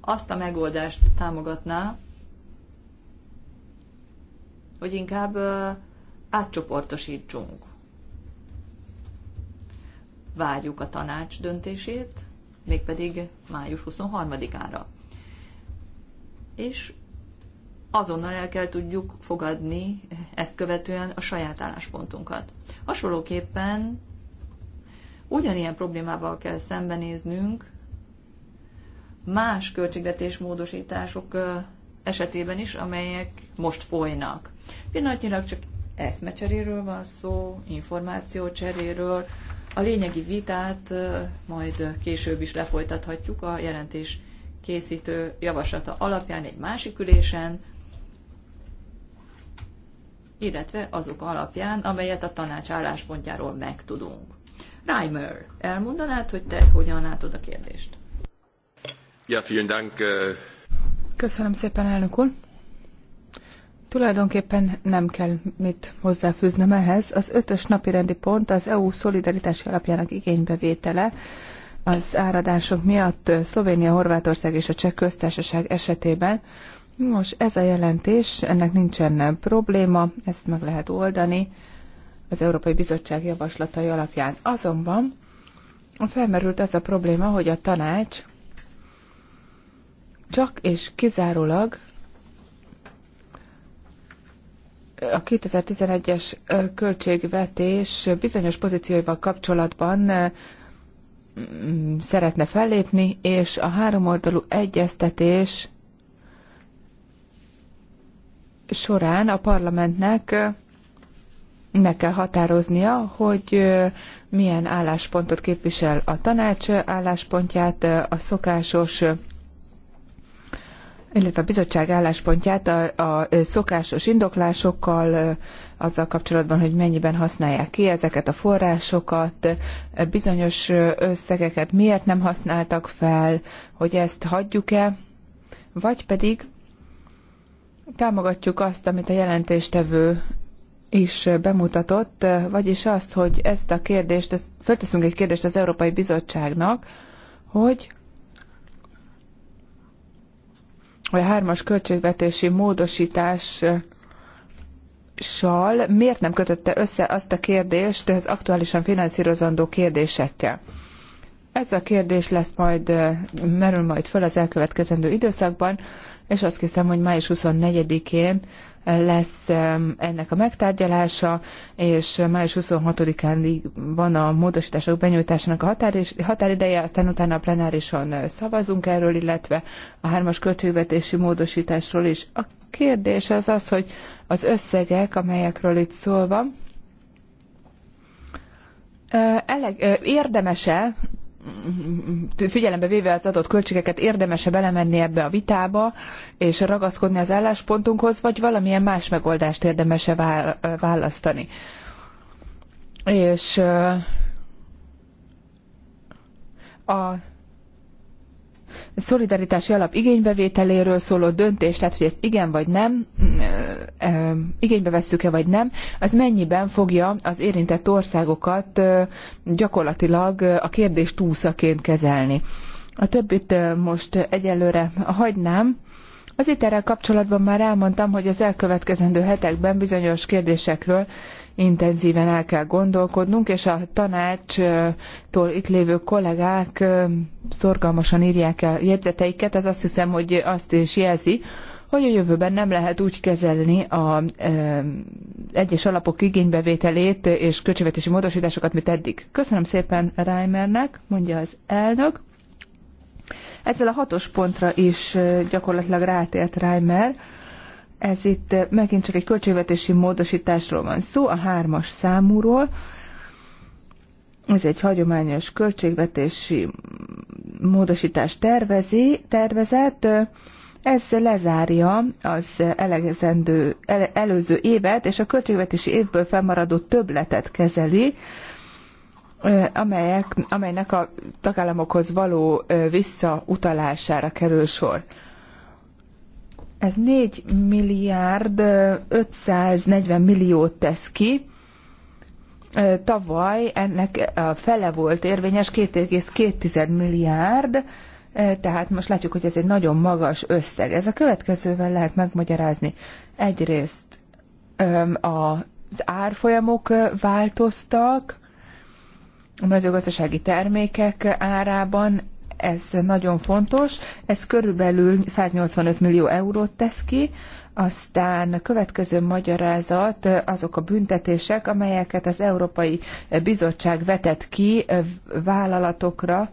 azt a megoldást támogatná, hogy inkább átcsoportosítsunk várjuk a tanács döntését, mégpedig május 23-ára. És azonnal el kell tudjuk fogadni ezt követően a saját álláspontunkat. Hasonlóképpen ugyanilyen problémával kell szembenéznünk más költségvetésmódosítások esetében is, amelyek most folynak. Pillanatnyilag csak eszmecseréről van szó, információcseréről, a lényegi vitát majd később is lefolytathatjuk a jelentés készítő javaslata alapján egy másik ülésen, illetve azok alapján, amelyet a tanács álláspontjáról megtudunk. Reimer, elmondanád, hogy te hogyan látod a kérdést? Ja, vielen Dank. Köszönöm szépen, elnök úr. Tulajdonképpen nem kell mit hozzáfűznöm ehhez. Az ötös napi rendi pont az EU szolidaritási alapjának igénybevétele az áradások miatt Szlovénia, Horvátország és a Cseh köztársaság esetében. Most ez a jelentés, ennek nincsen probléma, ezt meg lehet oldani az Európai Bizottság javaslatai alapján. Azonban felmerült az a probléma, hogy a tanács csak és kizárólag a 2011-es költségvetés bizonyos pozícióival kapcsolatban mm, szeretne fellépni, és a háromoldalú egyeztetés során a parlamentnek meg kell határoznia, hogy milyen álláspontot képvisel a tanács álláspontját, a szokásos illetve a bizottság álláspontját a, a szokásos indoklásokkal, azzal kapcsolatban, hogy mennyiben használják ki ezeket a forrásokat, bizonyos összegeket miért nem használtak fel, hogy ezt hagyjuk-e, vagy pedig támogatjuk azt, amit a jelentéstevő is bemutatott, vagyis azt, hogy ezt a kérdést, ezt, fölteszünk egy kérdést az Európai Bizottságnak, hogy a hármas költségvetési módosítás sal miért nem kötötte össze azt a kérdést az aktuálisan finanszírozandó kérdésekkel? Ez a kérdés lesz majd, merül majd föl az elkövetkezendő időszakban, és azt hiszem, hogy május 24-én lesz ennek a megtárgyalása, és május 26-án van a módosítások benyújtásának a határideje, aztán utána a plenárison szavazunk erről, illetve a hármas költségvetési módosításról is. A kérdés az az, hogy az összegek, amelyekről itt szó van, Érdemes-e figyelembe véve az adott költségeket érdemese belemenni ebbe a vitába, és ragaszkodni az álláspontunkhoz, vagy valamilyen más megoldást érdemese választani. És a szolidaritási alap igénybevételéről szóló döntés, tehát hogy ezt igen vagy nem, igénybe vesszük-e vagy nem, az mennyiben fogja az érintett országokat gyakorlatilag a kérdés túszaként kezelni. A többit most egyelőre hagynám. Az erre kapcsolatban már elmondtam, hogy az elkövetkezendő hetekben bizonyos kérdésekről intenzíven el kell gondolkodnunk, és a tanácstól itt lévő kollégák szorgalmasan írják el jegyzeteiket, ez azt hiszem, hogy azt is jelzi, hogy a jövőben nem lehet úgy kezelni a egyes alapok igénybevételét és költségvetési módosításokat, mint eddig. Köszönöm szépen Reimernek, mondja az elnök. Ezzel a hatos pontra is gyakorlatilag rátért Reimer. Ez itt eh, megint csak egy költségvetési módosításról van szó, a hármas számúról. Ez egy hagyományos költségvetési módosítás tervezi, tervezett. Ez lezárja az elegezendő, el, előző évet, és a költségvetési évből felmaradó többletet kezeli, eh, amelyek, amelynek a tagállamokhoz való eh, visszautalására kerül sor. Ez 4 milliárd 540 milliót tesz ki. Tavaly ennek a fele volt érvényes 2,2 milliárd, tehát most látjuk, hogy ez egy nagyon magas összeg. Ez a következővel lehet megmagyarázni. Egyrészt az árfolyamok változtak, a mezőgazdasági termékek árában ez nagyon fontos, ez körülbelül 185 millió eurót tesz ki, aztán a következő magyarázat azok a büntetések, amelyeket az Európai Bizottság vetett ki vállalatokra,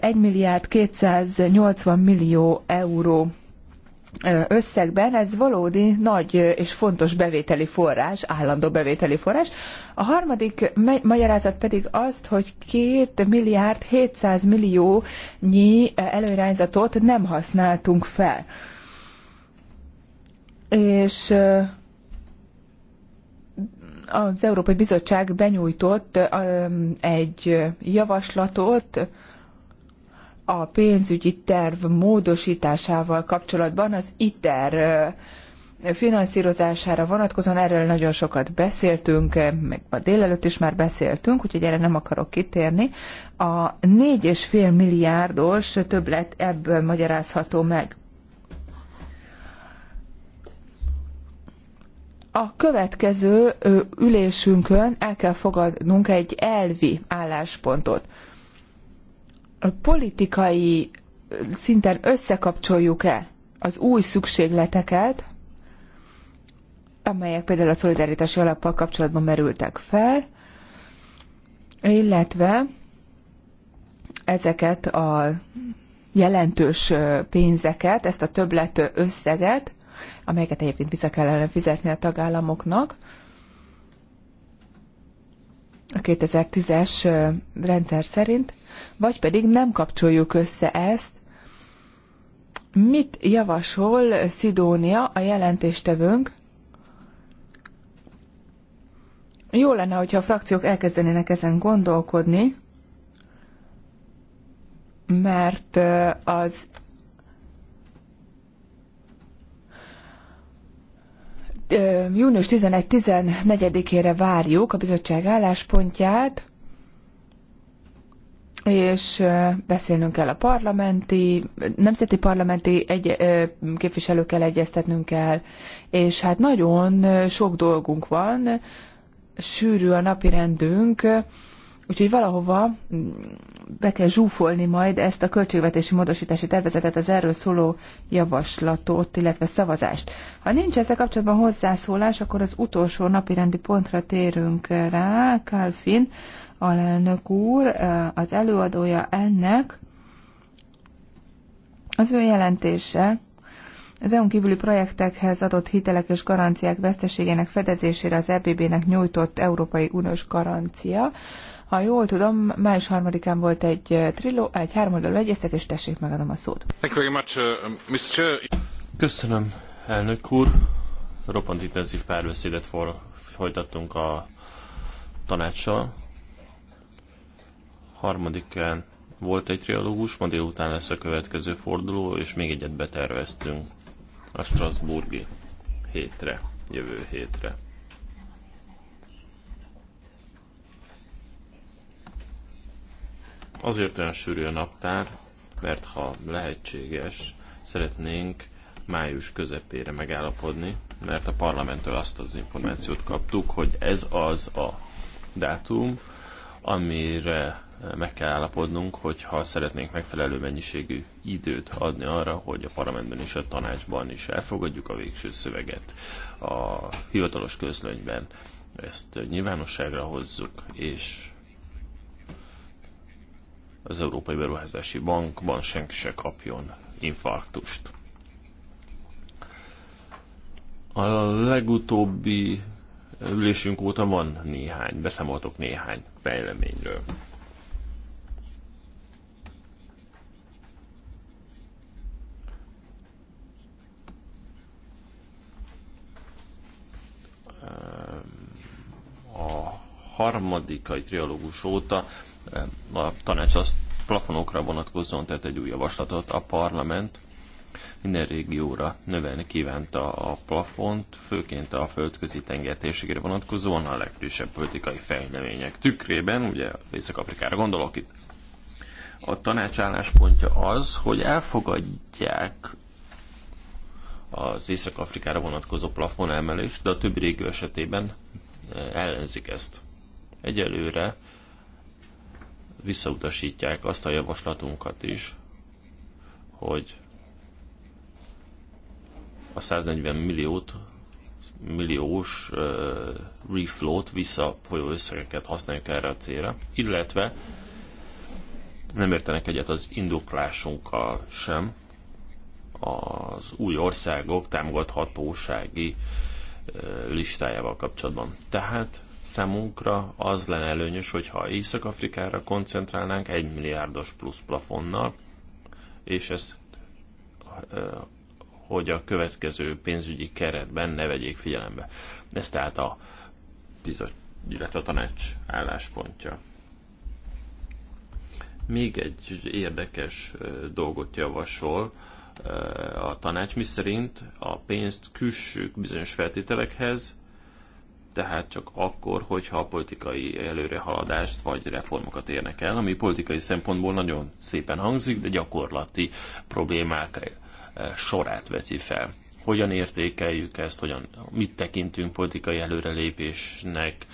1 milliárd 280 millió euró összegben ez valódi nagy és fontos bevételi forrás, állandó bevételi forrás. A harmadik magyarázat pedig azt, hogy 2 milliárd 700 milliónyi előirányzatot nem használtunk fel. És az Európai Bizottság benyújtott egy javaslatot, a pénzügyi terv módosításával kapcsolatban az ITER finanszírozására vonatkozóan erről nagyon sokat beszéltünk, meg ma délelőtt is már beszéltünk, úgyhogy erre nem akarok kitérni. A 4,5 milliárdos többlet ebből magyarázható meg. A következő ülésünkön el kell fogadnunk egy elvi álláspontot politikai szinten összekapcsoljuk-e az új szükségleteket, amelyek például a szolidaritási alappal kapcsolatban merültek fel, illetve ezeket a jelentős pénzeket, ezt a többlet összeget, amelyeket egyébként vissza kellene fizetni a tagállamoknak, a 2010-es rendszer szerint, vagy pedig nem kapcsoljuk össze ezt. Mit javasol Szidónia, a jelentéstevőnk? Jó lenne, hogyha a frakciók elkezdenének ezen gondolkodni, mert az június 11-14-ére várjuk a bizottság álláspontját, és beszélnünk kell a parlamenti, nemzeti parlamenti egy, képviselőkkel egyeztetnünk kell, és hát nagyon sok dolgunk van, sűrű a napi rendünk, úgyhogy valahova be kell zsúfolni majd ezt a költségvetési módosítási tervezetet, az erről szóló javaslatot, illetve szavazást. Ha nincs ezzel kapcsolatban hozzászólás, akkor az utolsó napi rendi pontra térünk rá, Kalfin, alelnök úr, az előadója ennek, az ő jelentése az EU-n kívüli projektekhez adott hitelek és garanciák veszteségének fedezésére az EBB-nek nyújtott Európai Uniós garancia. Ha jól tudom, május harmadikán volt egy triló, egy háromoldalú egyeztetés, tessék, megadom a szót. Uh, Köszönöm, elnök úr. Roppant intenzív párbeszédet folytattunk a tanácssal, harmadikán volt egy trialógus, ma délután lesz a következő forduló, és még egyet beterveztünk a Strasburgi hétre, jövő hétre. Azért olyan sűrű a naptár, mert ha lehetséges, szeretnénk május közepére megállapodni, mert a parlamenttől azt az információt kaptuk, hogy ez az a dátum, amire meg kell állapodnunk, hogy ha szeretnénk megfelelő mennyiségű időt adni arra, hogy a parlamentben és a tanácsban is elfogadjuk a végső szöveget a hivatalos közlönyben, ezt nyilvánosságra hozzuk, és az Európai Beruházási Bankban senki se kapjon infarktust. A legutóbbi ülésünk óta van néhány, beszámoltok néhány fejleményről. a harmadikai trialógus óta a tanács azt plafonokra vonatkozóan tett egy új javaslatot, a parlament minden régióra növelni kívánta a plafont, főként a földközi tengertérségére vonatkozóan a legfrissebb politikai fejlemények tükrében, ugye Észak-Afrikára gondolok itt. A tanács álláspontja az, hogy elfogadják az Észak-Afrikára vonatkozó plafon emelést, de a többi régió esetében e, ellenzik ezt. Egyelőre visszautasítják azt a javaslatunkat is, hogy a 140 milliót milliós uh, refloat, folyó összegeket használjuk erre a célra, illetve nem értenek egyet az indoklásunkkal sem, az új országok támogathatósági listájával kapcsolatban. Tehát számunkra az lenne előnyös, hogyha Észak-Afrikára koncentrálnánk egy milliárdos plusz plafonnal, és ezt hogy a következő pénzügyi keretben ne vegyék figyelembe. Ez tehát a bizot, illetve a tanács álláspontja. Még egy érdekes dolgot javasol a tanács, szerint a pénzt küssük bizonyos feltételekhez, tehát csak akkor, hogyha a politikai előrehaladást vagy reformokat érnek el, ami politikai szempontból nagyon szépen hangzik, de gyakorlati problémák sorát veti fel. Hogyan értékeljük ezt, hogyan, mit tekintünk politikai előrelépésnek,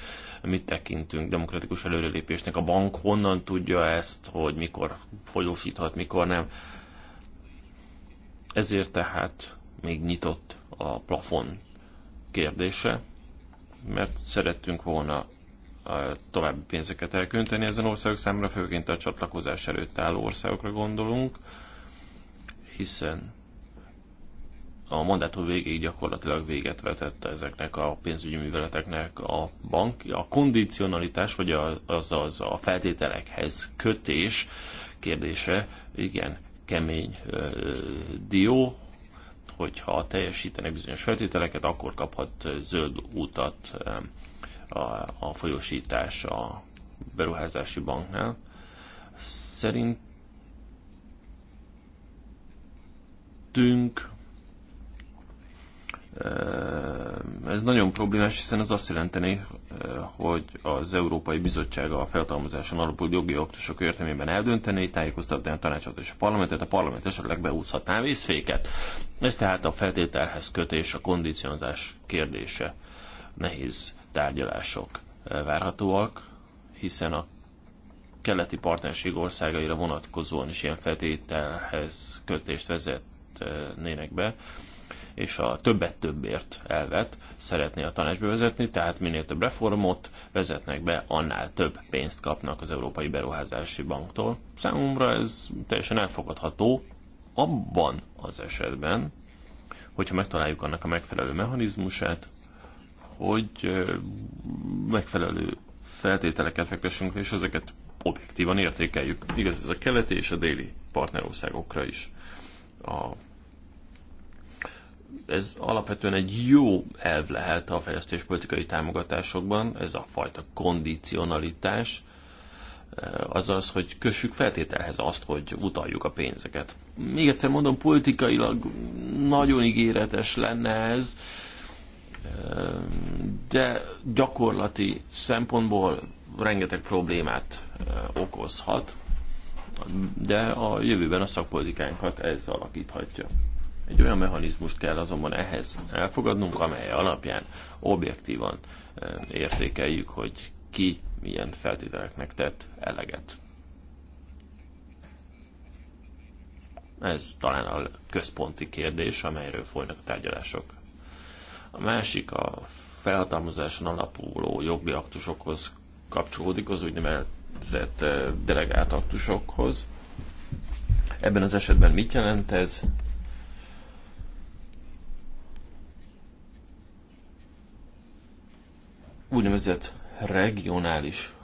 mit tekintünk demokratikus előrelépésnek, a bank honnan tudja ezt, hogy mikor folyósíthat, mikor nem ezért tehát még nyitott a plafon kérdése, mert szerettünk volna további pénzeket elkönteni ezen országok számára, főként a csatlakozás előtt álló országokra gondolunk, hiszen a mandátum végéig gyakorlatilag véget vetett ezeknek a pénzügyi műveleteknek a bank. A kondicionalitás, vagy azaz az a feltételekhez kötés kérdése igen kemény dió, hogyha teljesítenek bizonyos feltételeket, akkor kaphat zöld útat a, a folyosítás a beruházási banknál. Szerintünk ez nagyon problémás, hiszen ez azt jelenteni, hogy az Európai Bizottság a feltalmazáson alapul jogi aktusok értelmében eldönteni, tájékoztatni a tanácsot és a parlamentet, a parlament esetleg beúszhatná vészféket. Ez tehát a feltételhez kötés, a kondicionálás kérdése. Nehéz tárgyalások várhatóak, hiszen a keleti partnerség országaira vonatkozóan is ilyen feltételhez kötést vezetnének be és a többet többért elvet szeretné a tanácsba vezetni, tehát minél több reformot vezetnek be, annál több pénzt kapnak az Európai Beruházási Banktól. Számomra ez teljesen elfogadható abban az esetben, hogyha megtaláljuk annak a megfelelő mechanizmusát, hogy megfelelő feltételeket fektessünk, és ezeket objektívan értékeljük. Igaz ez a keleti és a déli partnerországokra is. A ez alapvetően egy jó elv lehet a fejlesztés politikai támogatásokban, ez a fajta kondicionalitás, eh, azaz, hogy kössük feltételhez azt, hogy utaljuk a pénzeket. Még egyszer mondom, politikailag nagyon ígéretes lenne ez, eh, de gyakorlati szempontból rengeteg problémát eh, okozhat, de a jövőben a szakpolitikánkat ez alakíthatja. Egy olyan mechanizmust kell azonban ehhez elfogadnunk, amely alapján objektívan eh, értékeljük, hogy ki milyen feltételeknek tett eleget. Ez talán a központi kérdés, amelyről folynak tárgyalások. A másik a felhatalmazáson alapuló jogi aktusokhoz kapcsolódik, az úgynevezett eh, delegált aktusokhoz. Ebben az esetben mit jelent ez? úgynevezett regionális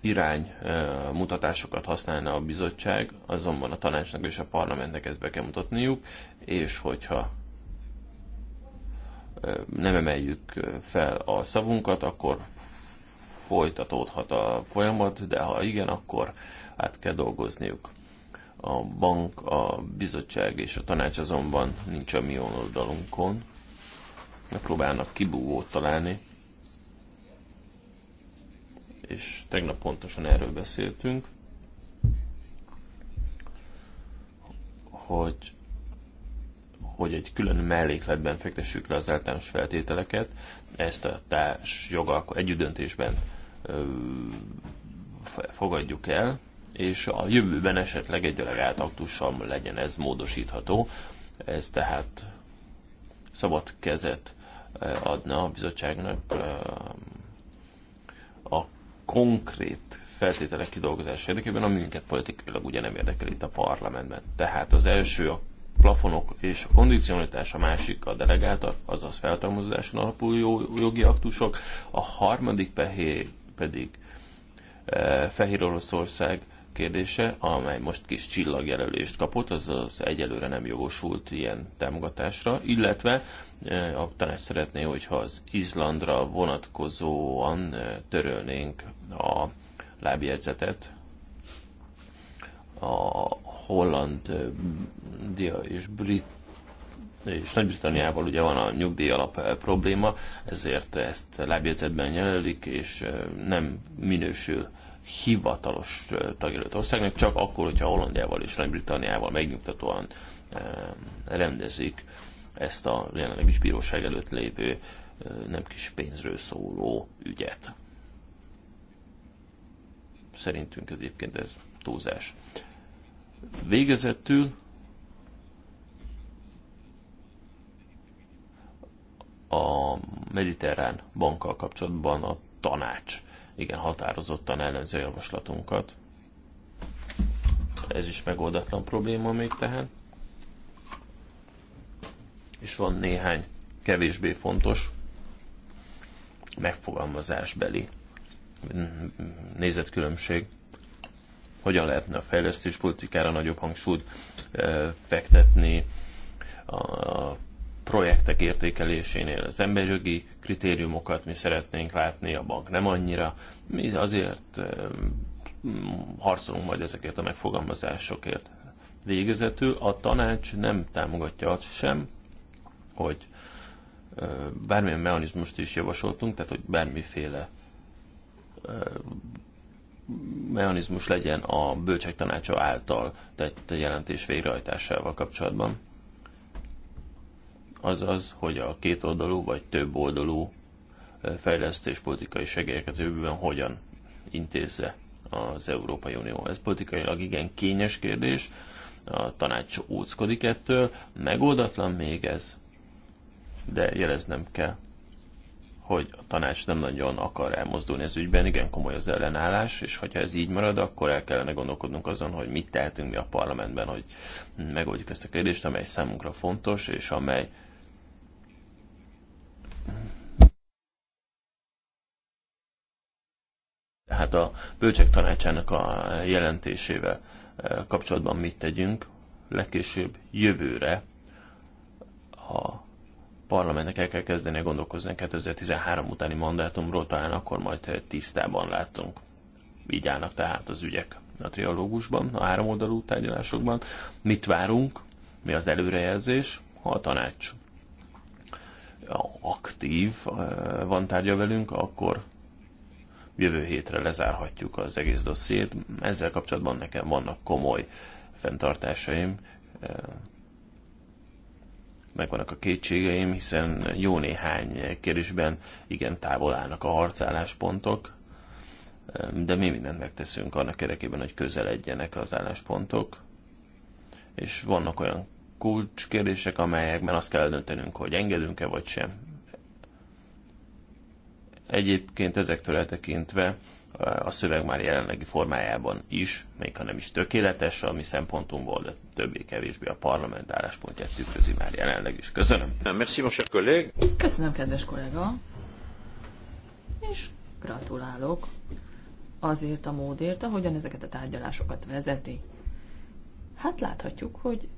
iránymutatásokat használna a bizottság, azonban a tanácsnak és a parlamentnek ezt be kell mutatniuk, és hogyha nem emeljük fel a szavunkat, akkor folytatódhat a folyamat, de ha igen, akkor át kell dolgozniuk. A bank, a bizottság és a tanács azonban nincs a mi oldalunkon, megpróbálnak kibúvót találni, és tegnap pontosan erről beszéltünk, hogy, hogy egy külön mellékletben fektessük le az általános feltételeket, ezt a társ jogalko együttdöntésben fogadjuk el, és a jövőben esetleg egy delegált aktussal legyen ez módosítható. Ez tehát szabad kezet adna a bizottságnak konkrét feltételek kidolgozása érdekében, ami minket politikailag ugye nem érdekel itt a parlamentben. Tehát az első a plafonok és a kondicionalitás, a másik a delegált, azaz feltalmazáson alapuló jogi aktusok, a harmadik pehé pedig eh, Fehér Oroszország, kérdése, amely most kis csillagjelölést kapott, az az egyelőre nem jogosult ilyen támogatásra, illetve eh, a tanács szeretné, hogyha az Izlandra vonatkozóan eh, törölnénk a lábjegyzetet, a Hollandia eh, és Brit és Nagy-Britanniával ugye van a nyugdíj alap probléma, ezért ezt lábjegyzetben jelölik, és nem minősül hivatalos tagjelölt országnak, csak akkor, hogyha Hollandiával és Nagy-Britanniával megnyugtatóan rendezik ezt a jelenleg is bíróság előtt lévő nem kis pénzről szóló ügyet. Szerintünk egyébként ez túlzás. Végezetül a mediterrán bankkal kapcsolatban a tanács igen határozottan ellenző javaslatunkat. Ez is megoldatlan probléma még tehát. És van néhány kevésbé fontos megfogalmazásbeli nézetkülönbség. Hogyan lehetne a fejlesztéspolitikára nagyobb hangsúlyt eh, fektetni, a projektek értékelésénél az emberjogi kritériumokat mi szeretnénk látni, a bank nem annyira. Mi azért mm, harcolunk majd ezekért a megfogalmazásokért. Végezetül a tanács nem támogatja azt sem, hogy bármilyen mechanizmust is javasoltunk, tehát hogy bármiféle mechanizmus legyen a bölcsek tanácsa által tett jelentés végrehajtásával kapcsolatban az az, hogy a két oldalú vagy több oldalú fejlesztés politikai segélyeket jövőben hogyan intézze az Európai Unió. Ez politikailag igen kényes kérdés, a tanács óckodik ettől, megoldatlan még ez, de jeleznem kell, hogy a tanács nem nagyon akar elmozdulni ez ügyben, igen komoly az ellenállás, és hogyha ez így marad, akkor el kellene gondolkodnunk azon, hogy mit tehetünk mi a parlamentben, hogy megoldjuk ezt a kérdést, amely számunkra fontos, és amely tehát a bölcsek tanácsának a jelentésével eh, kapcsolatban mit tegyünk, legkésőbb jövőre a parlamentnek el kell kezdeni gondolkozni 2013 utáni mandátumról, talán akkor majd eh, tisztában látunk. Így állnak tehát az ügyek a trialógusban, a oldalú tárgyalásokban. Mit várunk, mi az előrejelzés, ha a tanács aktív van tárgya velünk, akkor jövő hétre lezárhatjuk az egész dossziét. Ezzel kapcsolatban nekem vannak komoly fenntartásaim, vannak a kétségeim, hiszen jó néhány kérdésben igen távol állnak a harcálláspontok, de mi mindent megteszünk annak érdekében, hogy közeledjenek az álláspontok, és vannak olyan kulcskérdések, amelyekben azt kell döntenünk, hogy engedünk-e vagy sem. Egyébként ezektől eltekintve eh, a szöveg már jelenlegi formájában is, még ha nem is tökéletes, a mi szempontunkból, de többé-kevésbé a parlament álláspontját tükrözi már jelenleg is. Köszönöm. Merci, mon cher collègue. Köszönöm, kedves kollega. És gratulálok azért a módért, ahogyan ezeket a tárgyalásokat vezeti. Hát láthatjuk, hogy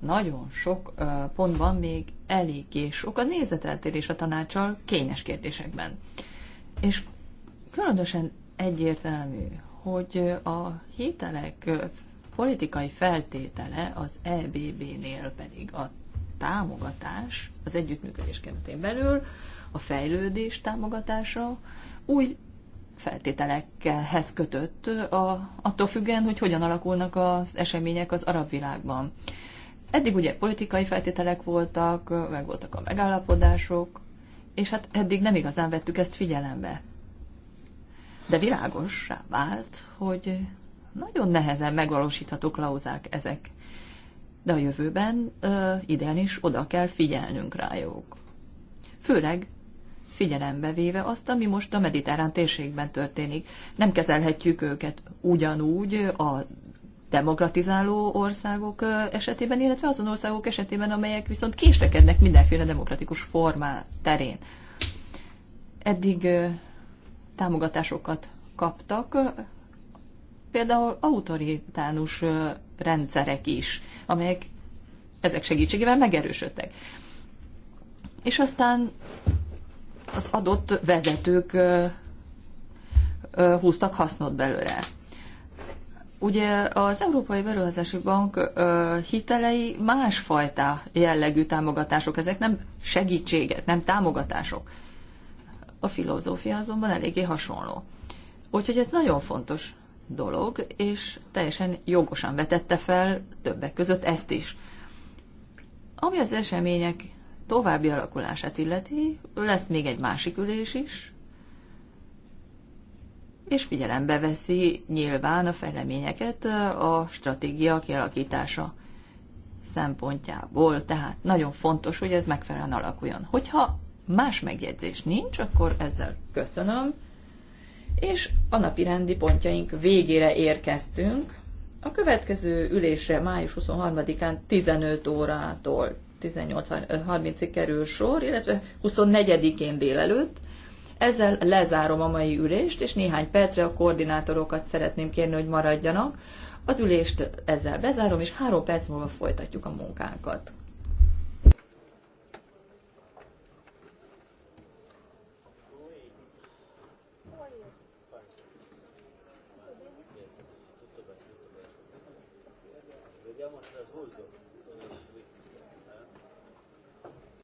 nagyon sok pontban még eléggé sok a nézeteltérés a tanácsal kényes kérdésekben. És különösen egyértelmű, hogy a hitelek politikai feltétele az EBB-nél pedig a támogatás az együttműködés keretén belül, a fejlődés támogatása új feltételekhez kötött, a, attól függően, hogy hogyan alakulnak az események az arab világban. Eddig ugye politikai feltételek voltak, meg voltak a megállapodások, és hát eddig nem igazán vettük ezt figyelembe. De világosra vált, hogy nagyon nehezen megvalósítható klauzák ezek. De a jövőben ö, idén is oda kell figyelnünk rájuk. Főleg figyelembe véve azt, ami most a mediterrán térségben történik. Nem kezelhetjük őket ugyanúgy a demokratizáló országok esetében, illetve azon országok esetében, amelyek viszont késlekednek mindenféle demokratikus formá terén. Eddig támogatásokat kaptak, például autoritánus rendszerek is, amelyek ezek segítségével megerősödtek. És aztán az adott vezetők húztak hasznot belőle. Ugye az Európai Beruházási Bank ö, hitelei másfajta jellegű támogatások, ezek nem segítséget, nem támogatások. A filozófia azonban eléggé hasonló. Úgyhogy ez nagyon fontos dolog, és teljesen jogosan vetette fel többek között ezt is. Ami az események további alakulását illeti, lesz még egy másik ülés is, és figyelembe veszi nyilván a fejleményeket a stratégia kialakítása szempontjából. Tehát nagyon fontos, hogy ez megfelelően alakuljon. Hogyha más megjegyzés nincs, akkor ezzel köszönöm. És a napi rendi pontjaink végére érkeztünk. A következő ülésre május 23-án 15 órától 18.30-ig kerül sor, illetve 24-én délelőtt, ezzel lezárom a mai ülést, és néhány percre a koordinátorokat szeretném kérni, hogy maradjanak. Az ülést ezzel bezárom, és három perc múlva folytatjuk a munkánkat.